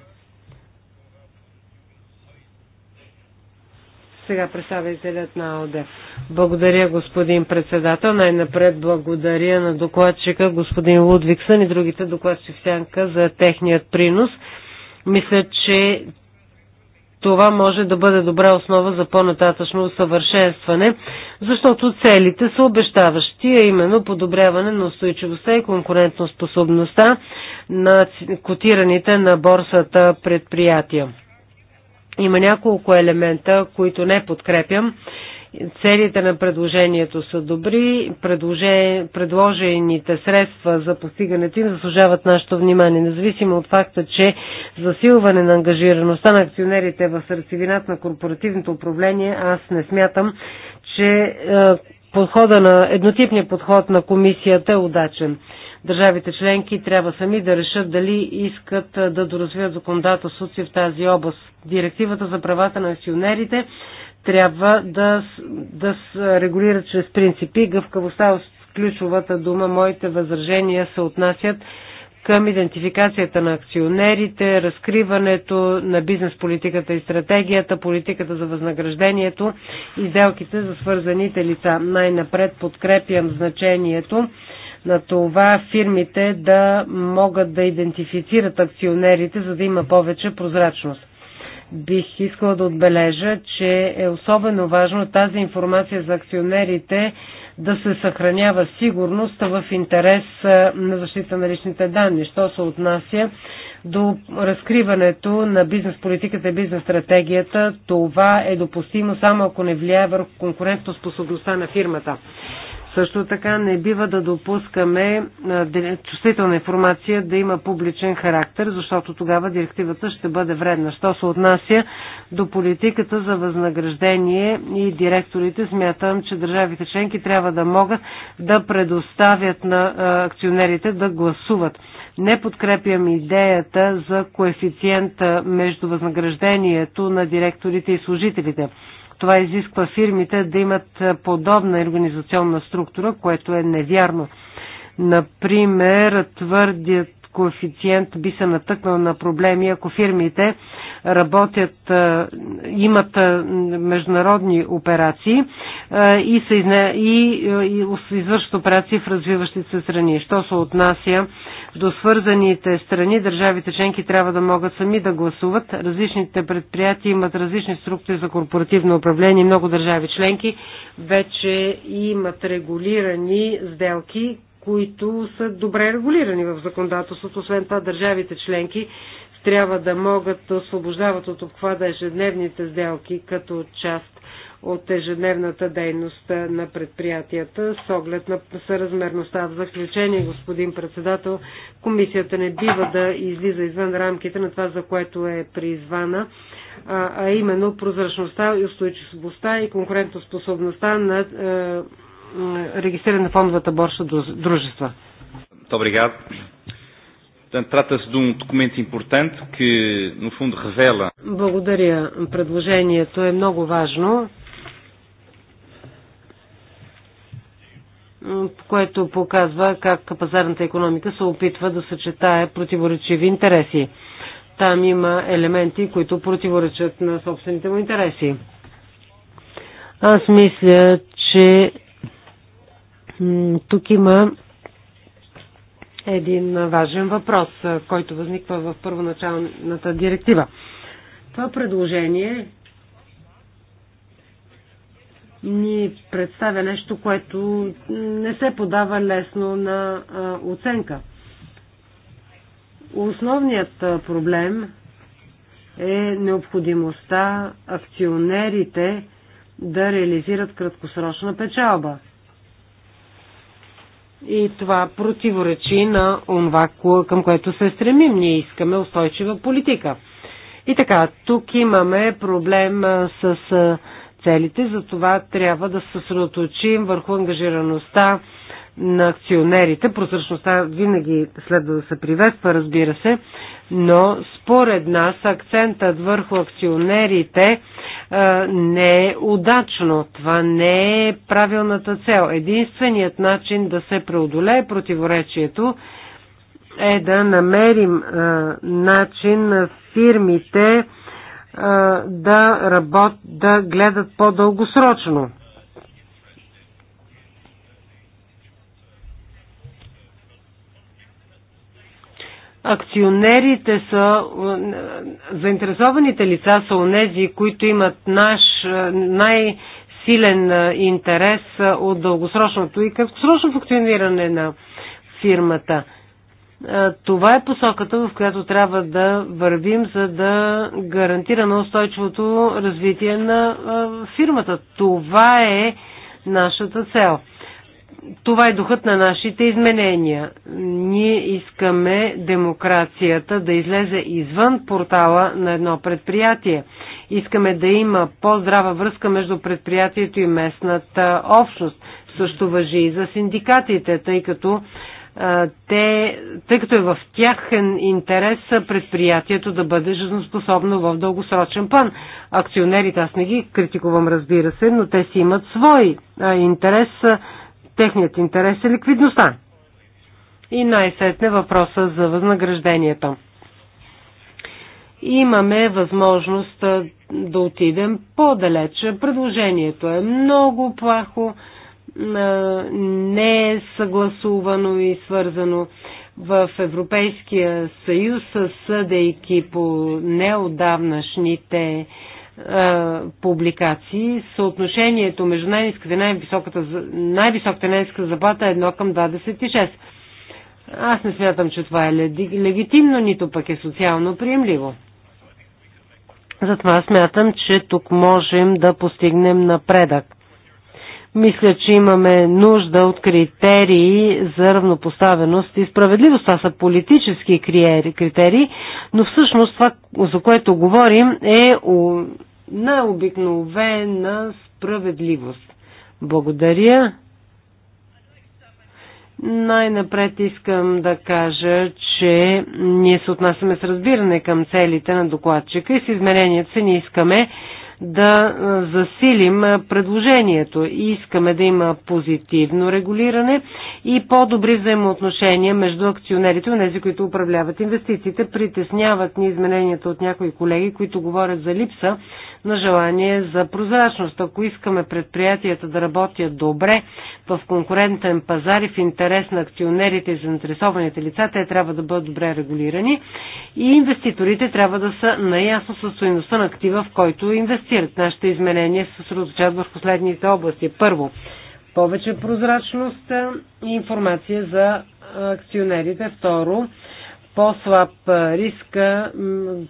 Сега представителят на ОДЕ. Благодаря, господин председател. Най-напред благодаря на докладчика, господин Лудвиксън и другите докладчи в сянка за техният принос. Мисля, че това може да бъде добра основа за по-нататъчно усъвършенстване, защото целите са обещаващи, а именно подобряване на устойчивостта и конкурентоспособността на котираните на борсата предприятия. Има няколко елемента, които не подкрепям. Целите на предложението са добри, предложените средства за постигането им заслужават нашето внимание, независимо от факта, че засилване на ангажираността на акционерите в сърцевината на корпоративното управление, аз не смятам, че е, подхода на, еднотипният подход на комисията е удачен. Държавите членки трябва сами да решат дали искат да доразвият законодателството си в тази област. Директивата за правата на акционерите трябва да, да регулира чрез принципи гъвкавостта в ключовата дума. Моите възражения се отнасят към идентификацията на акционерите, разкриването на бизнес политиката и стратегията, политиката за възнаграждението и сделките за свързаните лица. Най-напред подкрепям значението на това фирмите да могат да идентифицират акционерите, за да има повече прозрачност. Бих искала да отбележа, че е особено важно тази информация за акционерите да се съхранява сигурност в интерес на защита на личните данни, що се отнася до разкриването на бизнес политиката и бизнес стратегията. Това е допустимо само ако не влияе върху конкурентоспособността на фирмата. Също така не бива да допускаме чувствителна информация да има публичен характер, защото тогава директивата ще бъде вредна. Що се отнася до политиката за възнаграждение и директорите, смятам, че държавите членки трябва да могат да предоставят на акционерите да гласуват. Не подкрепям идеята за коефициента между възнаграждението на директорите и служителите. Това изисква фирмите да имат подобна организационна структура, което е невярно. Например, твърдият коефициент би се натъкнал на проблеми, ако фирмите работят, имат международни операции и, се, и извършват операции в развиващите се страни. Що се отнася до свързаните страни, държавите членки трябва да могат сами да гласуват. Различните предприятия имат различни структури за корпоративно управление. Много държави членки вече имат регулирани сделки, които са добре регулирани в законодателството. Освен това, държавите членки трябва да могат да освобождават от обхвата ежедневните сделки като част от ежедневната дейност на предприятията с оглед на съразмерността. В заключение, господин председател, комисията не бива да излиза извън рамките на това, за което е призвана, а именно прозрачността и устойчивостта и конкурентоспособността на е, регистриране на фондовата борша дружества. Obrigado. Portanto, trata-se de um documento Благодаря. Предложението е много важно. което показва как пазарната економика се опитва да съчетае противоречиви интереси. Там има елементи, които противоречат на собствените му интереси. Аз мисля, че тук има един важен въпрос, който възниква в първоначалната директива. Това предложение ни представя нещо, което не се подава лесно на оценка. Основният проблем е необходимостта акционерите да реализират краткосрочна печалба. И това противоречи на онва, към което се стремим. Ние искаме устойчива политика. И така, тук имаме проблем с целите. За това трябва да се съсредоточим върху ангажираността на акционерите. Прозрачността винаги следва да се приветства, разбира се, но според нас акцентът върху акционерите а, не е удачно. Това не е правилната цел. Единственият начин да се преодолее противоречието е да намерим а, начин на фирмите да, работ, да гледат по-дългосрочно. акционерите са, заинтересованите лица са онези, които имат наш най-силен интерес от дългосрочното и краткосрочно функциониране на фирмата. Е, това е посоката, в която трябва да вървим, за да гарантираме устойчивото развитие на е, фирмата. Това е нашата цел. Това е духът на нашите изменения. Ние искаме демокрацията да излезе извън портала на едно предприятие. Искаме да има по-здрава връзка между предприятието и местната общност. Също въжи и за синдикатите, тъй като е, те, тъй като е в тяхен интерес предприятието да бъде жизнеспособно в дългосрочен план. Акционерите, аз не ги критикувам, разбира се, но те си имат свой интерес. Техният интерес е ликвидността. И най-сетне въпроса за възнаграждението. Имаме възможност да отидем по-далече. Предложението е много плахо не е съгласувано и свързано в Европейския съюз, съдейки по неодавнашните публикации, съотношението между най-ниската и най-високата, най-високата най-ниска заплата е 1 към 26. Аз не смятам, че това е легитимно, нито пък е социално приемливо. Затова смятам, че тук можем да постигнем напредък. Мисля, че имаме нужда от критерии за равнопоставеност и справедливост. Това са политически критерии, но всъщност това, за което говорим, е най обикновена справедливост. Благодаря. Най-напред искам да кажа, че ние се отнасяме с разбиране към целите на докладчика и с измеренията се не искаме да засилим предложението. и Искаме да има позитивно регулиране и по-добри взаимоотношения между акционерите и тези, които управляват инвестициите. Притесняват ни измененията от някои колеги, които говорят за липса на желание за прозрачност. Ако искаме предприятията да работят добре в конкурентен пазар и в интерес на акционерите и заинтересованите лица, те трябва да бъдат добре регулирани и инвеститорите трябва да са наясно със стоеността на актива, в който инвестират. Нашите изменения се съсредоточат в последните области. Първо, повече прозрачност и информация за акционерите. Второ, по-слаб риск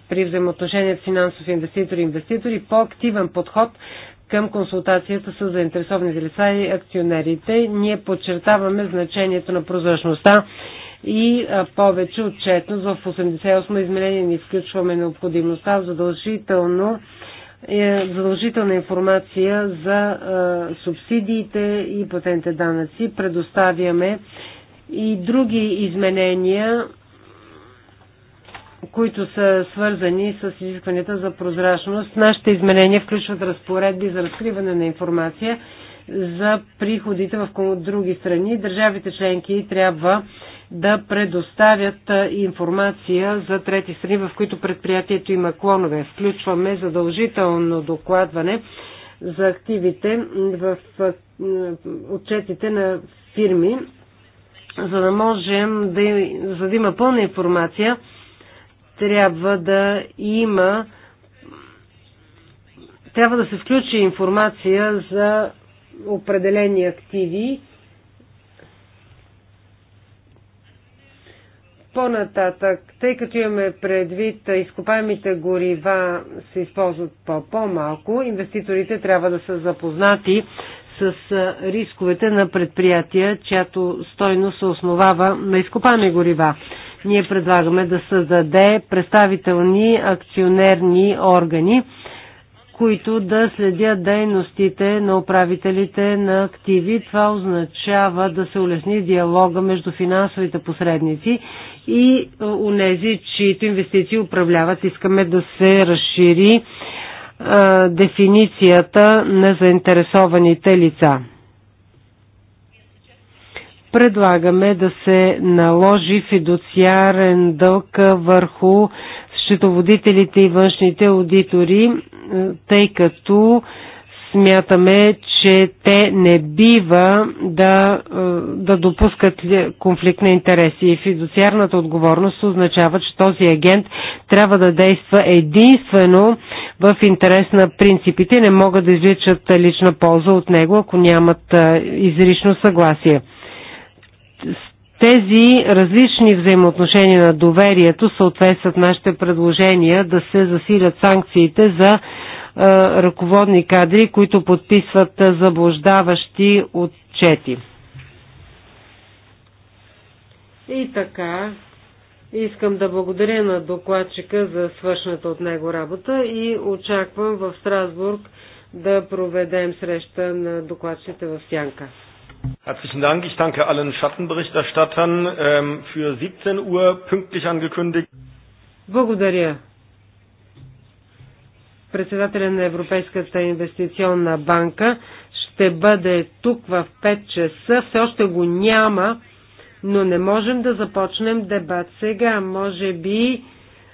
при взаимоотношения с финансови инвеститори и инвеститори, по-активен подход към консултацията с заинтересованите лица и акционерите. Ние подчертаваме значението на прозрачността и повече отчетност. В 88 изменение ни включваме необходимостта задължително е, задължителна информация за субсидиите и платените данъци. Предоставяме и други изменения които са свързани с изискванията за прозрачност. Нашите изменения включват разпоредби за разкриване на информация за приходите в други страни. Държавите членки трябва да предоставят информация за трети страни, в които предприятието има клонове. Включваме задължително докладване за активите в отчетите на фирми, за да можем да, за да има пълна информация трябва да има трябва да се включи информация за определени активи. По-нататък, тъй като имаме предвид, изкопаемите горива се използват по-малко, инвеститорите трябва да са запознати с рисковете на предприятия, чиято стойност се основава на изкопаеми горива. Ние предлагаме да създаде представителни акционерни органи, които да следят дейностите на управителите на активи. Това означава да се улесни диалога между финансовите посредници и е, у нези, чието инвестиции управляват. Искаме да се разшири а, е, дефиницията на заинтересованите лица предлагаме да се наложи фидуциарен дълг върху счетоводителите и външните аудитори, е, тъй като смятаме, че те не бива да, е, да допускат конфликт на интереси. И фидуциарната отговорност означава, че този агент трябва да действа единствено в интерес на принципите и не могат да изличат лична полза от него, ако нямат е, изрично съгласие тези различни взаимоотношения на доверието съответстват нашите предложения да се засилят санкциите за е, ръководни кадри, които подписват заблуждаващи отчети. И така, искам да благодаря на докладчика за свършната от него работа и очаквам в Страсбург да проведем среща на докладчите в Сянка. Herzlichen Dank. Ich danke allen Schattenberichterstattern ähm, für 17 Uhr pünktlich angekündigt. Благодаря. Председателя на Европейската инвестиционна банка ще бъде тук в 5 часа. Все още го няма, но не можем да започнем дебат сега. Може би,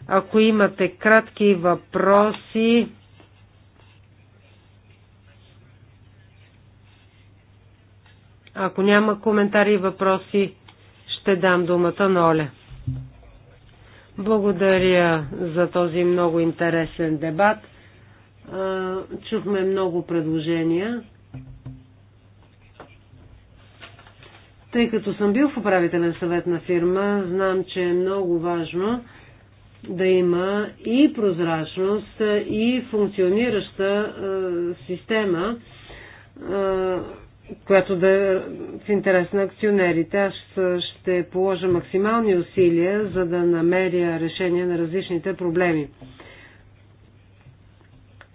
ако имате кратки въпроси, Ако няма коментари и въпроси, ще дам думата на Оля. Благодаря за този много интересен дебат. Чухме много предложения. Тъй като съм бил в управителен съвет на фирма, знам, че е много важно да има и прозрачност, и функционираща система която да е в интерес на акционерите. Аз ще положа максимални усилия, за да намеря решение на различните проблеми.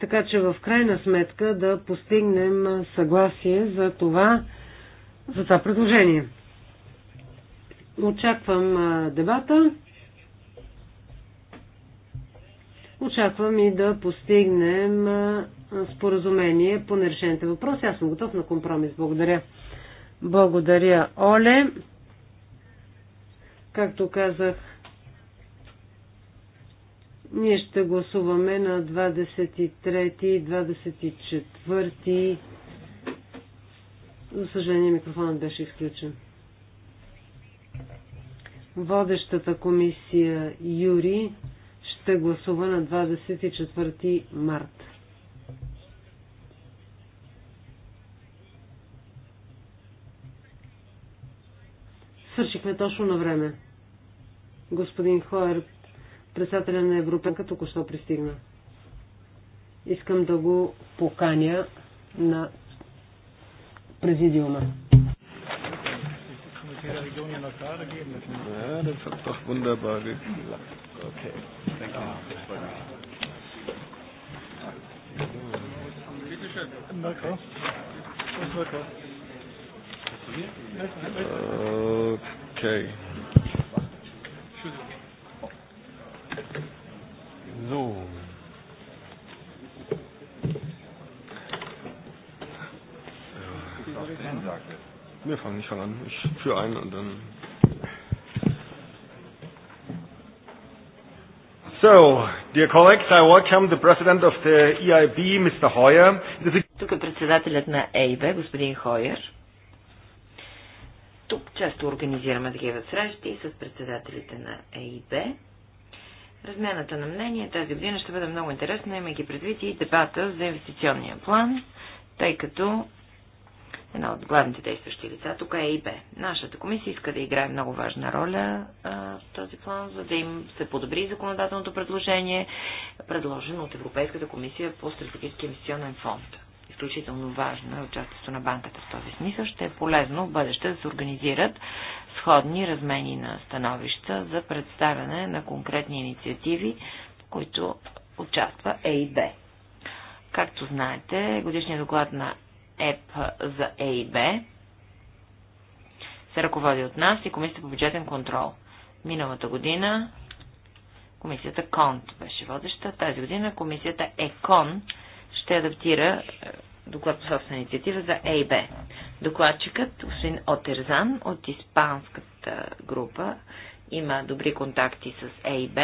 Така че в крайна сметка да постигнем съгласие за това, за това предложение. Очаквам дебата. Очаквам и да постигнем споразумение по нерешените въпроси. Аз съм готов на компромис. Благодаря. Благодаря, Оле. Както казах, ние ще гласуваме на 23 24. За съжаление, микрофонът беше изключен. Водещата комисия Юри ще гласува на 24 март. Свършихме точно на време. Господин Хоер, председателя на Европенка, току-що пристигна. Искам да го поканя на президиума. Religion ja noch gerade geben müssen. Ja, das hat doch wunderbar geklappt. Okay. Bitte schön. Mirko. Mirko. Okay. So. Wir fangen nicht an. Ich führe ein und dann. So, dear colleagues, I welcome the president of the EIB, Mr. Hoyer. Тук е председателят на ЕИБ, господин Хойер. Тук често организираме такива срещи с председателите на ЕИБ. Размяната на мнение тази година ще бъде много интересна, имайки предвид и дебата за инвестиционния план, тъй като Едно от главните действащи лица тук е ИБ. Нашата комисия иска да играе много важна роля а, в този план, за да им се подобри законодателното предложение, предложено от Европейската комисия по стратегически инвестиционен фонд. Изключително важно е участието на банката в този смисъл. Ще е полезно в бъдеще да се организират сходни размени на становища за представяне на конкретни инициативи, в които участва ЕИБ. Както знаете, годишният доклад на ЕП за ЕИБ се ръководи от нас и Комисията по бюджетен контрол. Миналата година Комисията КОНТ беше водеща. Тази година Комисията ЕКОН ще адаптира е, доклад по собствена инициатива за ЕИБ. Докладчикът, господин Отерзан от испанската група, има добри контакти с ЕИБ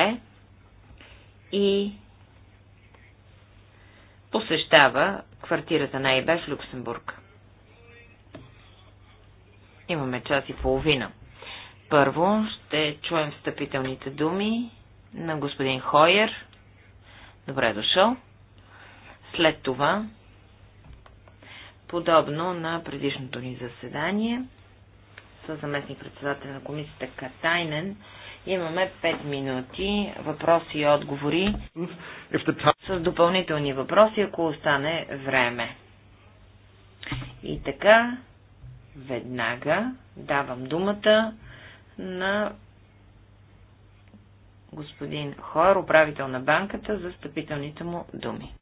и посещава квартирата на ЕБ в Люксембург. Имаме час и половина. Първо ще чуем встъпителните думи на господин Хойер. Добре е дошъл. След това, подобно на предишното ни заседание, с заместник председател на комисията Катайнен, Имаме 5 минути въпроси и отговори с допълнителни въпроси, ако остане време. И така, веднага давам думата на господин Хор, управител на банката, за стъпителните му думи.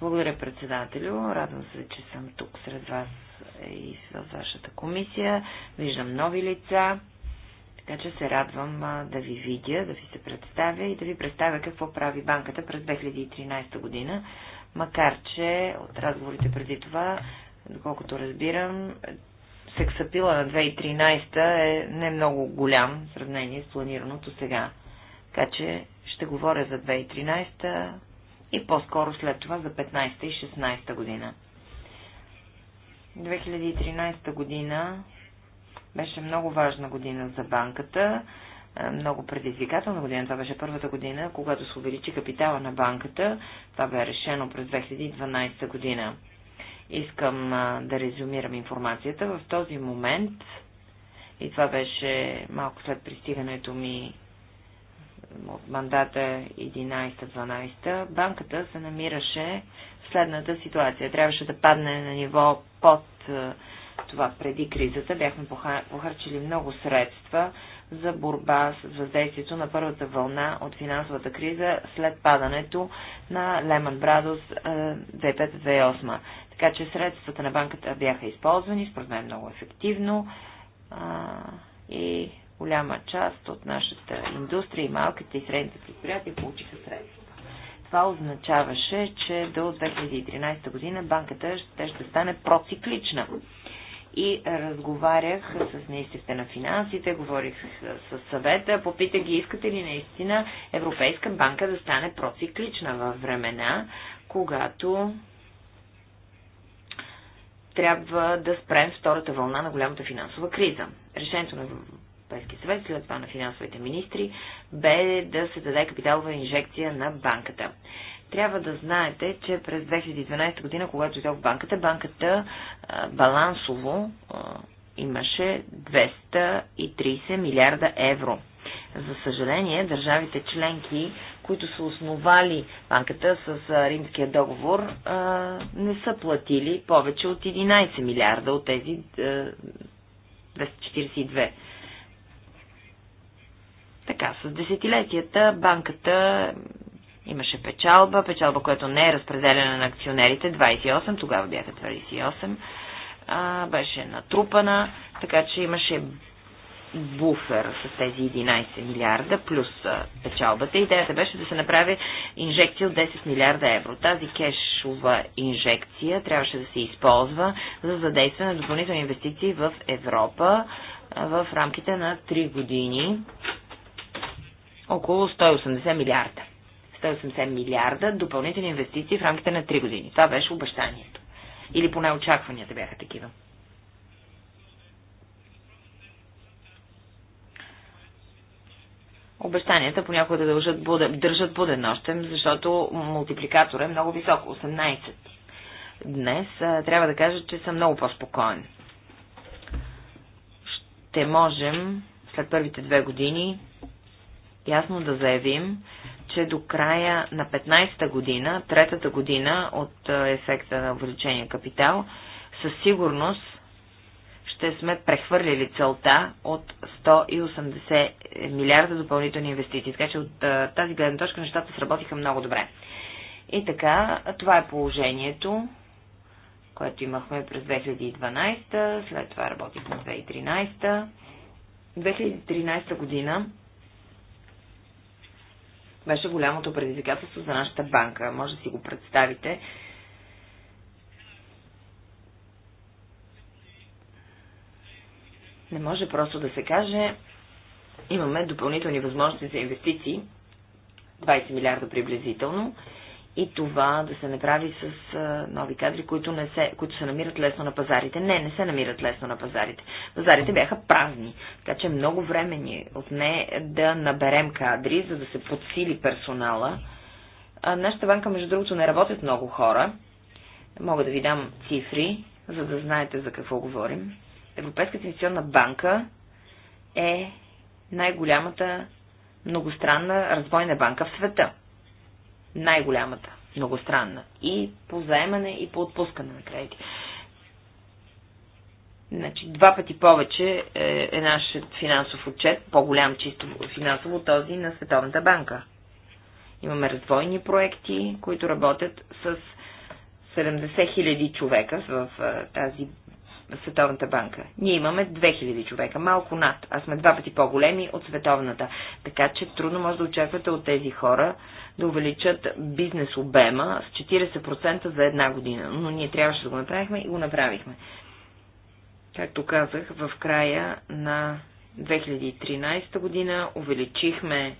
Благодаря, председателю. Радвам се, че съм тук сред вас е и с вашата комисия. Виждам нови лица. Така че се радвам да ви видя, да ви се представя и да ви представя какво прави банката през 2013 година. Макар, че от разговорите преди това, доколкото разбирам, сексапила на 2013 е не много голям в сравнение с планираното сега. Така че ще говоря за 2013 и по-скоро след това за 15 и 16 година. 2013 година беше много важна година за банката, е, много предизвикателна година. Това беше първата година, когато се увеличи капитала на банката. Това бе решено през 2012 година. Искам е, да резюмирам информацията. В този момент, и това беше малко след пристигането ми от мандата 11-12, банката се намираше в следната ситуация. Трябваше да падне на ниво под е, това преди кризата. Бяхме похарчили много средства за борба с въздействието на първата вълна от финансовата криза след падането на Lehman Brothers 2005-2008. Е, така че средствата на банката бяха използвани, според мен много ефективно и Голяма част от нашата индустрия и малките и средните предприятия получиха средства. Това означаваше, че до 2013 година банката ще, ще стане проциклична. И разговарях с министрите на финансите, говорих с съвета, попитах ги, искате ли наистина Европейска банка да стане проциклична във времена, когато трябва да спрем втората вълна на голямата финансова криза. Решението на Европейския съвет, след това на финансовите министри, бе да се даде капиталова инжекция на банката. Трябва да знаете, че през 2012 година, когато в банката, банката балансово имаше 230 милиарда евро. За съжаление, държавите членки, които са основали банката с римския договор, не са платили повече от 11 милиарда от тези 242 така, с десетилетията банката имаше печалба, печалба, която не е разпределена на акционерите, 28, тогава бяха 28, а, беше натрупана, така че имаше буфер с тези 11 милиарда плюс печалбата. Идеята беше да се направи инжекция от 10 милиарда евро. Тази кешова инжекция трябваше да се използва за задействане на допълнителни инвестиции в Европа в рамките на 3 години около 180 милиарда. 180 милиарда допълнителни инвестиции в рамките на 3 години. Това беше обещанието. Или поне очакванията бяха такива. Обещанията понякога да дължат буден, държат буден нощем, защото мултипликатор е много висок, 18. Днес трябва да кажа, че съм много по-спокоен. Ще можем след първите две години ясно да заявим, че до края на 15-та година, третата година от е, ефекта на увеличение капитал, със сигурност ще сме прехвърлили целта от 180 милиарда допълнителни инвестиции. Така че от е, тази гледна точка нещата сработиха много добре. И така, това е положението, което имахме през 2012, след това работихме 2013. 2013 година беше голямото предизвикателство за нашата банка. Може да си го представите. Не може просто да се каже, имаме допълнителни възможности за инвестиции, 20 милиарда приблизително, и това да се направи с а, нови кадри, които, не се, които се намират лесно на пазарите. Не, не се намират лесно на пазарите. Пазарите бяха празни, така че много време ни е отне да наберем кадри, за да се подсили персонала. А, нашата банка, между другото, не работят много хора. Мога да ви дам цифри, за да знаете за какво говорим. Европейската инвестиционна банка е най-голямата многостранна развойна банка в света най-голямата многостранна. И по заемане, и по отпускане на кредити. Значи, два пъти повече е, е нашият финансов отчет, по-голям чисто финансово този на Световната банка. Имаме развойни проекти, които работят с 70 хиляди човека в е, тази Световната банка. Ние имаме 2000 човека, малко над, а сме два пъти по-големи от Световната. Така че трудно може да очаквате от тези хора да увеличат бизнес обема с 40% за една година. Но ние трябваше да го направихме и го направихме. Както казах, в края на 2013 година увеличихме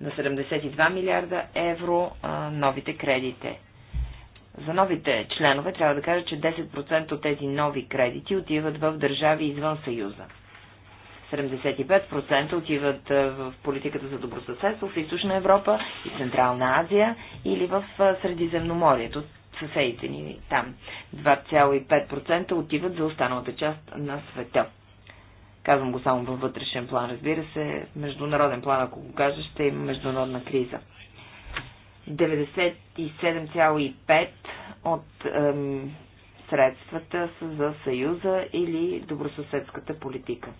на 72 милиарда евро новите кредите. За новите членове трябва да кажа, че 10% от тези нови кредити отиват в държави извън Съюза. 75% отиват в политиката за добросъседство в Източна Европа и Централна Азия или в Средиземноморието, съседите ни там. 2,5% отиват за останалата част на света. Казвам го само във вътрешен план, разбира се, международен план, ако го кажа, ще има международна криза. 97,5% от ем, средствата са за Съюза или добросъседската политика.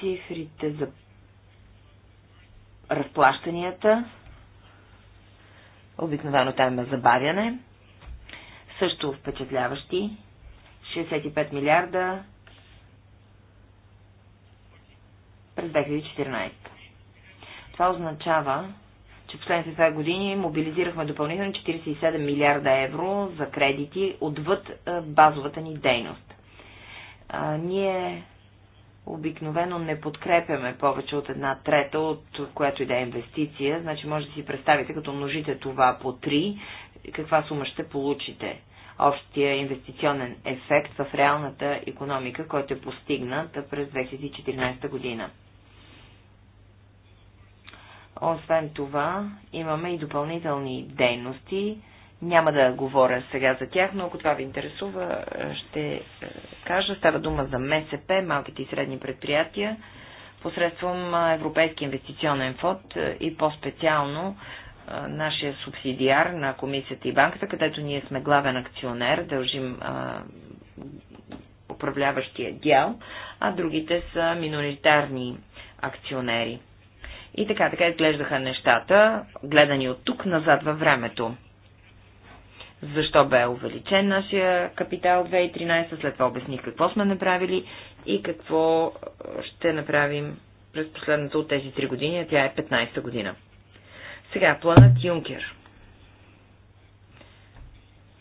цифрите за разплащанията. Обикновено там има забавяне. Също впечатляващи. 65 милиарда през 2014. Това означава, че в последните две години мобилизирахме допълнително 47 милиарда евро за кредити отвъд базовата ни дейност. А, ние обикновено не подкрепяме повече от една трета, от която и да е инвестиция. Значи може да си представите, като множите това по 3, каква сума ще получите. Общия инвестиционен ефект в реалната економика, който е постигнат през 2014 година. Освен това, имаме и допълнителни дейности, няма да говоря сега за тях, но ако това ви интересува, е, ще е, кажа. Става дума за МСП, малките и средни предприятия, посредством е, Европейски инвестиционен фонд и по-специално нашия субсидиар на комисията и банката, където ние сме главен акционер, дължим управляващия дял, а другите са миноритарни акционери. И така, така изглеждаха нещата, гледани от тук назад във времето защо бе увеличен нашия капитал 2013, след това обясних какво сме направили и какво ще направим през последната от тези 3 години, а тя е 15-та година. Сега, планът Юнкер.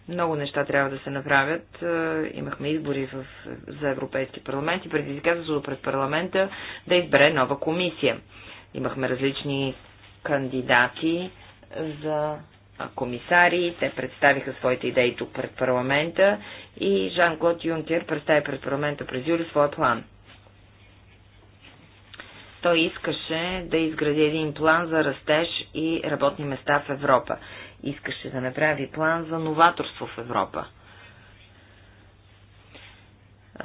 Много неща трябва да се направят. Имахме избори в, за Европейски парламент и предизвикателството пред парламента да избере нова комисия. Имахме различни кандидати за комисари, те представиха своите идеи тук пред парламента и Жан-Клод Юнкер представи пред парламента през юли своя план. Той искаше да изгради един план за растеж и работни места в Европа. Искаше да направи план за новаторство в Европа.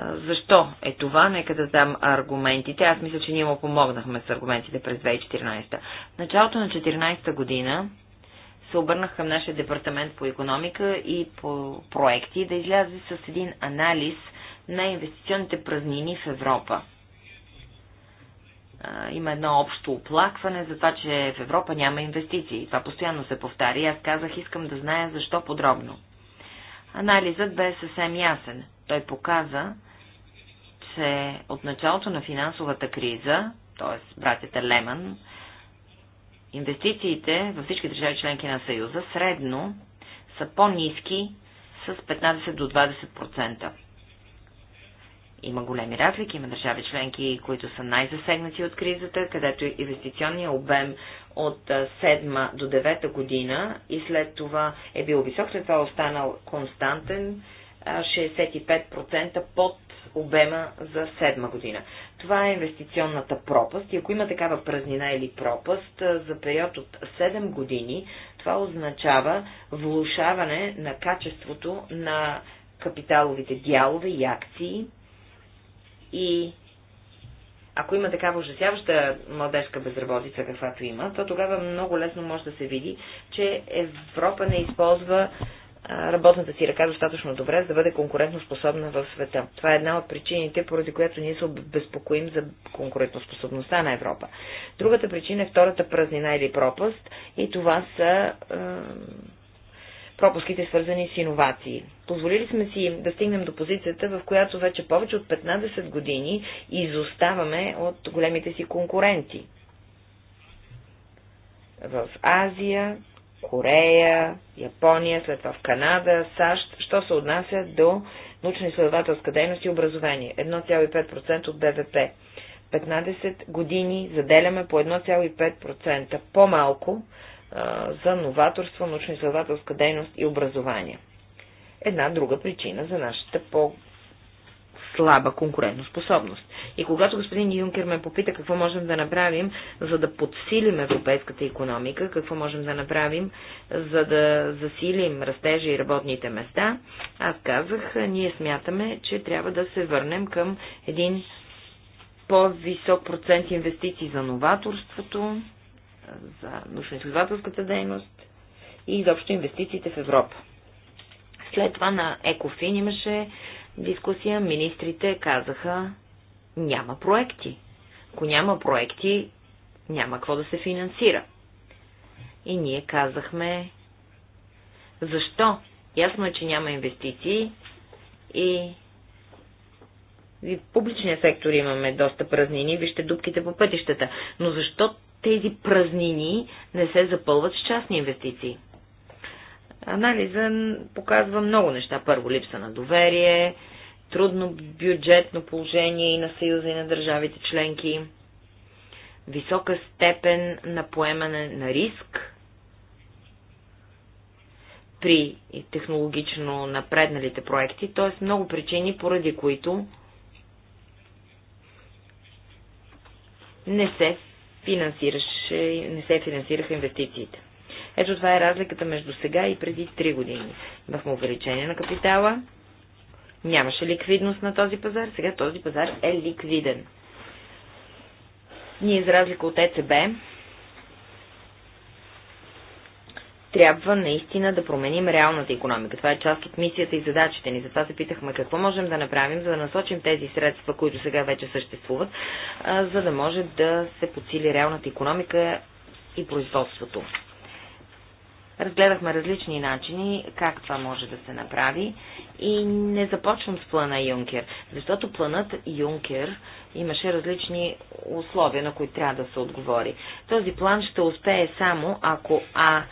Защо е това? Нека да дам аргументите. Аз мисля, че ние му помогнахме с аргументите през 2014. В началото на 2014 година се обърнах към нашия департамент по економика и по проекти да излязе с един анализ на инвестиционните празнини в Европа. Има едно общо оплакване за това, че в Европа няма инвестиции. Това постоянно се повтаря и аз казах, искам да зная защо подробно. Анализът бе съвсем ясен. Той показа, че от началото на финансовата криза, т.е. братята Леман, Инвестициите във всички държави членки на Съюза средно са по-низки с 15 до 20%. Има големи разлики, има държави членки, които са най-засегнати от кризата, където инвестиционният обем от 7 до 9 година и след това е бил висок, след това е останал константен 65% под обема за 7 година. Това е инвестиционната пропаст и ако има такава празнина или пропаст за период от 7 години, това означава влушаване на качеството на капиталовите дялове и акции и ако има такава ужасяваща младежка безработица, каквато има, то тогава много лесно може да се види, че Европа не използва работната си ръка достатъчно добре, за да бъде конкурентоспособна в света. Това е една от причините, поради която ние се безпокоим за конкурентоспособността на Европа. Другата причина е втората празнина или пропаст и това са е, пропуските свързани с иновации. Позволили сме си да стигнем до позицията, в която вече повече от 15 години изоставаме от големите си конкуренти. В Азия, Корея, Япония, след това в Канада, САЩ, що се отнася до научно-изследователска дейност и образование. 1,5% от БВП. 15 години заделяме по 1,5% по-малко за новаторство, научно-изследователска дейност и образование. Една друга причина за нашата по слаба конкурентоспособност. И когато господин Юнкер ме попита какво можем да направим, за да подсилим европейската економика, какво можем да направим, за да засилим растежа и работните места, аз казах, ние смятаме, че трябва да се върнем към един по-висок процент инвестиции за новаторството, за научно-изследователската дейност и изобщо инвестициите в Европа. След това на Екофин имаше дискусия министрите казаха, няма проекти. Ако няма проекти, няма какво да се финансира. И ние казахме, защо? Ясно е, че няма инвестиции и в публичния сектор имаме доста празнини, вижте дубките по пътищата. Но защо тези празнини не се запълват с частни инвестиции? Анализа показва много неща. Първо, липса на доверие, трудно бюджетно положение и на Съюза и на държавите членки, висока степен на поемане на риск при технологично напредналите проекти, т.е. много причини, поради които не се, финансираше, не се финансираха инвестициите. Ето това е разликата между сега и преди 3 години. Имахме увеличение на капитала, нямаше ликвидност на този пазар, сега този пазар е ликвиден. Ние, за разлика от ЕЦБ, трябва наистина да променим реалната економика. Това е част от мисията и задачите ни. Затова се питахме какво можем да направим, за да насочим тези средства, които сега вече съществуват, за да може да се подсили реалната економика и производството. Разгледахме различни начини, как това може да се направи и не започвам с плана Юнкер, защото планът Юнкер имаше различни условия, на които трябва да се отговори. Този план ще успее само ако А.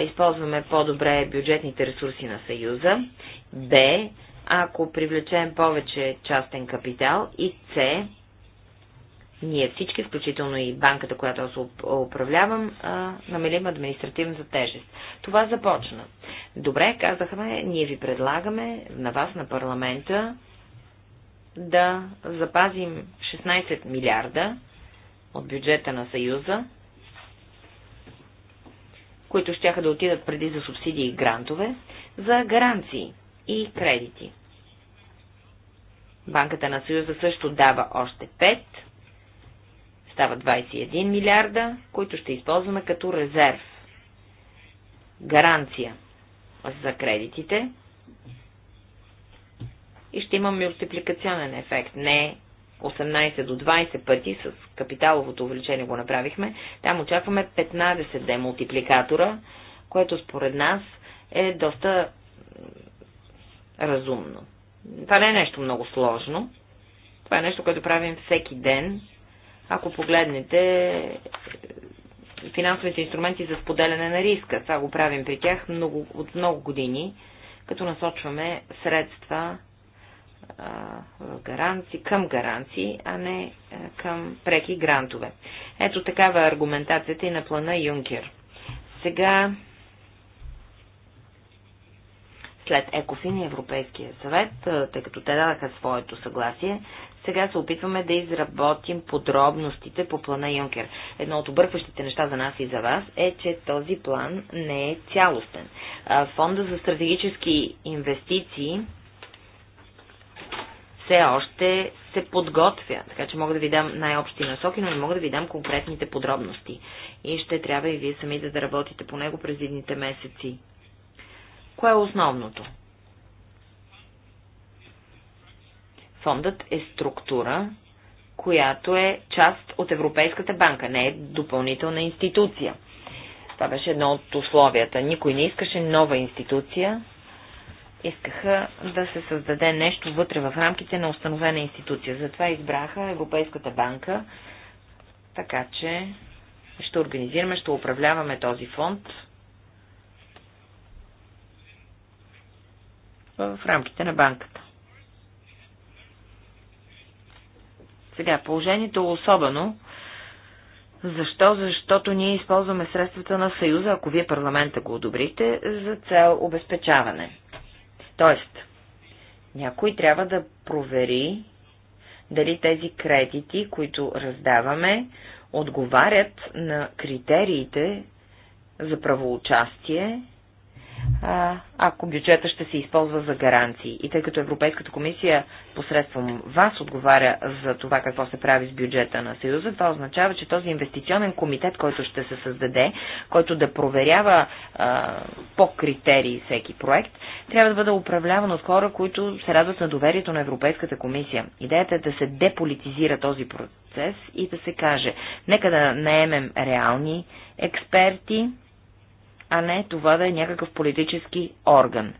Използваме по-добре бюджетните ресурси на Съюза, Б. Ако привлечем повече частен капитал и С ние всички, включително и банката, която аз управлявам, намалим административната тежест. Това започна. Добре, казахме, ние ви предлагаме на вас, на парламента, да запазим 16 милиарда от бюджета на Съюза, които ще да отидат преди за субсидии и грантове, за гаранции и кредити. Банката на Съюза също дава още 5 Става 21 милиарда, които ще използваме като резерв. Гаранция за кредитите. И ще имаме мультипликационен ефект. Не 18 до 20 пъти с капиталовото увеличение го направихме. Там очакваме 15 демултипликатора, което според нас е доста разумно. Това не е нещо много сложно. Това е нещо, което правим всеки ден ако погледнете е, финансовите инструменти за споделяне на риска, това го правим при тях много, от много години, като насочваме средства е, гаранции, към гаранции, а не е, към преки грантове. Ето такава е аргументацията и на плана Юнкер. Сега, след Екофин и Европейския съвет, тъй като те дадаха своето съгласие, сега се опитваме да изработим подробностите по плана Юнкер. Едно от объркващите неща за нас и за вас е, че този план не е цялостен. Фонда за стратегически инвестиции все още се подготвя, така че мога да ви дам най-общи насоки, но не мога да ви дам конкретните подробности. И ще трябва и вие самите да работите по него през едните месеци. Кое е основното? Фондът е структура, която е част от Европейската банка, не е допълнителна институция. Това беше едно от условията. Никой не искаше нова институция. Искаха да се създаде нещо вътре в рамките на установена институция. Затова избраха Европейската банка, така че ще организираме, ще управляваме този фонд в рамките на банката. Сега, положението е особено. Защо? Защото ние използваме средствата на Съюза, ако вие парламента го одобрите, за цел обезпечаване. Тоест, някой трябва да провери дали тези кредити, които раздаваме, отговарят на критериите за правоучастие ако бюджета ще се използва за гаранции. И тъй като Европейската комисия посредством вас отговаря за това какво се прави с бюджета на Съюза, това означава, че този инвестиционен комитет, който ще се създаде, който да проверява а, по критерии всеки проект, трябва да бъде управляван от хора, които се радват на доверието на Европейската комисия. Идеята е да се деполитизира този процес и да се каже, нека да наемем реални експерти, а не това да е някакъв политически орган.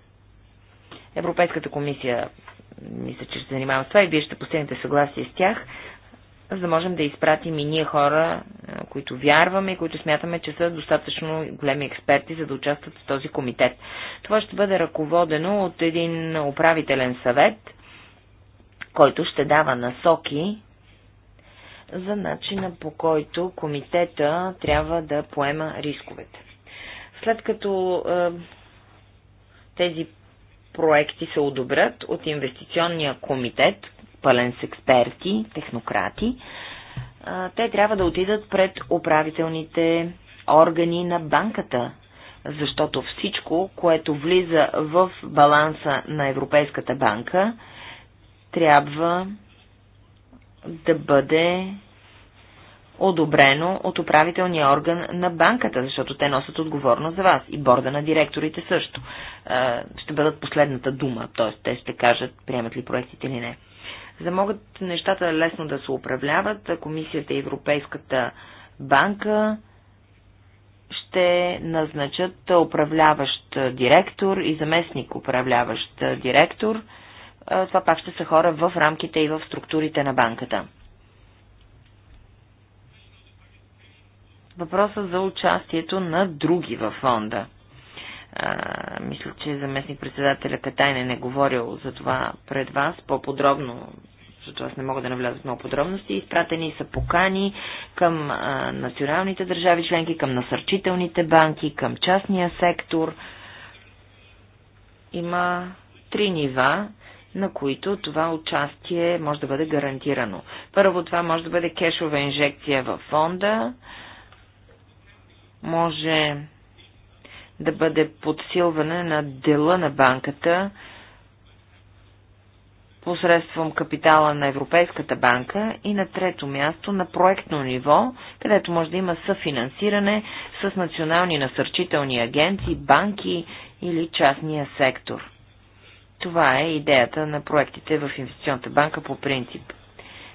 Европейската комисия мисля, че ще се занимава с това и вие ще постигнете съгласие с тях, за да можем да изпратим и ние хора, които вярваме и които смятаме, че са достатъчно големи експерти, за да участват в този комитет. Това ще бъде ръководено от един управителен съвет, който ще дава насоки за начина по който комитета трябва да поема рисковете. След като е, тези проекти се одобрят от инвестиционния комитет, пълен с експерти, технократи, е, те трябва да отидат пред управителните органи на банката, защото всичко, което влиза в баланса на Европейската банка, трябва да бъде одобрено от управителния орган на банката, защото те носят отговорност за вас и борда на директорите също. Е, ще бъдат последната дума, т.е. те ще кажат приемат ли проектите или не. За да могат нещата лесно да се управляват, Комисията и Европейската банка ще назначат управляващ директор и заместник управляващ директор. Е, това пак ще са хора в рамките и в структурите на банката. въпроса за участието на други във фонда. А, мисля, че заместник председателя Катайнен е говорил за това пред вас по-подробно, защото аз не мога да навляза в много подробности. Изпратени са покани към а, националните държави членки, към насърчителните банки, към частния сектор. Има три нива на които това участие може да бъде гарантирано. Първо това може да бъде кешова инжекция във фонда, може да бъде подсилване на дела на банката посредством капитала на Европейската банка и на трето място на проектно ниво, където може да има съфинансиране с национални насърчителни агенции, банки или частния сектор. Това е идеята на проектите в Инвестиционната банка по принцип.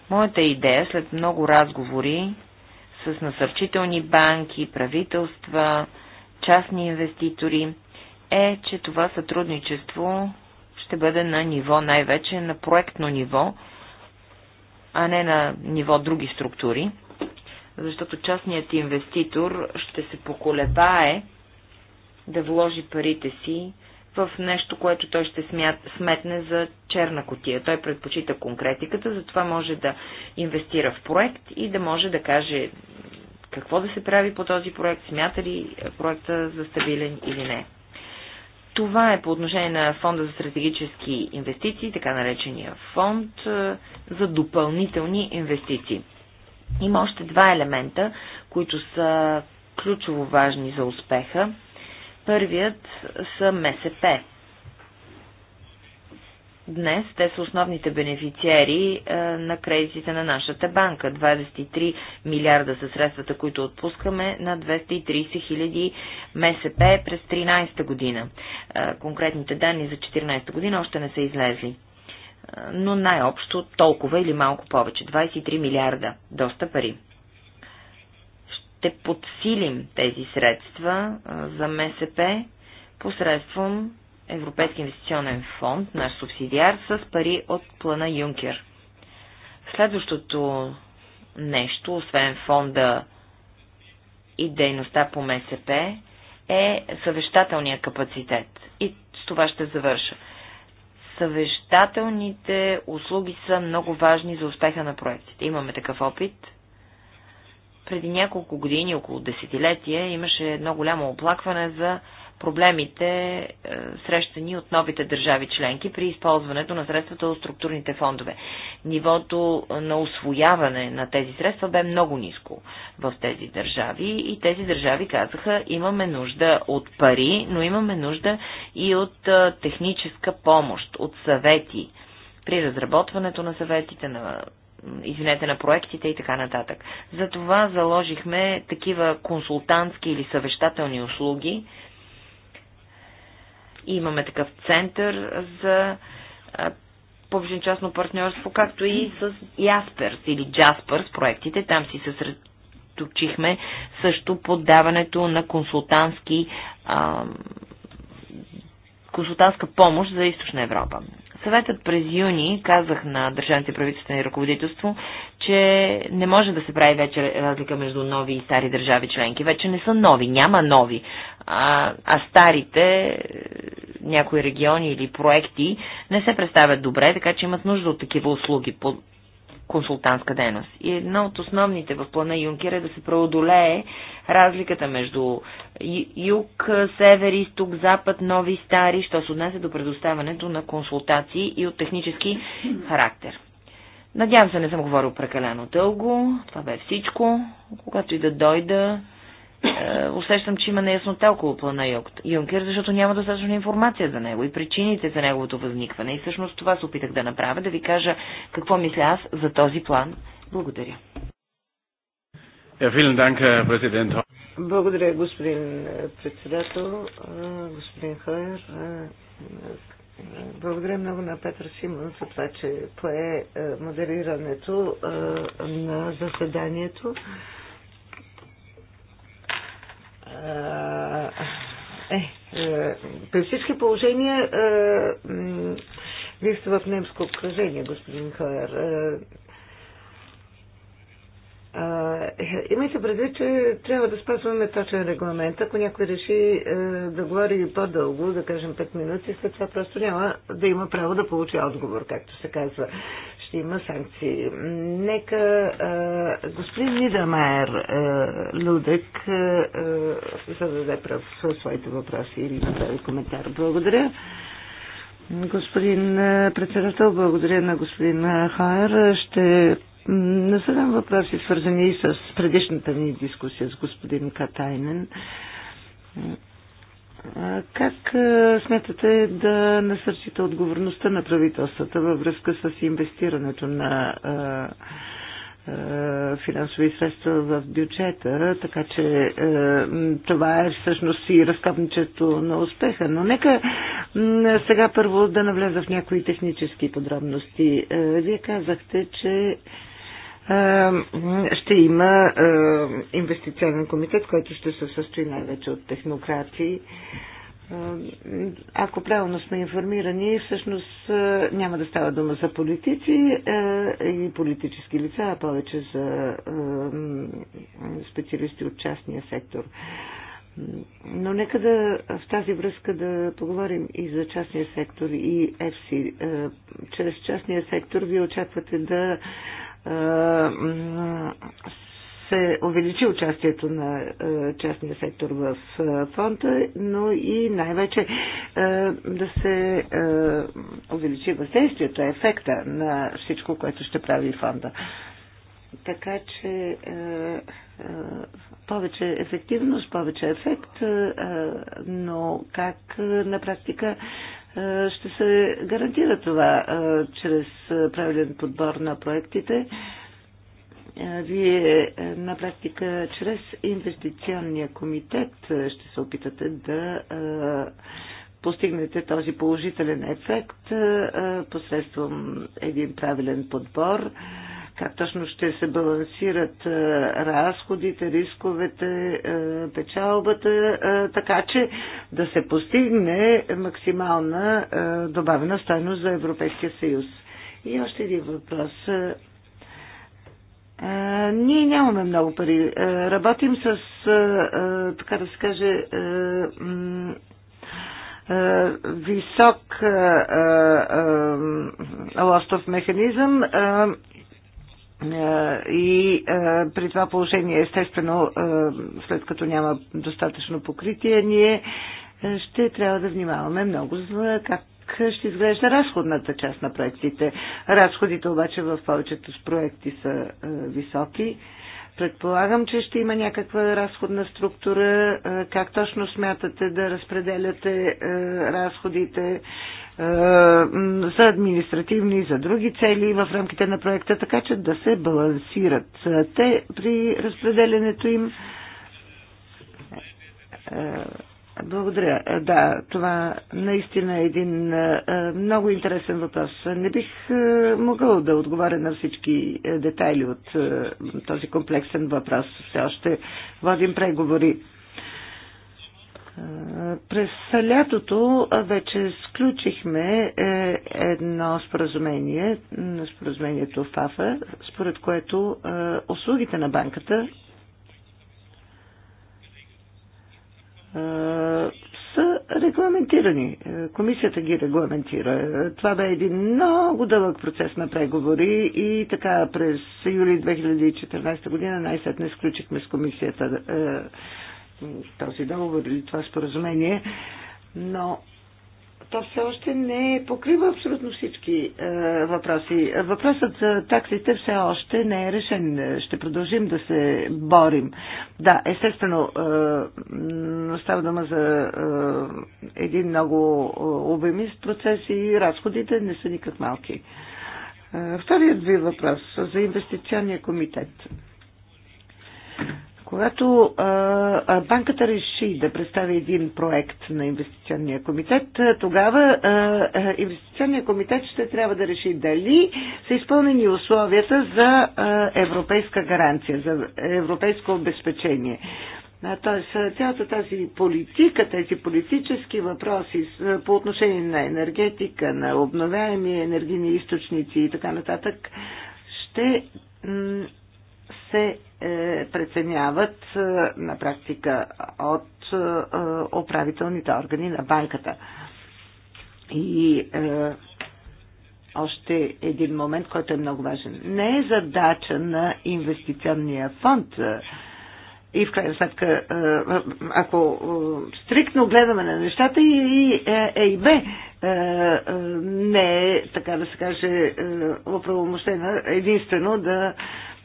Моята идея след много разговори с насърчителни банки, правителства, частни инвеститори, е, че това сътрудничество ще бъде на ниво, най-вече на проектно ниво, а не на ниво други структури, защото частният инвеститор ще се поколебае да вложи парите си в нещо, което той ще смят, сметне за черна котия. Той предпочита конкретиката, затова може да инвестира в проект и да може да каже какво да се прави по този проект, смята ли проекта за стабилен или не. Това е по отношение на фонда за стратегически инвестиции, така наречения фонд е, за допълнителни инвестиции. Има още два елемента, които са ключово важни за успеха Първият са МСП. Днес те са основните бенефициери е, на кредитите на нашата банка. 23 милиарда са средствата, които отпускаме на 230 хиляди МСП през 13 та година. Е, конкретните данни за 14 та година още не са излезли. Е, но най-общо толкова или малко повече. 23 милиарда. Доста пари ще подсилим тези средства за МСП посредством Европейски инвестиционен фонд, наш субсидиар, с пари от плана Юнкер. Следващото нещо, освен фонда и дейността по МСП, е съвещателния капацитет. И с това ще завърша. Съвещателните услуги са много важни за успеха на проектите. Имаме такъв опит преди няколко години, около десетилетия, имаше едно голямо оплакване за проблемите, е, срещани от новите държави членки при използването на средствата от структурните фондове. Нивото на освояване на тези средства бе много ниско в тези държави и тези държави казаха, имаме нужда от пари, но имаме нужда и от е, техническа помощ, от съвети при разработването на съветите, на извинете, на проектите и така нататък. Затова заложихме такива консултантски или съвещателни услуги. Имаме такъв център за публично-частно партньорство, както и с Ясперс или Jaspers проектите. Там си съсредоточихме също поддаването на консултантски а, консултантска помощ за Източна Европа. Съветът през юни казах на държавните правителства и ръководителство, че не може да се прави вече разлика между нови и стари държави членки. Вече не са нови, няма нови. А, а старите, е, някои региони или проекти не се представят добре, така че имат нужда от такива услуги. по консултантска дейност. И една от основните в плана Юнкер е да се преодолее разликата между юг, север, изток, запад, нови, стари, що се отнася до предоставянето на консултации и от технически характер. Надявам се, не съм говорил прекалено дълго. Това бе всичко. Когато и да дойда, е, усещам, че има неяснота около плана Юнкер, защото няма достатъчно информация за него и причините за неговото възникване. И всъщност това се опитах да направя, да ви кажа какво мисля аз за този план. Благодаря. Е, е, благодаря, господин председател, господин Хойер. Благодаря много на Петър Симон за това, че пое модерирането на заседанието е, е, при всички положения е, вие сте в немско обкръжение, господин Хайер. Е, е, имайте предвид, че трябва да спазваме точен регламент. Ако някой реши е, да говори по-дълго, да кажем 5 минути, след това просто няма да има право да получи отговор, както се казва. Ще има санкции. Нека е, господин Нидамайер Людек зададе прав своите въпроси или направи коментар. Благодаря. Господин председател, благодаря на господин Хайер. Ще не задам въпроси, свързани и с предишната ни дискусия с господин Катайнен. Как смятате да насърчите отговорността на правителствата във връзка с инвестирането на финансови средства в бюджета, така че това е всъщност и разкъпничето на успеха. Но нека сега първо да навляза в някои технически подробности. Вие казахте, че ще има инвестиционен комитет, който ще се състои най-вече от технократи. Ако правилно сме информирани, всъщност няма да става дума за политици и политически лица, а повече за специалисти от частния сектор. Но нека да в тази връзка да поговорим и за частния сектор и ЕФСИ. Чрез частния сектор вие очаквате да се увеличи участието на частния сектор в фонда, но и най-вече да се увеличи въздействието, ефекта на всичко, което ще прави фонда. Така че повече ефективност, повече ефект, но как на практика е, ще се гарантира това е, чрез е, правилен подбор на проектите. Вие на практика чрез инвестиционния комитет ще се опитате да постигнете този положителен ефект посредством един правилен подбор как точно ще се балансират е, разходите, рисковете, е, печалбата, е, така че да се постигне максимална добавена стойност за Европейския съюз. И още един въпрос. А, ние нямаме много пари. А, работим с, а, а, така да се каже, а, висок а, лостов механизъм. Е, и е, при това положение, естествено, е, след като няма достатъчно покритие, ние ще трябва да внимаваме много за как ще изглежда разходната част на проектите. Разходите обаче в повечето с проекти са високи. Предполагам, че ще има някаква разходна структура. Как точно смятате да разпределяте разходите? за е, административни и за други цели в рамките на проекта, така че да се балансират е, те при разпределенето им. Е, благодаря. Да, това наистина е един много интересен въпрос. Не бих могъл да отговаря на всички детайли от този комплексен въпрос. Все още водим преговори. През лятото вече сключихме е, едно споразумение, споразумението ФАФА, според което услугите на банката са регламентирани. Е, комисията ги регламентира. Това бе един много дълъг процес на преговори и така през юли 2014 година най-сетне сключихме с комисията е, този договор или това споразумение, но то все още не покрива абсолютно всички е, въпроси. Въпросът за таксите все още не е решен. Ще продължим да се борим. Да, естествено, е, става дума за е, един много е, обемист процес и разходите не са никак малки. Е, вторият ви въпрос за инвестиционния комитет. Когато а, банката реши да представи един проект на инвестиционния комитет, тогава а, инвестиционния комитет ще трябва да реши дали са изпълнени условията за а, европейска гаранция, за европейско обезпечение. Тоест, цялата тази политика, тези политически въпроси по отношение на енергетика, на обновяеми енергийни източници и така нататък, ще се е преценяват е, на практика от е, управителните органи на банката. И е, още един момент, който е много важен. Не е задача на инвестиционния фонд. И в крайна сметка, ако стриктно гледаме на нещата, и ЕИБ не е, така да се каже, оправомощена единствено да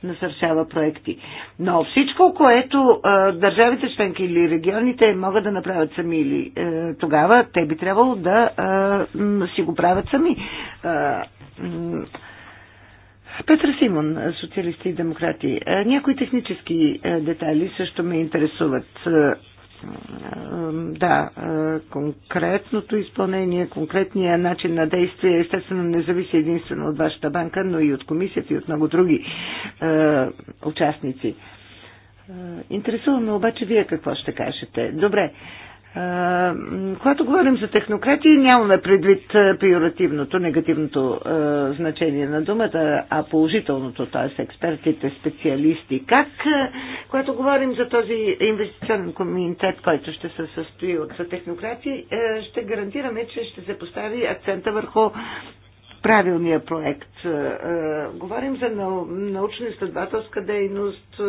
насърчава проекти. Но всичко, което а, държавите членки или регионите могат да направят сами или а, е, тогава, те би трябвало да а, си го правят сами. А, Петър Симон, социалисти и демократи. Някои технически детайли също ме интересуват да, конкретното изпълнение, конкретния начин на действие естествено не зависи единствено от вашата банка, но и от комисията и от много други е, участници. Интересуваме обаче вие какво ще кажете. Добре, когато говорим за технократи, нямаме предвид приоративното, негативното значение на думата, а положителното, т.е. експертите, специалисти. Как, когато говорим за този инвестиционен комитет, който ще се състои от технократи, ще гарантираме, че ще се постави акцента върху правилния проект. Говорим за научно-изследователска дейност,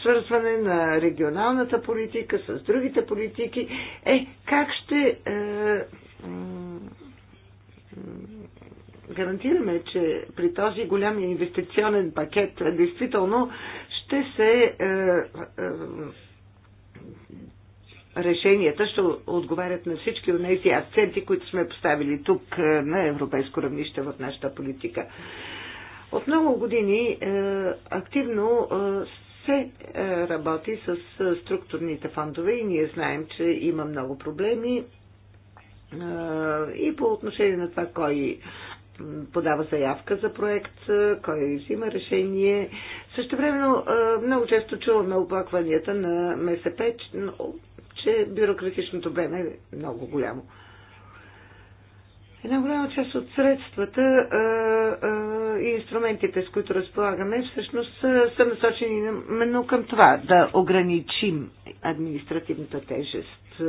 свързване на регионалната политика с другите политики. Е, как ще е, гарантираме, че при този голям инвестиционен пакет действително ще се е, е, решенията ще отговарят на всички от тези акценти, които сме поставили тук е, на европейско равнище в нашата политика. От много години е, активно е, се е, работи с структурните фондове и ние знаем, че има много проблеми е, и по отношение на това кой подава заявка за проект, е, кой взима решение. Също времено много често чуваме оплакванията на МСП, че бюрократичното бреме е много голямо. Една голяма част от средствата а, а, и инструментите, с които разполагаме, всъщност са, са насочени именно към това, да ограничим административната тежест.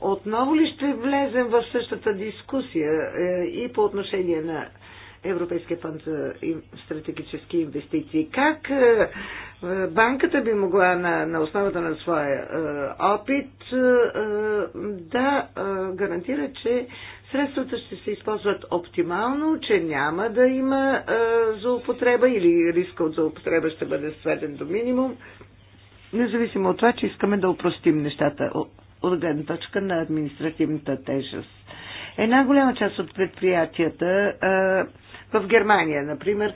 Отново ли ще влезем в същата дискусия и по отношение на Европейския фонд за стратегически инвестиции. Как е, е, банката би могла на, на основата на своя е, опит да гарантира, че средствата ще се използват оптимално, че няма да има злоупотреба или риска от злоупотреба ще бъде сведен до минимум, независимо от това, че искаме да упростим нещата от гледна точка на административната тежест. Една голяма част от предприятията в Германия, например,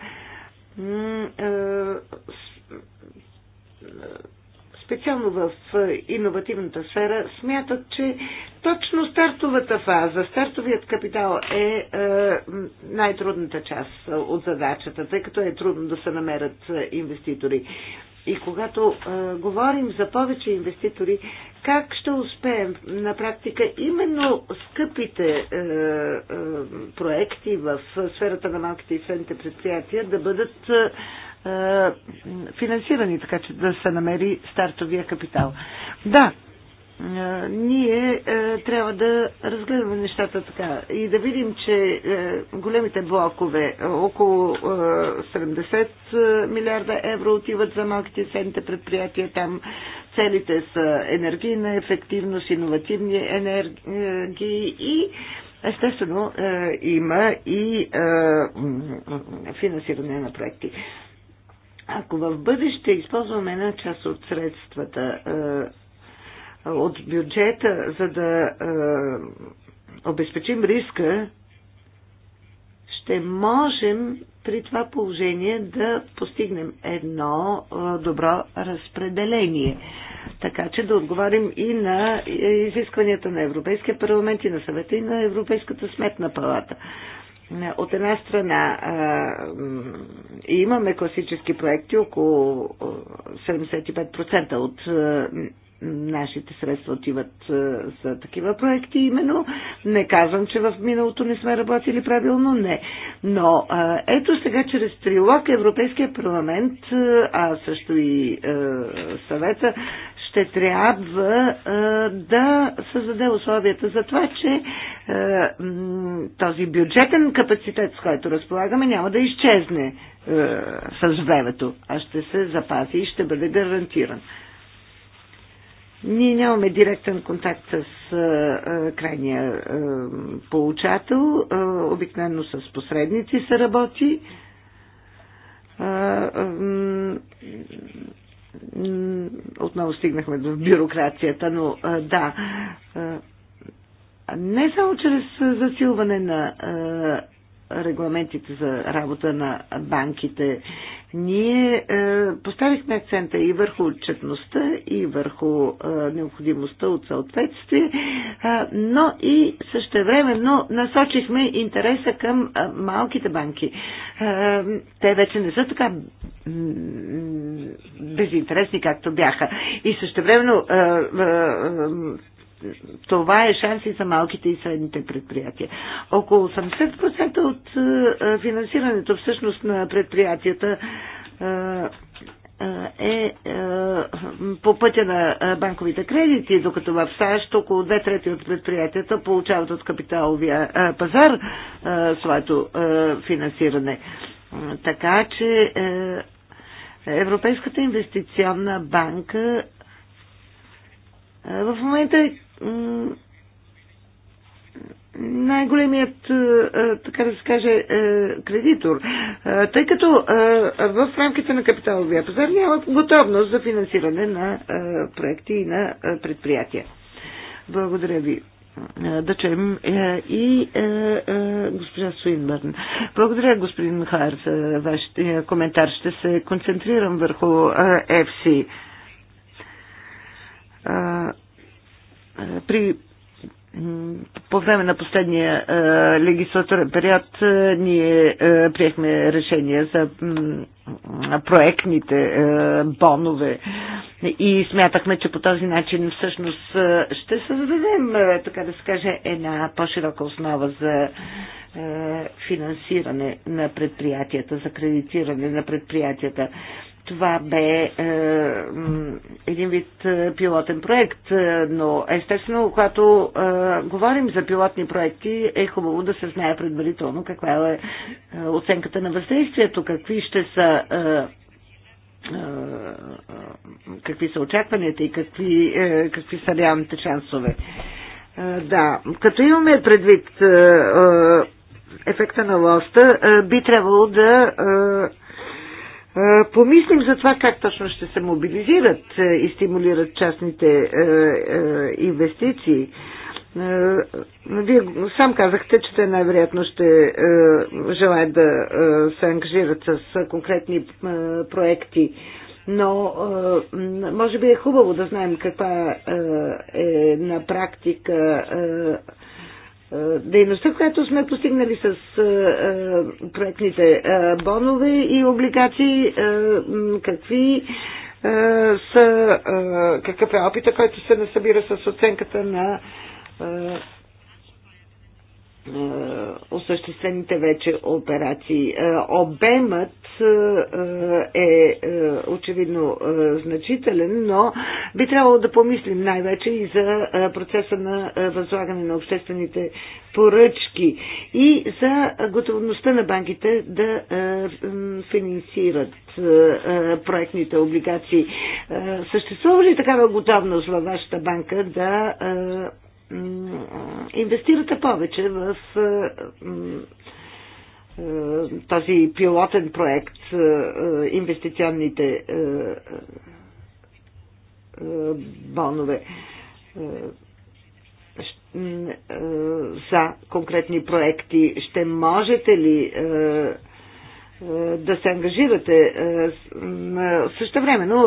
специално в иновативната сфера, смятат, че точно стартовата фаза, стартовият капитал е, най-трудната част от задачата, тъй като е трудно да се намерят инвеститори. И когато а, говорим за повече инвеститори, как ще успеем на практика именно скъпите а, е, а, е, проекти в сферата на малките и средните предприятия да бъдат а, финансирани, така че да се намери стартовия капитал? Да, ние е, трябва да разгледаме нещата така и да видим, че е, големите блокове, е, около е, 70 милиарда евро отиват за малките и средните предприятия. Там целите са енергийна ефективност, иновативни енергии и естествено е, има и е, финансиране на проекти. Ако в бъдеще използваме една част от средствата, е, от бюджета, за да обезпечим риска, ще можем при това положение да постигнем едно добро разпределение. Така че да отговорим и на изискванията на Европейския парламент и на съвета и на Европейската сметна палата. От една страна имаме класически проекти, около 75% от нашите средства отиват е, за такива проекти именно. Не казвам, че в миналото не сме работили правилно, не. Но е, ето сега чрез трилог Европейския парламент, е, а също и съвета, ще трябва а, да създаде условията за това, че а, този бюджетен капацитет, с който разполагаме, няма да изчезне а, с времето, а ще се запази и ще бъде гарантиран. Ние нямаме директен контакт с а, крайния а, получател, а, обикновено с посредници се работи. А, а, отново стигнахме до бюрокрацията, но а, да. А, не само чрез засилване на а, регламентите за работа на банките, ние е, поставихме акцента и върху отчетността, и върху е, необходимостта от съответствие, е, но и същевременно насочихме интереса към е, малките банки. Е, те вече не са така безинтересни, както бяха. И същевременно е, е, е това е шанс за малките и средните предприятия. Около 80% от е, е, финансирането всъщност на предприятията е, е по пътя на банковите кредити, докато в САЩ около две трети от предприятията получават от капиталовия пазар своето финансиране. Така че Европейската инвестиционна банка в момента е най-големият, е, е, така да се каже, е, кредитор. Тъй като в рамките на капиталовия пазар няма готовност за финансиране на проекти и на предприятия. Благодаря ви. Да чуем и госпожа Суинбърн. Благодаря, господин Хайер, за вашите коментар. Ще се концентрирам върху ЕФСИ при по време на последния е, легислатурен период е, ние е, приехме решение за е, проектните е, бонове и смятахме, че по този начин всъщност е, ще създадем, е, така да се каже, една по-широка основа за е, финансиране на предприятията, за кредитиране на предприятията. Това бе е, един вид е, пилотен проект, е, но естествено, когато е, говорим за пилотни проекти, е хубаво да се знае предварително каква е, е оценката на въздействието, какви ще са. Е, е какви са очакванията и какви, какви са реалните шансове. Да, като имаме предвид ефекта на лоста, би трябвало да е, помислим за това как точно ще се мобилизират е, и стимулират частните е, инвестиции. Вие сам казахте, че те най-вероятно ще желаят да се ангажират с конкретни проекти, но може би е хубаво да знаем каква е на практика е, дейността, която сме постигнали с е, е, проектните бонове и облигации, какви са, какъв е опита, който се насъбира с оценката на е, осъществените вече операции. Е, обемът е, е очевидно значителен, но би трябвало да помислим най-вече и за процеса на възлагане на обществените поръчки и за готовността на банките да финансират проектните облигации. Съществува ли такава готовност във вашата банка да инвестирате повече в този пилотен проект, инвестиционните бонове за конкретни проекти. Ще можете ли е, да се ангажирате. Е, е, Също времено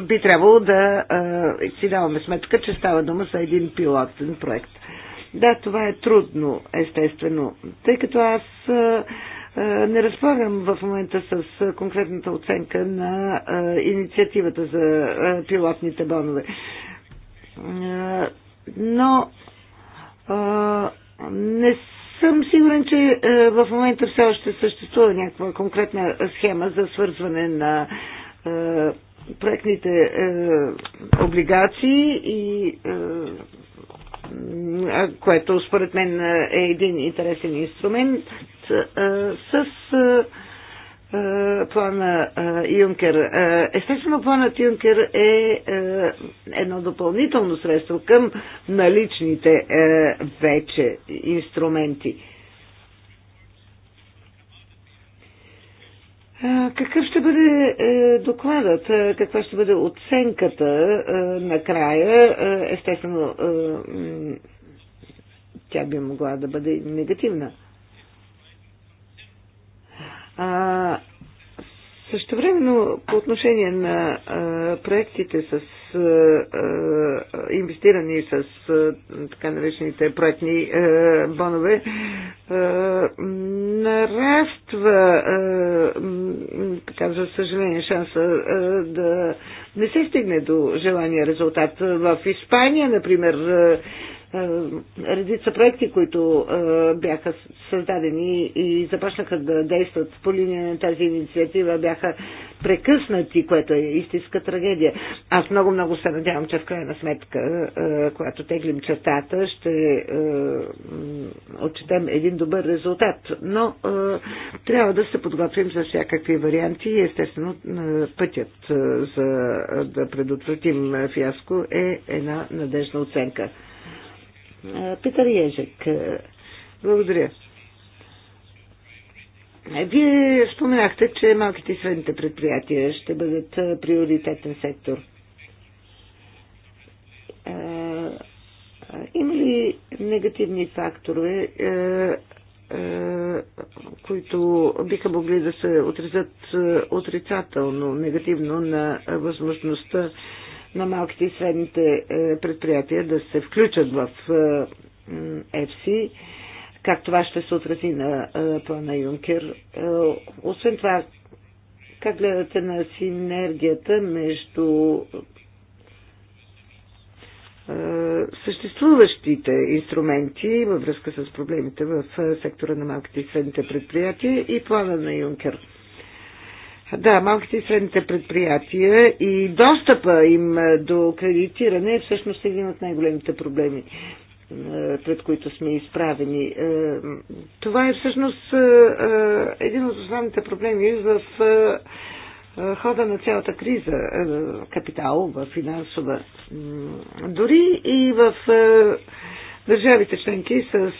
би трябвало да си даваме сметка, че става дума за един пилотен проект. Да, това е трудно, естествено, тъй като аз не разполагам в момента с конкретната оценка на инициативата за пилотните бонове. Но не съм сигурен, че е, в момента все още съществува някаква конкретна схема за свързване на е, проектните е, облигации и което според мен е един интересен инструмент с е, плана е, Юнкер. Е, естествено, планът Юнкер е едно допълнително средство към наличните вече инструменти. Какъв ще бъде докладът? Каква ще бъде оценката накрая? Естествено, тя би могла да бъде негативна. А, също времено по отношение на а, проектите с а, а, инвестирани с а, така наречените проектни а, бонове, а, нараства а, така, за съжаление шанса а, да не се стигне до желания резултат. В Испания, например, а, е, редица проекти, които е, бяха създадени и започнаха да действат по линия на тази инициатива, бяха прекъснати, което е истинска трагедия. Аз много-много се надявам, че в крайна сметка, е, когато теглим чертата, ще отчетем един добър резултат. Но трябва да се подготвим за всякакви варианти и естествено пътят за да предотвратим фиаско е една надежна оценка. Е, Питър Ежек. Е, благодаря. Е, вие споменахте, че малките и средните предприятия ще бъдат приоритетен сектор. Има ли негативни фактори, които биха могли да се отрезат отрицателно, негативно на възможността на малките и средните е, предприятия да се включат в е, ЕФСИ, как това ще се отрази на е, плана Юнкер. Освен това, как гледате на синергията между съществуващите инструменти във връзка с проблемите в сектора на малките и средните предприятия и плана на Юнкер? Да, малките и средните предприятия и достъпа им е, до кредитиране е всъщност един от най-големите проблеми, е, пред които сме изправени. Е, това е всъщност един от основните проблеми в хода на цялата криза, капитал в финансова, дори и в държавите членки с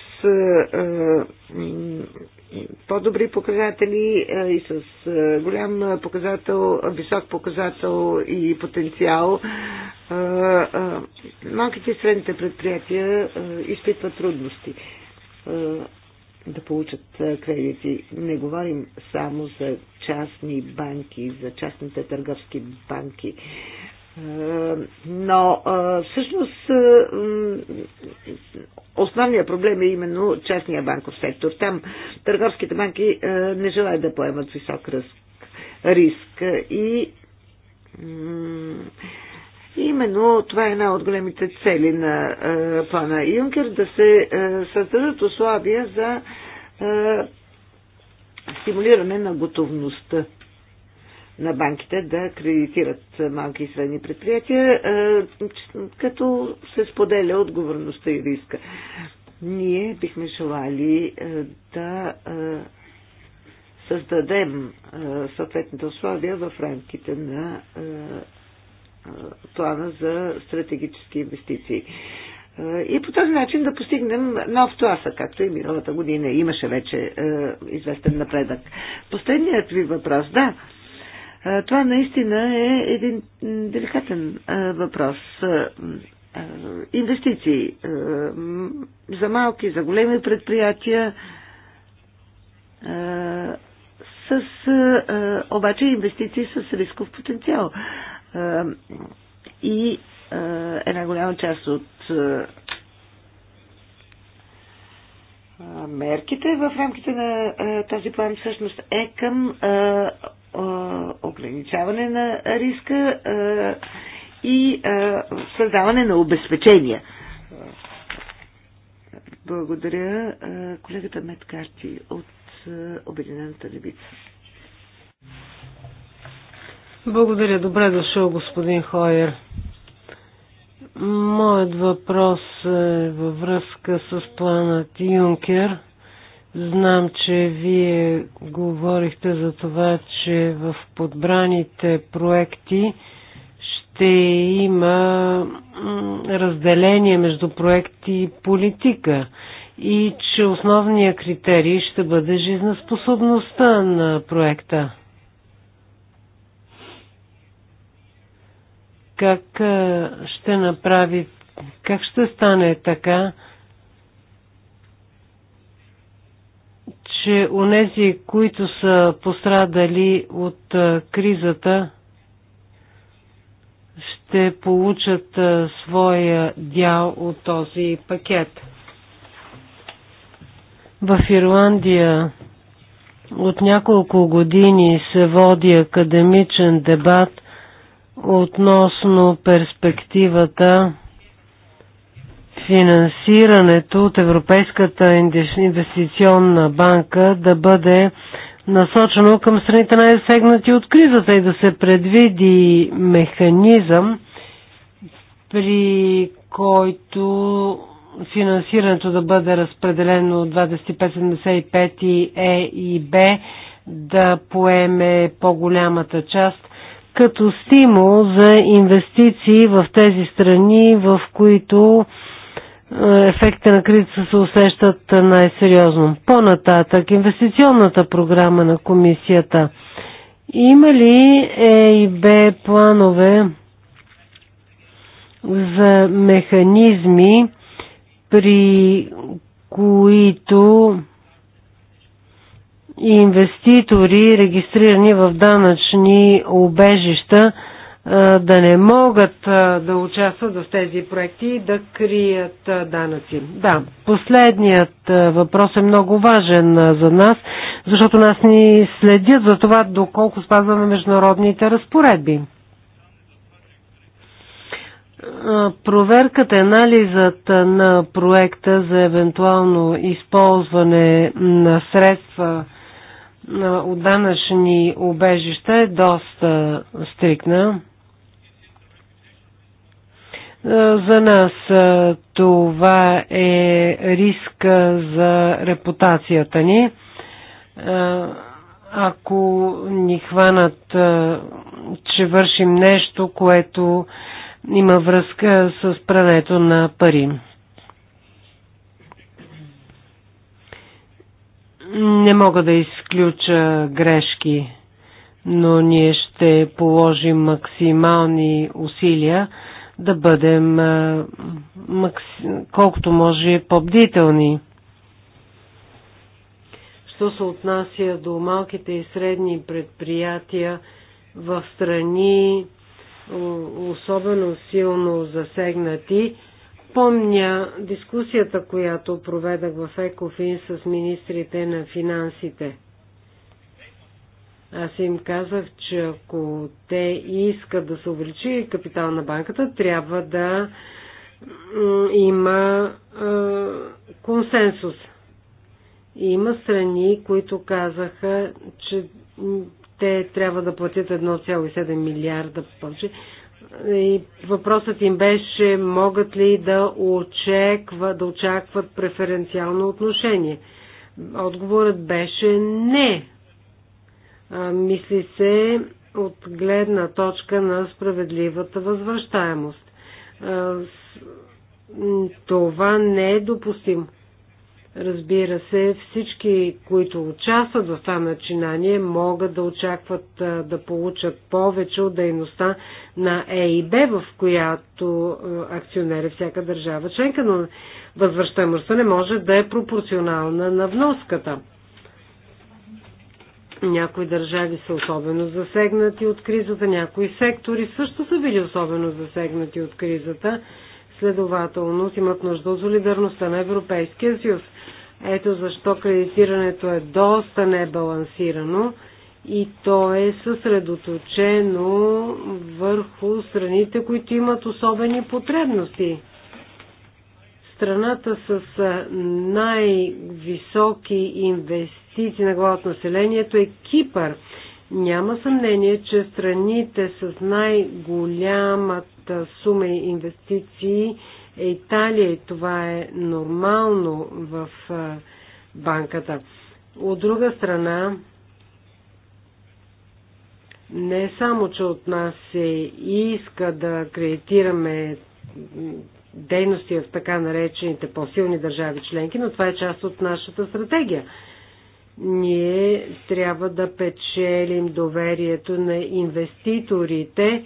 по-добри показатели е, и с е, голям показател, висок показател и потенциал. Е, малките и средните предприятия изпитват трудности да получат кредити. Не говорим само за частни банки, за частните търговски банки. Е, но е, всъщност е, основният проблем е именно частния банков сектор. Там търговските банки не желаят да поемат висок риск. И Именно това е една от големите цели на плана Юнкер да се създадат условия за стимулиране на готовността на банките да кредитират малки и средни предприятия, като се споделя отговорността и риска. Ние бихме желали да създадем съответните условия в рамките на плана за стратегически инвестиции. И по този начин да постигнем нов тласък, както и миналата година. Имаше вече е, известен напредък. Последният ви въпрос, да, е, това наистина е един деликатен въпрос. Инвестиции за малки, за големи предприятия с обаче инвестиции с рисков потенциал. И една голяма част от мерките в рамките на този план всъщност е към ограничаване на риска и създаване на обезпечения. Благодаря колегата Меткарти от Обединената левица. Благодаря. Добре дошъл, господин Хойер. Моят въпрос е във връзка с планът Юнкер – Знам, че вие говорихте за това, че в подбраните проекти ще има разделение между проекти и политика и че основният критерий ще бъде жизнеспособността на проекта. Как ще направи, как ще стане така, че онези, които са пострадали от кризата, ще получат своя дял от този пакет. В Ирландия от няколко години се води академичен дебат относно перспективата финансирането от Европейската инвестиционна банка да бъде насочено към страните най-сегнати от кризата и да се предвиди механизъм, при който финансирането да бъде разпределено 2575 и Е и Б да поеме по-голямата част като стимул за инвестиции в тези страни, в които ефекта на кризата се усещат най-сериозно. По-нататък, инвестиционната програма на комисията. Има ли Е и Б планове за механизми, при които инвеститори, регистрирани в данъчни обежища, да не могат да участват в тези проекти и да крият данъци. Да, последният въпрос е много важен за нас, защото нас ни следят за това доколко спазваме международните разпоредби. Проверката, анализът на проекта за евентуално използване на средства от данъчни обежища е доста стрикна. За нас това е риск за репутацията ни. Ако ни хванат, че вършим нещо, което има връзка с прането на пари. Не мога да изключа грешки, но ние ще положим максимални усилия, да бъдем колкото може по-бдителни. Що се отнася до малките и средни предприятия в страни, особено силно засегнати, помня дискусията, която проведах в Екофин с министрите на финансите. Аз им казах, че ако те искат да се увеличи капитал на банката, трябва да има е, консенсус. Има страни, които казаха, че те трябва да платят 1,7 милиарда повече. И въпросът им беше, могат ли да, очеква, да очакват преференциално отношение. Отговорът беше не мисли се от гледна точка на справедливата възвръщаемост. Това не е допустимо. Разбира се, всички, които участват в това начинание, могат да очакват да получат повече от дейността на е и Б, в която акционер е всяка държава членка, но възвръщаемостта не може да е пропорционална на вноската. Някои държави са особено засегнати от кризата, някои сектори също са били особено засегнати от кризата, следователно имат нужда от солидарността на Европейския съюз. Ето защо кредитирането е доста небалансирано и то е съсредоточено върху страните, които имат особени потребности. Страната с най-високи инвестиции инвестиции на глава от населението е Кипър. Няма съмнение, че страните с най-голямата сума инвестиции е Италия и това е нормално в банката. От друга страна, не само, че от нас се иска да кредитираме дейности в така наречените по-силни държави членки, но това е част от нашата стратегия. Ние трябва да печелим доверието на инвеститорите.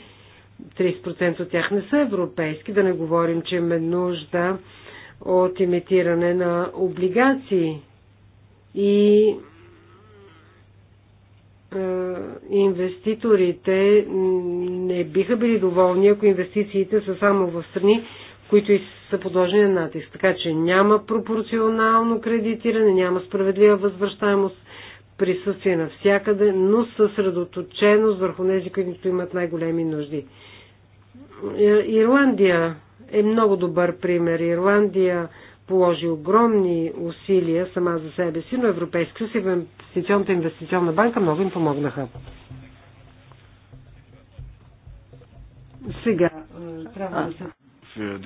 30% от тях не са европейски, да не говорим, че има нужда от имитиране на облигации и инвеститорите не биха били доволни, ако инвестициите са само в страни, в които са подложени на натиск. Така че няма пропорционално кредитиране, няма справедлива възвръщаемост, присъствие навсякъде, но съсредоточеност върху тези, които имат най-големи нужди. Е, Ирландия е много добър пример. Ирландия положи огромни усилия сама за себе си, но Европейска си инвестиционната инвестиционна банка много им помогнаха. Сега е, трябва да се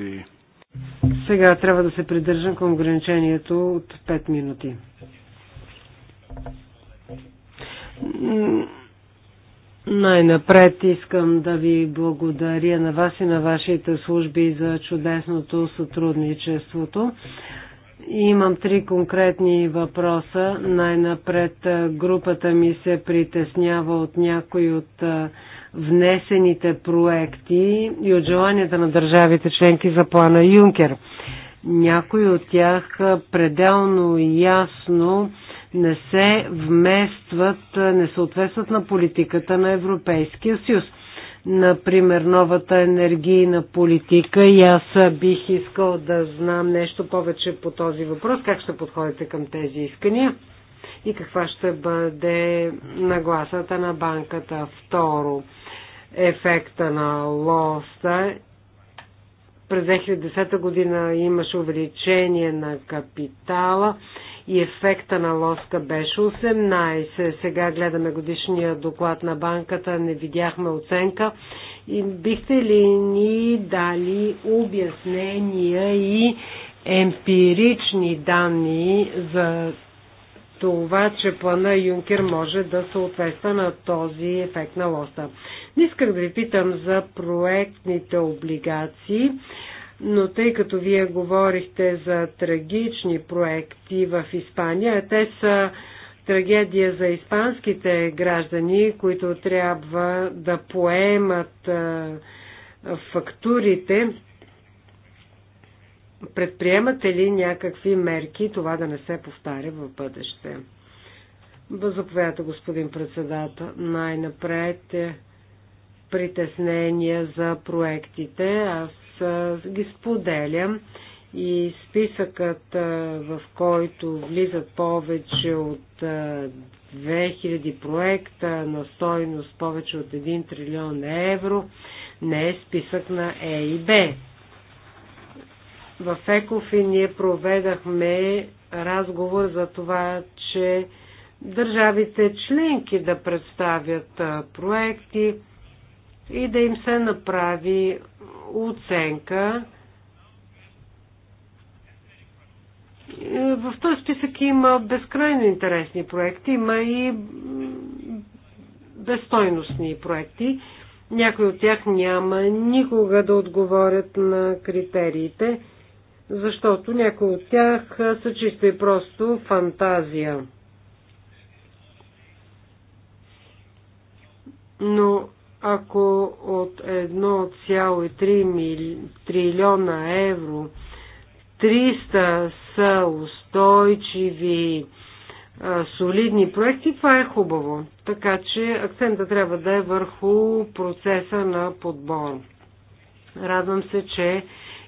сега трябва да се придържам към ограничението от 5 минути. Най-напред искам да ви благодаря на вас и на вашите служби за чудесното сътрудничеството. Имам три конкретни въпроса. Най-напред групата ми се притеснява от някои от внесените проекти и от желанията на държавите членки за плана Юнкер. Някои от тях пределно ясно не се вместват, не съответстват на политиката на Европейския съюз. Например, новата енергийна политика и аз бих искал да знам нещо повече по този въпрос. Как ще подходите към тези искания и каква ще бъде нагласата на банката? Второ, ефекта на лоста. През 2010 година имаше увеличение на капитала и ефекта на лоста беше 18. Сега гледаме годишния доклад на банката, не видяхме оценка. И бихте ли ни дали обяснения и емпирични данни за това, че плана Юнкер може да съответства на този ефект на лоста. Не исках да ви питам за проектните облигации, но тъй като вие говорихте за трагични проекти в Испания, те са трагедия за испанските граждани, които трябва да поемат фактурите Предприемате ли някакви мерки това да не се повтаря в бъдеще? Заповядайте, господин председател. Най-напред е притеснения за проектите. Аз ги споделям и списъкът, в който влизат повече от 2000 проекта на стойност повече от 1 трилион евро, не е списък на Е и Б. В Екофи ние проведахме разговор за това, че държавите членки да представят проекти и да им се направи оценка. В този списък има безкрайно интересни проекти, има и безстойностни проекти. Някои от тях няма никога да отговорят на критериите защото някои от тях са чисто и просто фантазия. Но ако от 1,3 трилиона евро 300 са устойчиви, солидни проекти, това е хубаво. Така че акцента трябва да е върху процеса на подбор. Радвам се, че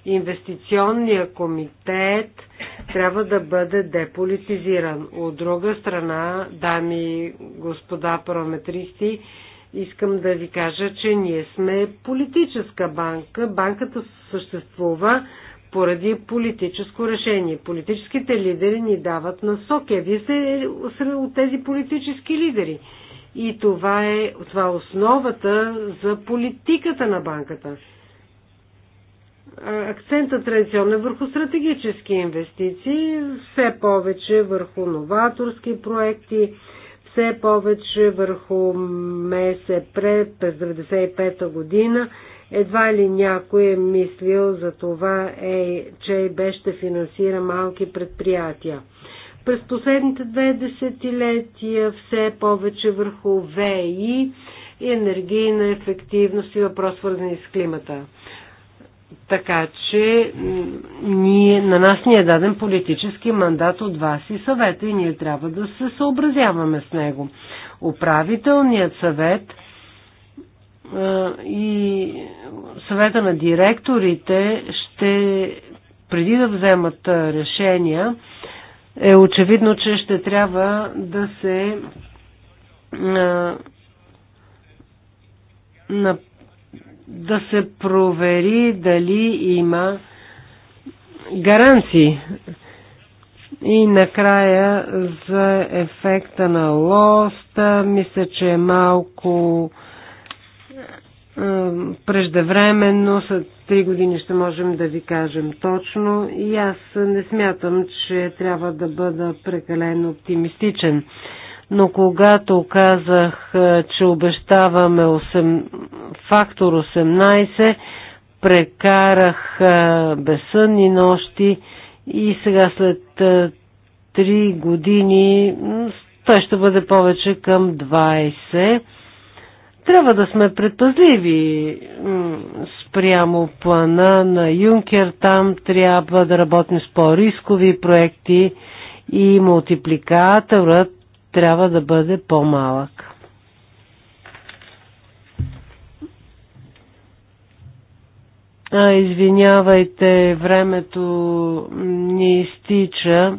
инвестиционния комитет трябва да бъде деполитизиран. От друга страна, дами и господа параметристи, искам да ви кажа, че ние сме политическа банка. Банката съществува поради политическо решение. Политическите лидери ни дават насоки. Вие сте от тези политически лидери. И това е, това е основата за политиката на банката акцента традиционно е върху стратегически инвестиции, все повече върху новаторски проекти, все повече върху МСП през 1995 година. Едва ли някой е мислил за това, е, че бе ще финансира малки предприятия. През последните две десетилетия все повече върху ВИ и енергийна ефективност и въпрос свързани с климата. Така че ние, на нас ни е даден политически мандат от вас и съвета и ние трябва да се съобразяваме с него. Управителният съвет и съвета на директорите ще, преди да вземат решения, е очевидно, че ще трябва да се на да се провери дали има гаранции. И накрая за ефекта на лоста, мисля, че е малко е, преждевременно, след 3 години ще можем да ви кажем точно и аз не смятам, че трябва да бъда прекалено оптимистичен но когато казах, е, че обещаваме 8, фактор 18, прекарах е, безсънни нощи и сега след 3 е, години той ще бъде повече към 20. Трябва да сме предпазливи спрямо плана на Юнкер. Там трябва да работим с по-рискови проекти и мултипликаторът трябва да бъде по-малък. А, извинявайте, времето ни изтича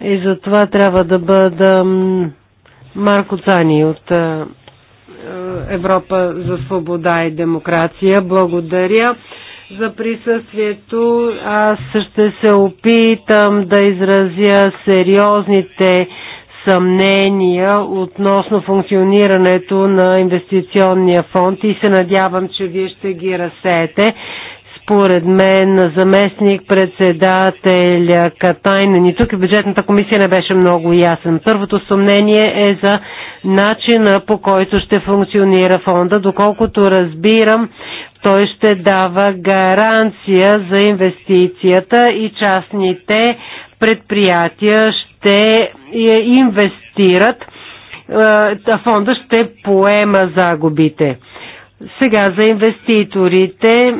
и затова трябва да бъда Марко Цани от Европа за свобода и демокрация. Благодаря за присъствието. Аз ще се опитам да изразя сериозните съмнения относно функционирането на инвестиционния фонд и се надявам, че вие ще ги разсеете. Според мен заместник председателя Катайна. ни тук и бюджетната комисия не беше много ясен. Първото съмнение е за начина по който ще функционира фонда. Доколкото разбирам, той ще дава гаранция за инвестицията и частните предприятия ще ще инвестират, а фонда ще поема загубите. Сега за инвеститорите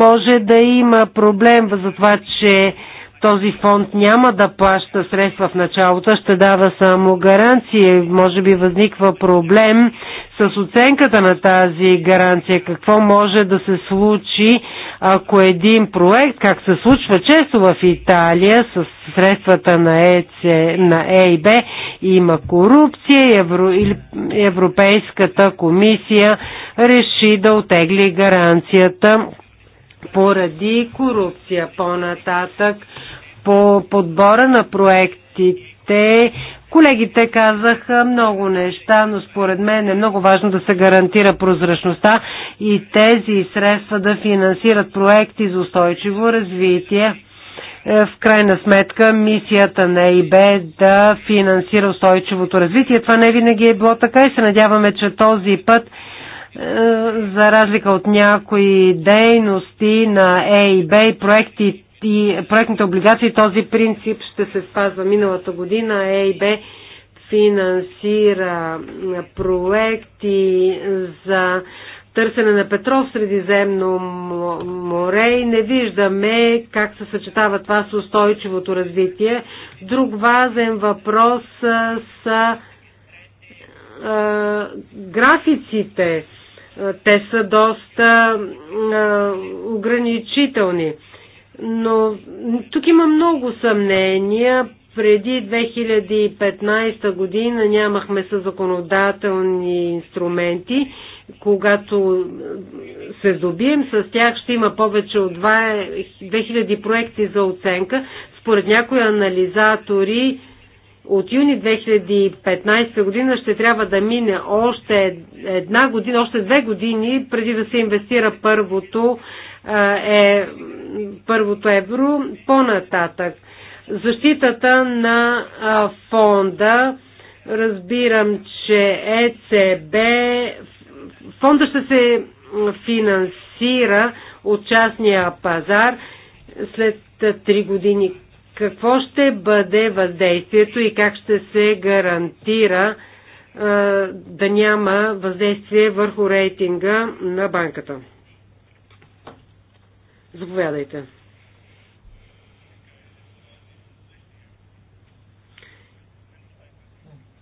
може да има проблем за това, че този фонд няма да плаща средства в началото, ще дава само гаранция. Може би възниква проблем с оценката на тази гаранция. Какво може да се случи, ако един проект, как се случва често в Италия, с средствата на, ЕЦ, на ЕИБ, има корупция, Евро, Европейската комисия реши да отегли гаранцията поради корупция. По-нататък по подбора на проектите. Колегите казаха много неща, но според мен е много важно да се гарантира прозрачността и тези средства да финансират проекти за устойчиво развитие. Е, в крайна сметка мисията на ИБ е да финансира устойчивото развитие. Това не винаги е било така и се надяваме, че този път е, за разлика от някои дейности на ЕИБ и проектите и проектните облигации този принцип ще се спазва. Миналата година ЕИБ финансира проекти за търсене на петрол в Средиземно море и не виждаме как се съчетава това с устойчивото развитие. Друг важен въпрос са графиците. Те са доста ограничителни. Но тук има много съмнения. Преди 2015 година нямахме със законодателни инструменти. Когато се добием с тях, ще има повече от 2000 проекти за оценка. Според някои анализатори, от юни 2015 година ще трябва да мине още една година, още две години преди да се инвестира първото е първото евро по-нататък. Защитата на фонда. Разбирам, че ЕЦБ фонда ще се финансира от частния пазар след 3 години. Какво ще бъде въздействието и как ще се гарантира да няма въздействие върху рейтинга на банката? Заповядайте.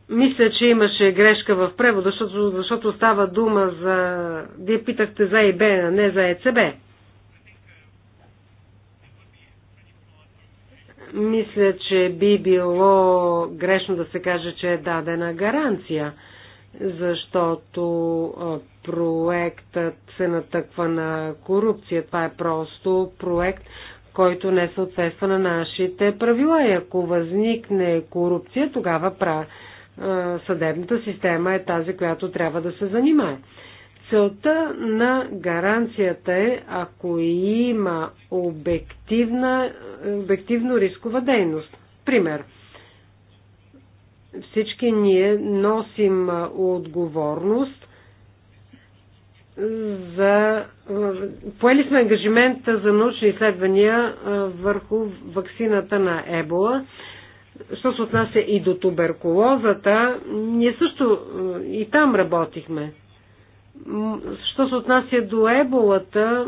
Мисля, че имаше грешка в превода, защото, защото става дума за... Вие питахте за ИБ, а не за ЕЦБ. Мисля, че би било грешно да се каже, че е дадена гаранция защото проектът се натъква на корупция. Това е просто проект, който не съответства на нашите правила. И ако възникне корупция, тогава пра, съдебната система е тази, която трябва да се занимае. Целта на гаранцията е, ако има обективна, обективно рискова дейност. Пример – всички ние носим отговорност за... Поели сме ангажимента за научни изследвания върху ваксината на Ебола. Що се отнася и до туберкулозата, ние също и там работихме. Що се отнася до Еболата,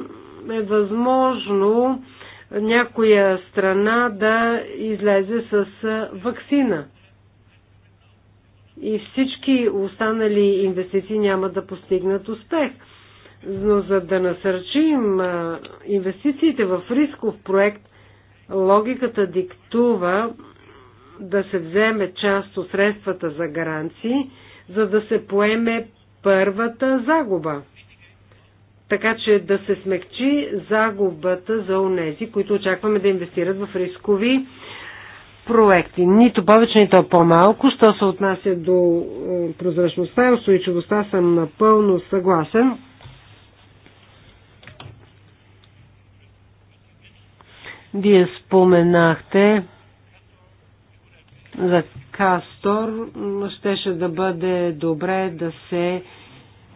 е възможно някоя страна да излезе с вакцина и всички останали инвестиции няма да постигнат успех. Но за да насърчим инвестициите в рисков проект, логиката диктува да се вземе част от средствата за гаранции, за да се поеме първата загуба. Така че да се смекчи загубата за онези, които очакваме да инвестират в рискови проекти. Нито повече, нито по-малко. Що се отнася до е, прозрачността и устойчивостта, съм напълно съгласен. Вие споменахте за Кастор. Щеше да бъде добре да се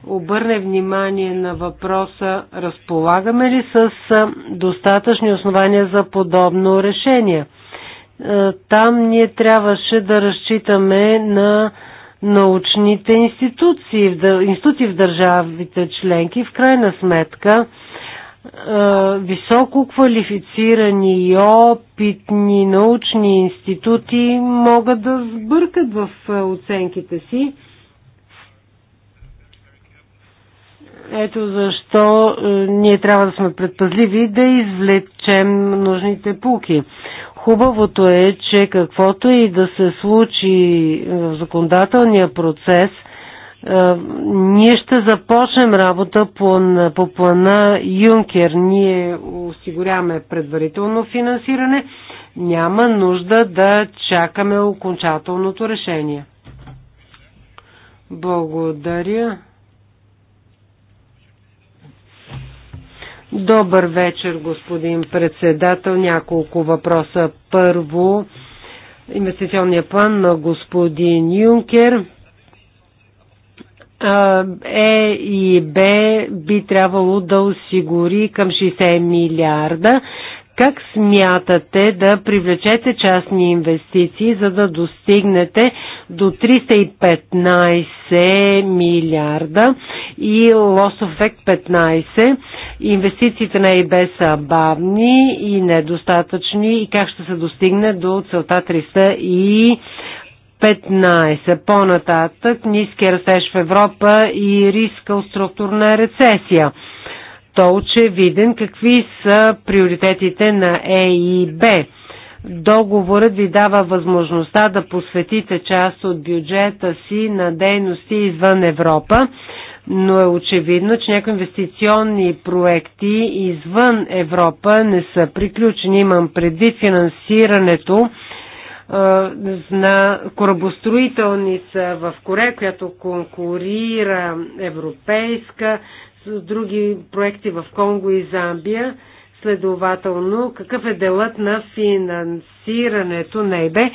обърне внимание на въпроса разполагаме ли с е, достатъчни основания за подобно решение – е, там ние трябваше да разчитаме на научните институции, институти в държавите членки. В крайна сметка, е, високо квалифицирани и опитни научни институти могат да сбъркат в е, оценките си. Ето защо ние трябва да сме предпазливи да извлечем нужните пуки. Хубавото е, че каквото и да се случи в законодателния процес, е, ние ще започнем работа по, по плана Юнкер. Ние осигуряваме предварително финансиране. Няма нужда да чакаме окончателното решение. Благодаря. Добър вечер, господин председател. Няколко въпроса. Първо, Инвестиционният план на господин Юнкер е и Б би трябвало да осигури към 60 милиарда. Как смятате да привлечете частни инвестиции, за да достигнете до 315 милиарда и лософек 15? Инвестициите на ИБ са бавни и недостатъчни и как ще се достигне до целта 300 и 15. По-нататък ниски растеж в Европа и риска от структурна рецесия защо очевиден. Какви са приоритетите на ЕИБ? Договорът ви дава възможността да посветите част от бюджета си на дейности извън Европа, но е очевидно, че някои инвестиционни проекти извън Европа не са приключени. Имам предвид финансирането е, на корабостроителница в Корея, която конкурира европейска други проекти в Конго и Замбия. Следователно, какъв е делът на финансирането на ЕБЕ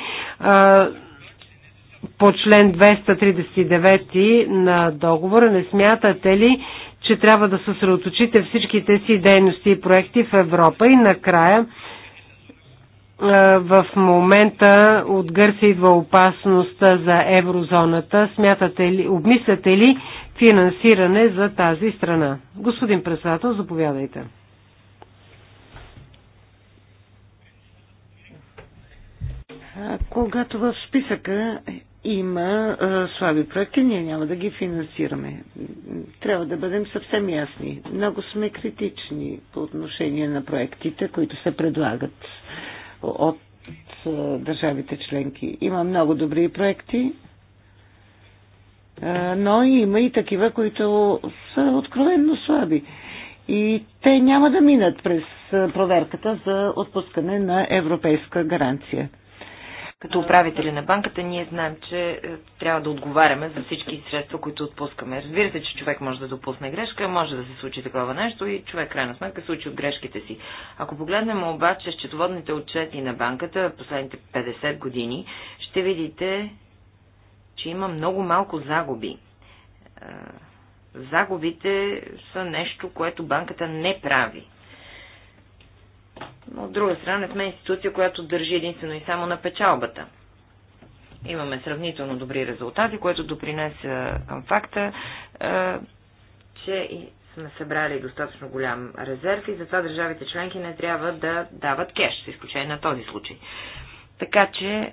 по член 239 на договора? Не смятате ли, че трябва да съсредоточите всичките си дейности и проекти в Европа? И накрая, в момента от Гърция идва опасност за еврозоната. Смятате ли, обмисляте ли финансиране за тази страна. Господин председател, заповядайте. Когато в списъка има а, слаби проекти, ние няма да ги финансираме. Трябва да бъдем съвсем ясни. Много сме критични по отношение на проектите, които се предлагат от а, държавите членки. Има много добри проекти, но има и такива, които са откровенно слаби. И те няма да минат през проверката за отпускане на европейска гаранция. Като управители на банката ние знаем, че е, трябва да отговаряме за всички средства, които отпускаме. Разбира се, че човек може да допусне грешка, може да се случи такова нещо и човек крайна сметка се от грешките си. Ако погледнем обаче счетоводните отчети на банката последните 50 години, ще видите, че има много малко загуби. Е, загубите са нещо, което банката не прави. Но от друга страна не сме институция, която държи единствено и само на печалбата. Имаме сравнително добри резултати, което допринесе към факта, е, че сме събрали достатъчно голям резерв и затова държавите членки не трябва да дават кеш, с изключение на този случай. Така че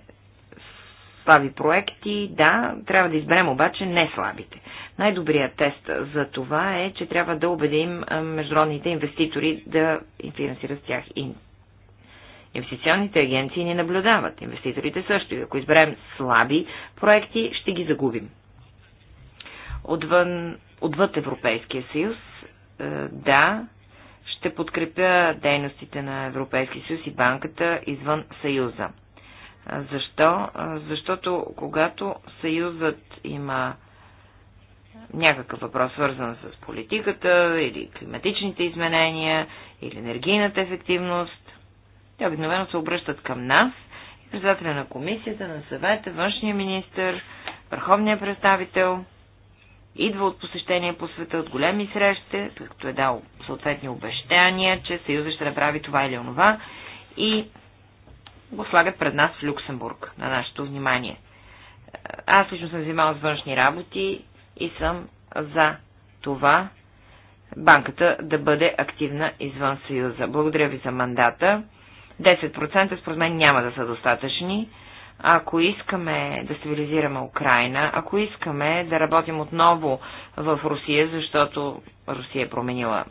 слаби проекти, да, трябва да изберем обаче не слабите. Най-добрият тест за това е, че трябва да убедим международните инвеститори да финансират с тях. Инвестиционните агенции ни наблюдават, инвеститорите също. И ако изберем слаби проекти, ще ги загубим. Отвън, отвъд Европейския съюз, е, да, ще подкрепя дейностите на Европейския съюз и банката извън съюза. Защо? Защото когато съюзът има някакъв въпрос, свързан с политиката или климатичните изменения или енергийната ефективност, те обикновено се обръщат към нас и председателя на комисията, на съвета, външния министр, върховния представител, идва от посещение по света, от големи срещи, като е дал съответни обещания, че съюзът ще направи това или онова и го слагат пред нас в Люксембург, на нашето внимание. Аз лично съм занимавал с външни работи и съм за това банката да бъде активна извън Съюза. Благодаря ви за мандата. 10% според мен няма да са достатъчни. Ако искаме да стабилизираме Украина, ако искаме да работим отново в Русия, защото Русия е променила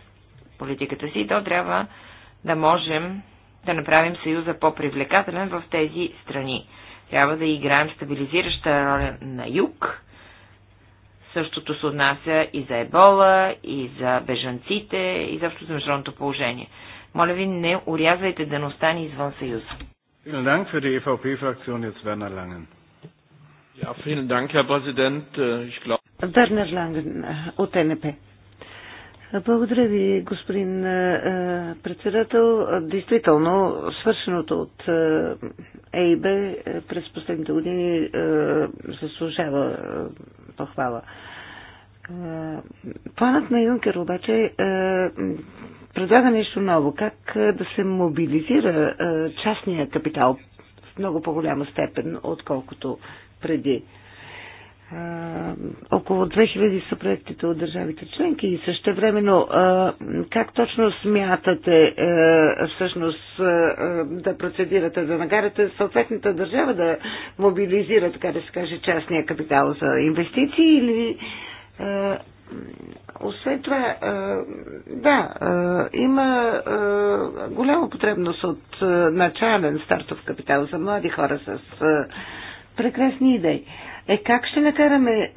политиката си, то трябва да можем да направим Съюза по-привлекателен в тези страни. Трябва да играем стабилизираща роля на юг. Същото се отнася и за ебола, и за бежанците, и защо за международното положение. Моля ви, не урязвайте да не остане извън Съюза. Вернер Ланген от НП. Благодаря ви, господин е, е, председател. Действително, свършеното от е, ЕИБ през последните години заслужава похвала. Планът на Юнкер обаче предлага нещо ново. Как да се мобилизира частния капитал в много по-голяма степен, отколкото преди около 2000 са проектите от държавите членки и също времено как точно смятате всъщност да процедирате, да нагарате съответната държава да мобилизира, така да се каже, частния капитал за инвестиции или освен това, да, има голяма потребност от начален стартов капитал за млади хора с прекрасни идеи е как ще накараме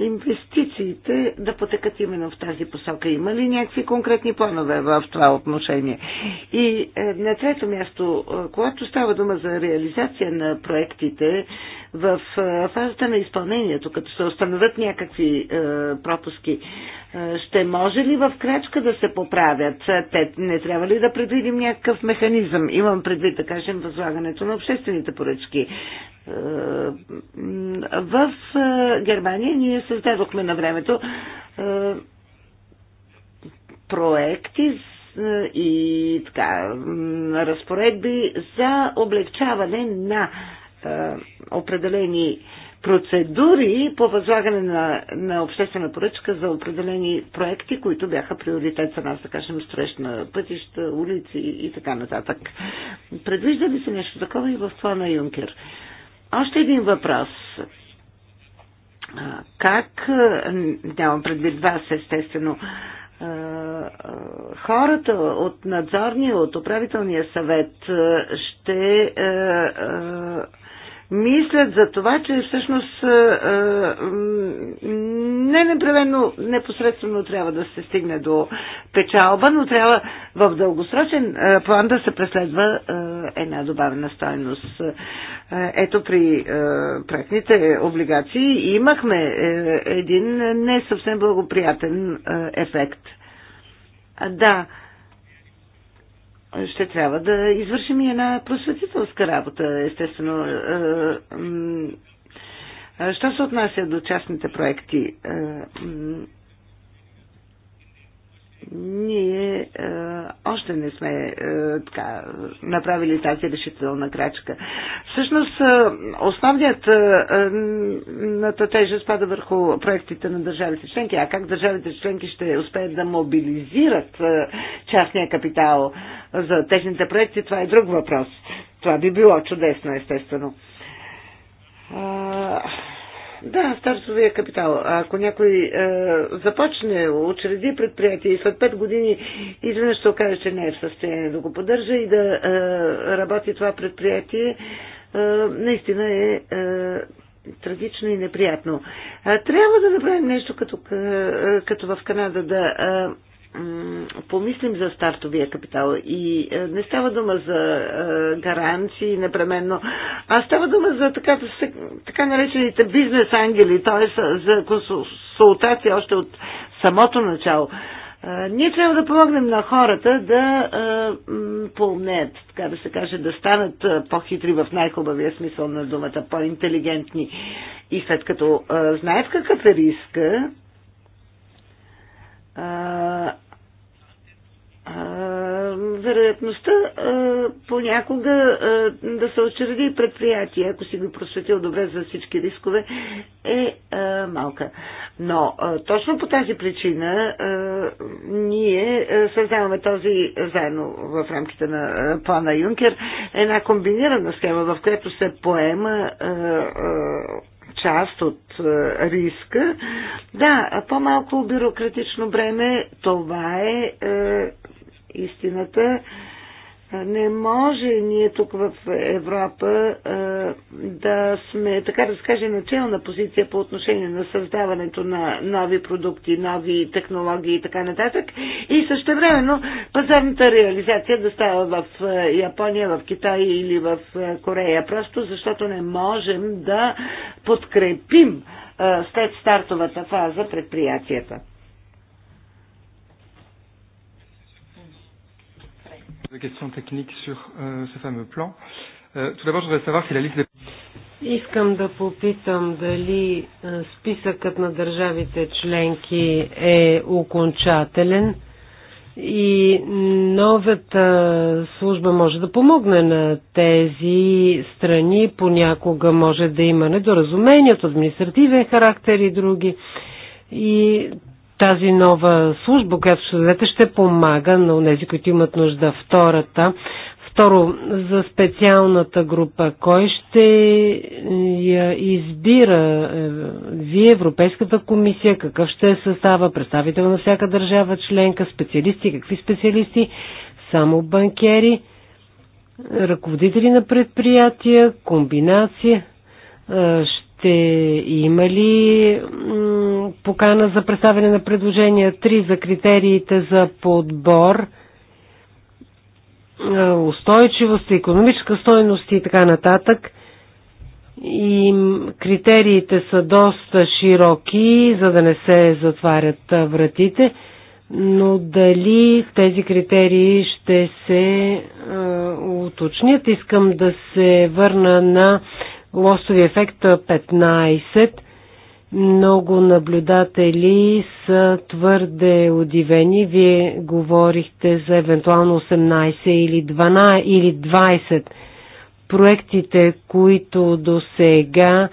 инвестициите да потекат именно в тази посока? Има ли някакви конкретни планове в това отношение? И е, на трето място, е, когато става дума за реализация на проектите в е, фазата на изпълнението, като се установят някакви пропуски, ще може ли в крачка да се поправят? Те не трябва ли да предвидим някакъв механизъм? Имам предвид, да кажем, възлагането на обществените поръчки в Германия ние създадохме на времето проекти и така, разпоредби за облегчаване на определени процедури по възлагане на, на обществена поръчка за определени проекти, които бяха приоритет за нас, да кажем, строеж на пътища, улици и така нататък. Предвижда ли се нещо такова и в плана Юнкер? Още един въпрос. Как, нямам предвид вас естествено, хората от надзорния, от управителния съвет ще мислят за това, че всъщност е, е, не непременно непосредствено трябва да се стигне до печалба, но трябва в дългосрочен е, план да се преследва една добавена стойност. Ето при проектните облигации имахме един не съвсем благоприятен ефект. Да, ще трябва да извършим и една просветителска работа, естествено. Е, е, що се отнася до частните проекти? Е, ние е, още не сме е, така, направили тази решителна крачка. Всъщност, е, основният е, а, а, тежест спада върху проектите на държавите членки, а как държавите членки ще успеят да мобилизират е, частния капитал за техните проекти, това е друг въпрос. Това би било чудесно, естествено. Да, стартовия капитал. Ако някой е, започне, учреди предприятие и след 5 години изведнъж ще окаже, че не е в състояние да го поддържа и да е, работи това предприятие, е, наистина е, е трагично и неприятно. Е, трябва да направим нещо като, е, е, като в Канада, да помислим за стартовия капитал. И е, не става дума за е, гаранции непременно, а става дума за така, така наречените бизнес ангели, т.е. за консултация още от самото начало. Е, ние трябва да помогнем на хората да помнят, така да се каже, да станат по-хитри в най-хубавия смисъл на думата, по-интелигентни. И след като знаят какъв е риска, вероятността понякога да се очереди предприятие, ако си го просветил добре за всички рискове, е малка. Но точно по тази причина ние създаваме този, заедно в рамките на плана Юнкер, една комбинирана схема, в която се поема част от риска. Да, по-малко бюрократично бреме, това е, е истината. Не може ние тук в Европа да сме, така да скаже, начална позиция по отношение на създаването на нови продукти, нови технологии и така нататък. И също времено пазарната реализация да става в Япония, в Китай или в Корея. Просто защото не можем да подкрепим след стартовата фаза предприятията. Искам да попитам дали списъкът на държавите членки е окончателен и новата служба може да помогне на тези страни. Понякога може да има недоразумения от административен характер и други. И тази нова служба, която ще дадете, ще помага на тези, които имат нужда. Втората, второ, за специалната група, кой ще я избира? Е, вие, Европейската комисия, какъв ще е състава, представител на всяка държава членка, специалисти, какви специалисти, само банкери, ръководители на предприятия, комбинация, ще ще има ли покана за представяне на предложения 3 за критериите за подбор, устойчивост, економическа стойност и така нататък? И критериите са доста широки, за да не се затварят вратите, но дали тези критерии ще се уточнят, искам да се върна на лостови ефект 15. Много наблюдатели са твърде удивени. Вие говорихте за евентуално 18 или 12 или 20 проектите, които до сега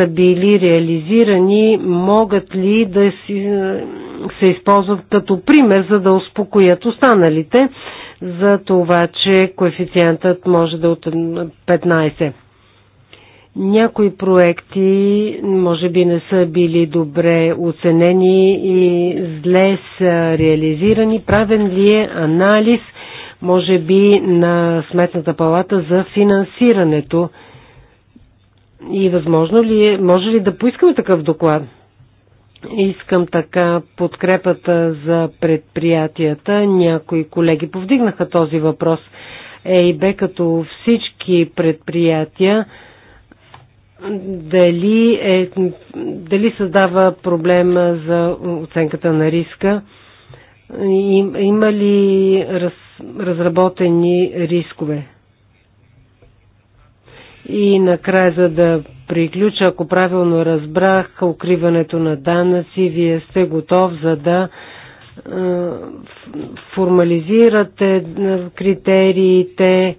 са били реализирани, могат ли да си, се използват като пример, за да успокоят останалите за това, че коефициентът може да е от 15. Някои проекти може би не са били добре оценени и зле са реализирани. Правен ли е анализ, може би, на Сметната палата за финансирането? И възможно ли е, може ли да поискаме такъв доклад? Искам така подкрепата за предприятията. Някои колеги повдигнаха този въпрос. бе, като всички предприятия дали, е, дали създава проблем за оценката на риска. Има ли раз, разработени рискове? И накрая, за да приключа, ако правилно разбрах укриването на данъци, вие сте готов за да формализирате критериите,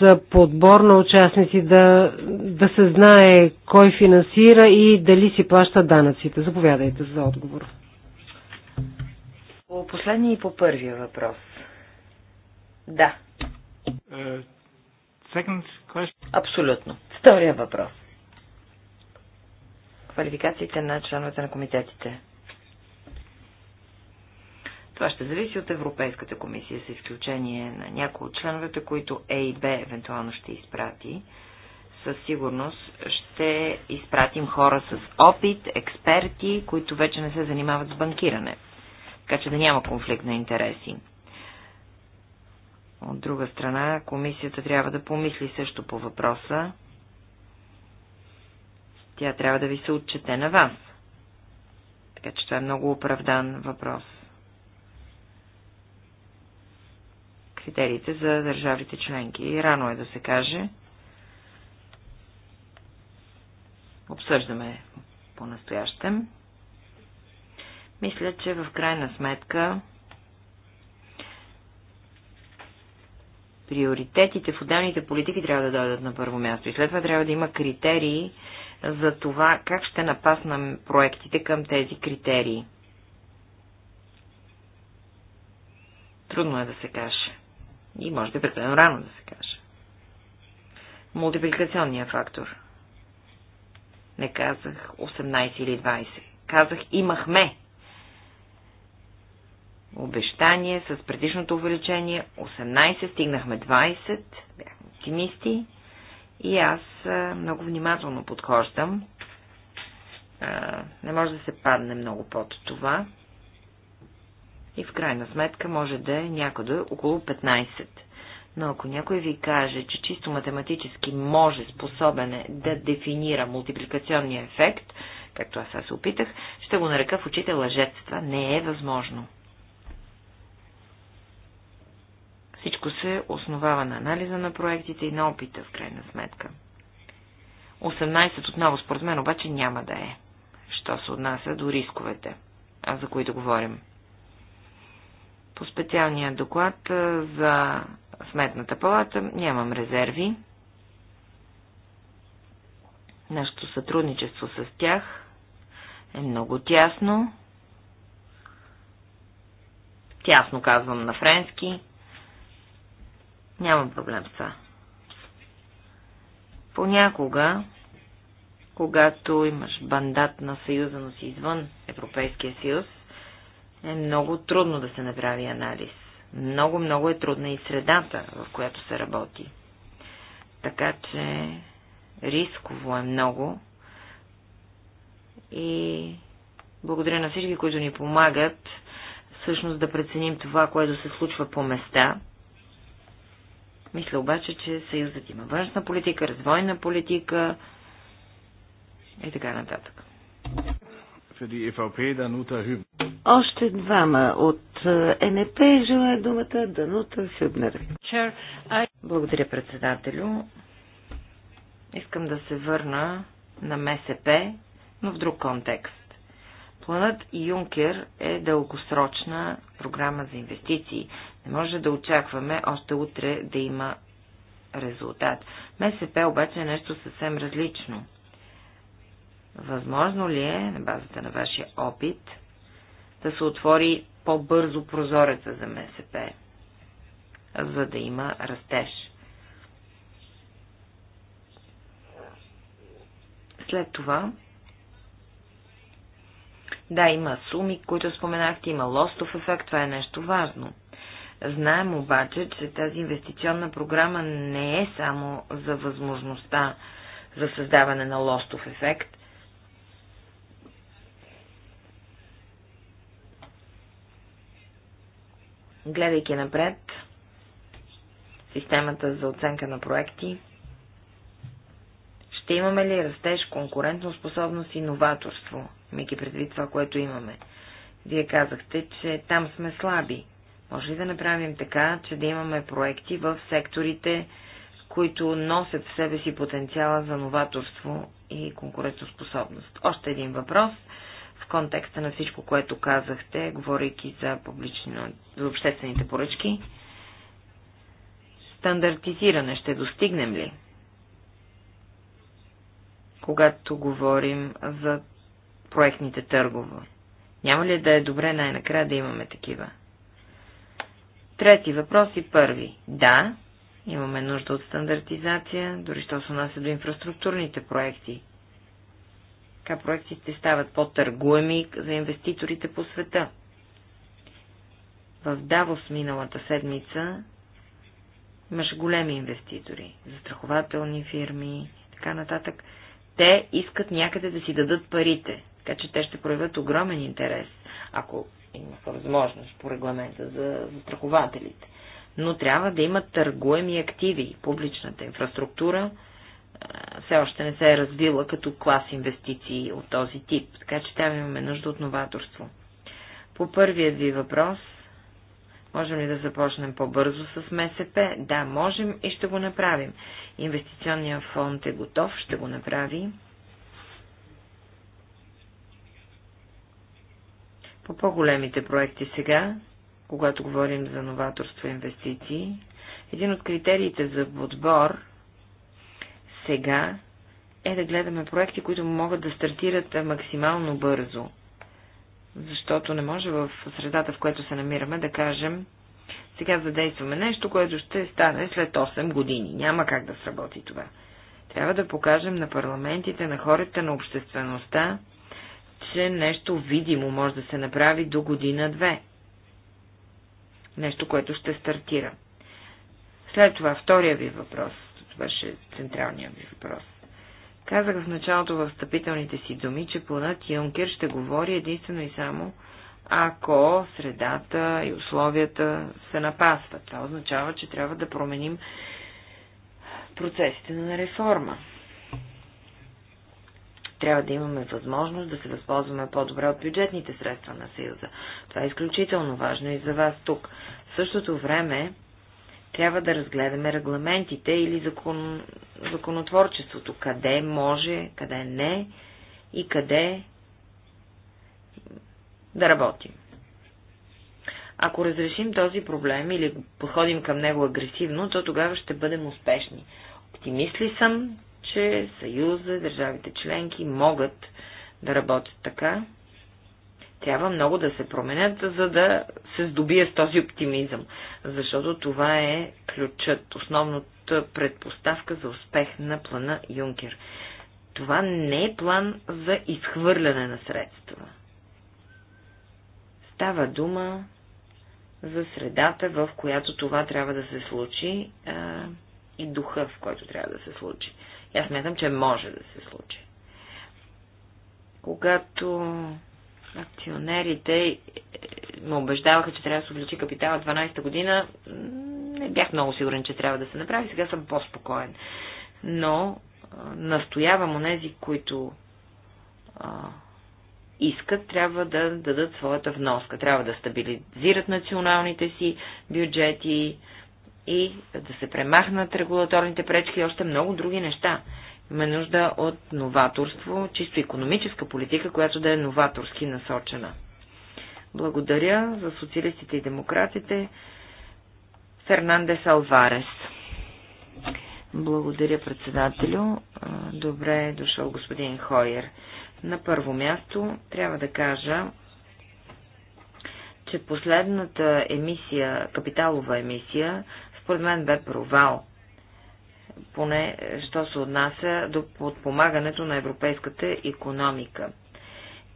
за подбор на участници, да, да се знае кой финансира и дали си плаща данъците. Заповядайте за отговор. По последния и по първия въпрос. Да. Е, Абсолютно. Втория въпрос. Квалификациите на членовете на комитетите. Това ще зависи от Европейската комисия, с изключение на някои от членовете, които Е и Б евентуално ще изпрати. Със сигурност ще изпратим хора с опит, експерти, които вече не се занимават с банкиране. Така че да няма конфликт на интереси. От друга страна, комисията трябва да помисли също по въпроса. Тя трябва да ви се отчете на вас. Така че това е много оправдан въпрос. критериите за държавите членки. И Рано е да се каже. Обсъждаме по-настоящем. Мисля, че в крайна сметка приоритетите в отделните политики трябва да дойдат на първо място. И след това трябва да има критерии за това как ще напаснам проектите към тези критерии. Трудно е да се каже. И може би прекалено рано да се каже. Мултипликационният фактор. Не казах 18 или 20. Казах имахме. Обещание с предишното увеличение 18, стигнахме 20, бяхме оптимисти и аз много внимателно подхождам. Не може да се падне много под това и в крайна сметка може да е някъде около 15. Но ако някой ви каже, че чисто математически може способен е да дефинира мултипликационния ефект, както аз аз опитах, ще го нарека в очите лъжецтва. не е възможно. Всичко се основава на анализа на проектите и на опита, в крайна сметка. 18 отново според мен обаче няма да е, що се отнася до рисковете, за които говорим. По специалния доклад за Сметната палата нямам резерви. Нашето сътрудничество с тях е много тясно. Тясно казвам на френски. Нямам проблем с това. Понякога, когато имаш бандат на Съюза, но си извън Европейския съюз, е много трудно да се направи анализ. Много, много е трудна и средата, в която се работи. Така че рисково е много. И благодаря на всички, които ни помагат всъщност да преценим това, което се случва по места. Мисля обаче, че Съюзът има външна политика, развойна политика и така нататък. EVP още двама от е, НП желая думата Данута Хюбнер. Благодаря, председателю. Искам да се върна на МСП, но в друг контекст. Планът Юнкер е дългосрочна програма за инвестиции. Не може да очакваме още утре да има резултат. МСП обаче е нещо съвсем различно. Възможно ли е, на базата на вашия опит, да се отвори по-бързо прозореца за МСП, за да има растеж. След това, да, има суми, които споменахте, има лостов ефект, това е нещо важно. Знаем обаче, че тази инвестиционна програма не е само за възможността за създаване на лостов ефект – Гледайки напред, системата за оценка на проекти, ще имаме ли растеж, конкурентоспособност и новаторство, мики предвид това, което имаме? Вие казахте, че там сме слаби. Може ли да направим така, че да имаме проекти в секторите, които носят в себе си потенциала за новаторство и конкурентоспособност? Още един въпрос – в контекста на всичко, което казахте, говорейки за, публично, за обществените поръчки? Стандартизиране ще достигнем ли? Когато говорим за проектните търгове. Няма ли да е добре най-накрая да имаме такива? Трети въпрос и първи. Да, имаме нужда от стандартизация, дори що се нася до инфраструктурните проекти. Така проектите стават по-търгуеми за инвеститорите по света. В Давос миналата седмица имаше големи инвеститори, застрахователни фирми, така нататък. Те искат някъде да си дадат парите, така че те ще проявят огромен интерес, ако имаха възможност по регламента за застрахователите. Но трябва да имат търгуеми активи, публичната инфраструктура, все още не се е развила като клас инвестиции от този тип, така че там имаме нужда от новаторство. По първият ви въпрос, можем ли да започнем по-бързо с МСП? Да, можем и ще го направим. Инвестиционният фонд е готов, ще го направи. По по-големите проекти сега, когато говорим за новаторство и инвестиции, един от критериите за подбор – сега е да гледаме проекти, които могат да стартират максимално бързо. Защото не може в средата, в която се намираме, да кажем, сега задействаме нещо, което ще стане след 8 години. Няма как да сработи това. Трябва да покажем на парламентите, на хората, на обществеността, че нещо видимо може да се направи до година-две. Нещо, което ще стартира. След това втория ви въпрос беше централният ми въпрос. Казах в началото в встъпителните си думи, че планът Юнкер ще говори единствено и само ако средата и условията се напасват. Това означава, че трябва да променим процесите на реформа. Трябва да имаме възможност да се възползваме по-добре от бюджетните средства на Съюза. Това е изключително важно и за вас тук. В същото време трябва да разгледаме регламентите или закон... законотворчеството, къде може, къде не и къде да работим. Ако разрешим този проблем или подходим към него агресивно, то тогава ще бъдем успешни. Оптимист ли съм, че Съюза, държавите членки могат да работят така, трябва много да се променят, за да се здобие с този оптимизъм. Защото това е ключът, основната предпоставка за успех на плана Юнкер. Това не е план за изхвърляне на средства. Става дума за средата, в която това трябва да се случи а, и духа, в който трябва да се случи. аз смятам, че може да се случи. Когато акционерите е, ме убеждаваха, че трябва да се увеличи капитала 12-та година. Не бях много сигурен, че трябва да се направи. Сега съм по-спокоен. Но настоявам онези, които а, искат, трябва да дадат своята вноска. Трябва да стабилизират националните си бюджети и да се премахнат регулаторните пречки и още много други неща. Имаме нужда от новаторство, чисто економическа политика, която да е новаторски насочена. Благодаря за социалистите и демократите. Фернандес Алварес. Благодаря, председателю. Добре е дошъл господин Хойер. На първо място трябва да кажа, че последната емисия, капиталова емисия, според мен бе провал поне що се отнася до подпомагането на европейската економика.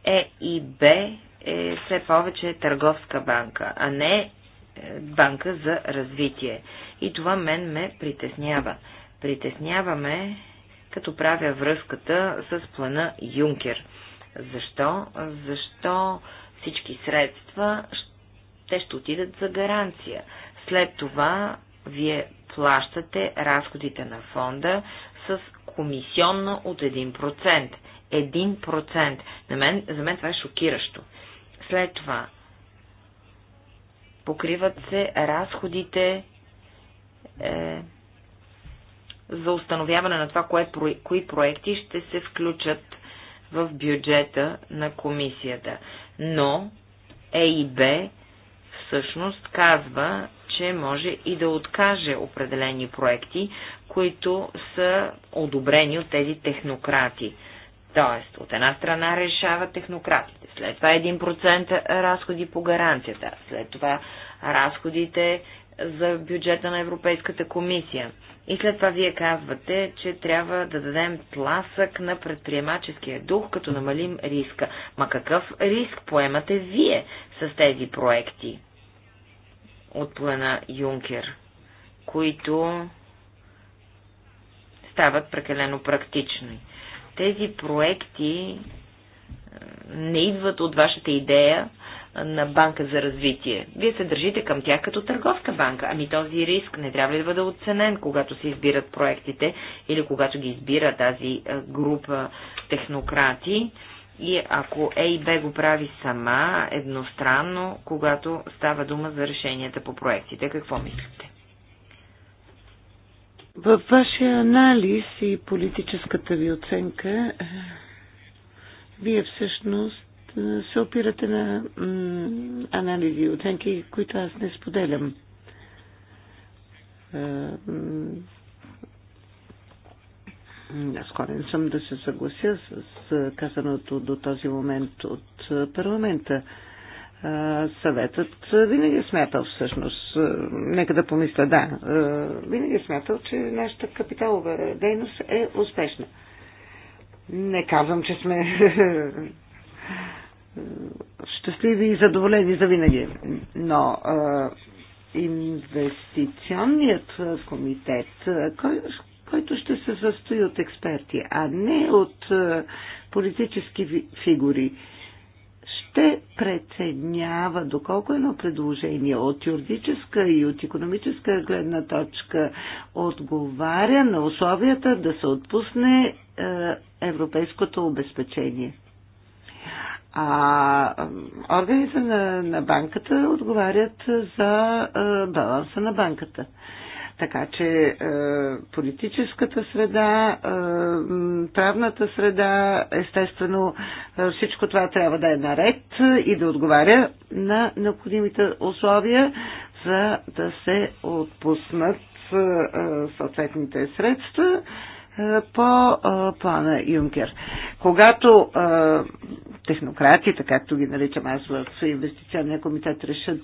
Е и Б е все повече търговска банка, а не е, банка за развитие. И това мен ме притеснява. Притесняваме, като правя връзката с плана Юнкер. Защо? Защо всички средства те ще отидат за гаранция. След това вие плащате разходите на фонда с комисионна от 1%. 1%. На мен, за мен това е шокиращо. След това покриват се разходите е, за установяване на това, кое, кои проекти ще се включат в бюджета на комисията. Но Е и Б всъщност казва, че може и да откаже определени проекти, които са одобрени от тези технократи. Тоест, от една страна решава технократите, след това 1% разходи по гаранцията, след това разходите за бюджета на Европейската комисия. И след това вие казвате, че трябва да дадем тласък на предприемаческия дух, като намалим риска. Ма какъв риск поемате вие с тези проекти? от плана Юнкер, които стават прекалено практични. Тези проекти е, не идват от вашата идея е, на банка за развитие. Вие се държите към тях като търговска банка. Ами този риск не трябва ли да бъде оценен, когато се избират проектите или когато ги избира тази е, група технократи? и ако Е и Б го прави сама, едностранно, когато става дума за решенията по проектите. Какво мислите? Във вашия анализ и политическата ви оценка, е, вие всъщност е, се опирате на анализи и оценки, които аз не споделям е, Склонен съм да се съглася с казаното до този момент от парламента. Съветът винаги е смятал всъщност, нека да помисля, да, винаги е смятал, че нашата капиталова дейност е успешна. Не казвам, че сме щастливи и задоволени за винаги, но инвестиционният комитет, който ще се състои от експерти, а не от е, политически фигури, ще преценява доколко едно предложение от юридическа и от економическа гледна точка отговаря на условията да се отпусне е, европейското обезпечение. А органите на, на банката отговарят за е, баланса на банката. Така че е, политическата среда, е, правната среда, естествено е, всичко това трябва да е наред и да отговаря на необходимите условия, за да се отпуснат е, е съответните средства. Е, по е, плана Юнкер. Когато е, технократите, както ги наричам аз в инвестиционния комитет, решат,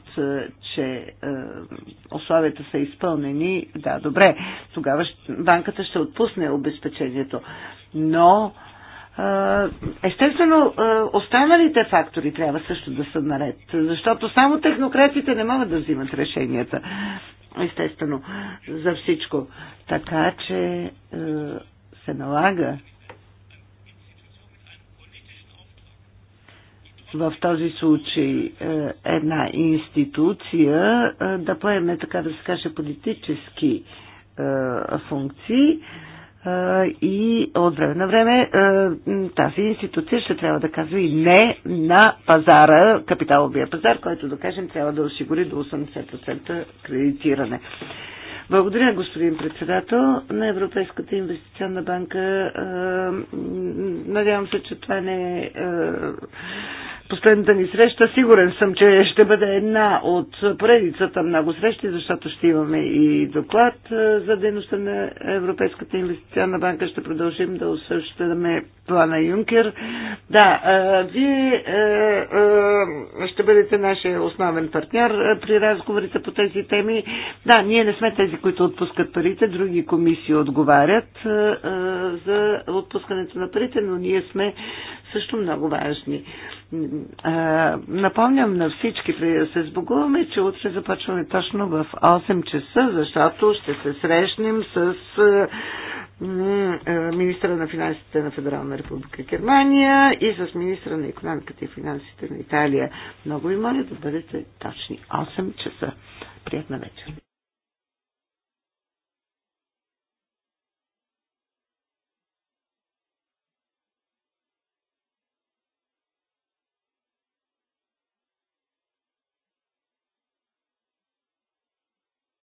че условията са изпълнени, да, добре, тогава банката ще отпусне обезпечението. Но Естествено, останалите фактори трябва също да са наред, защото само технократите не могат да взимат решенията естествено, за всичко. Така че е, се налага в този случай е, една институция е, да поеме, така да се каже, политически е, функции и от време на време тази институция ще трябва да казва и не на пазара, капиталовия пазар, който да кажем трябва да осигури до 80% кредитиране. Благодаря, господин председател на Европейската инвестиционна банка. Е, надявам се, че това не е, е последната ни среща. Сигурен съм, че ще бъде една от поредицата много срещи, защото ще имаме и доклад е, за дейността на Европейската инвестиционна банка. Ще продължим да осъщаме плана Юнкер. Да, вие ще бъдете нашия основен партньор при разговорите по тези теми. Да, ние не сме тези тези, които отпускат парите, други комисии отговарят за отпускането на парите, но ние сме също много важни. Напомням на всички, преди да се сбогуваме, че утре започваме точно в 8 часа, защото ще се срещнем с министра на финансите на Федерална република Германия и с министра на економиката и финансите на Италия. Много ви моля да бъдете точни. 8 часа. Приятна вечер.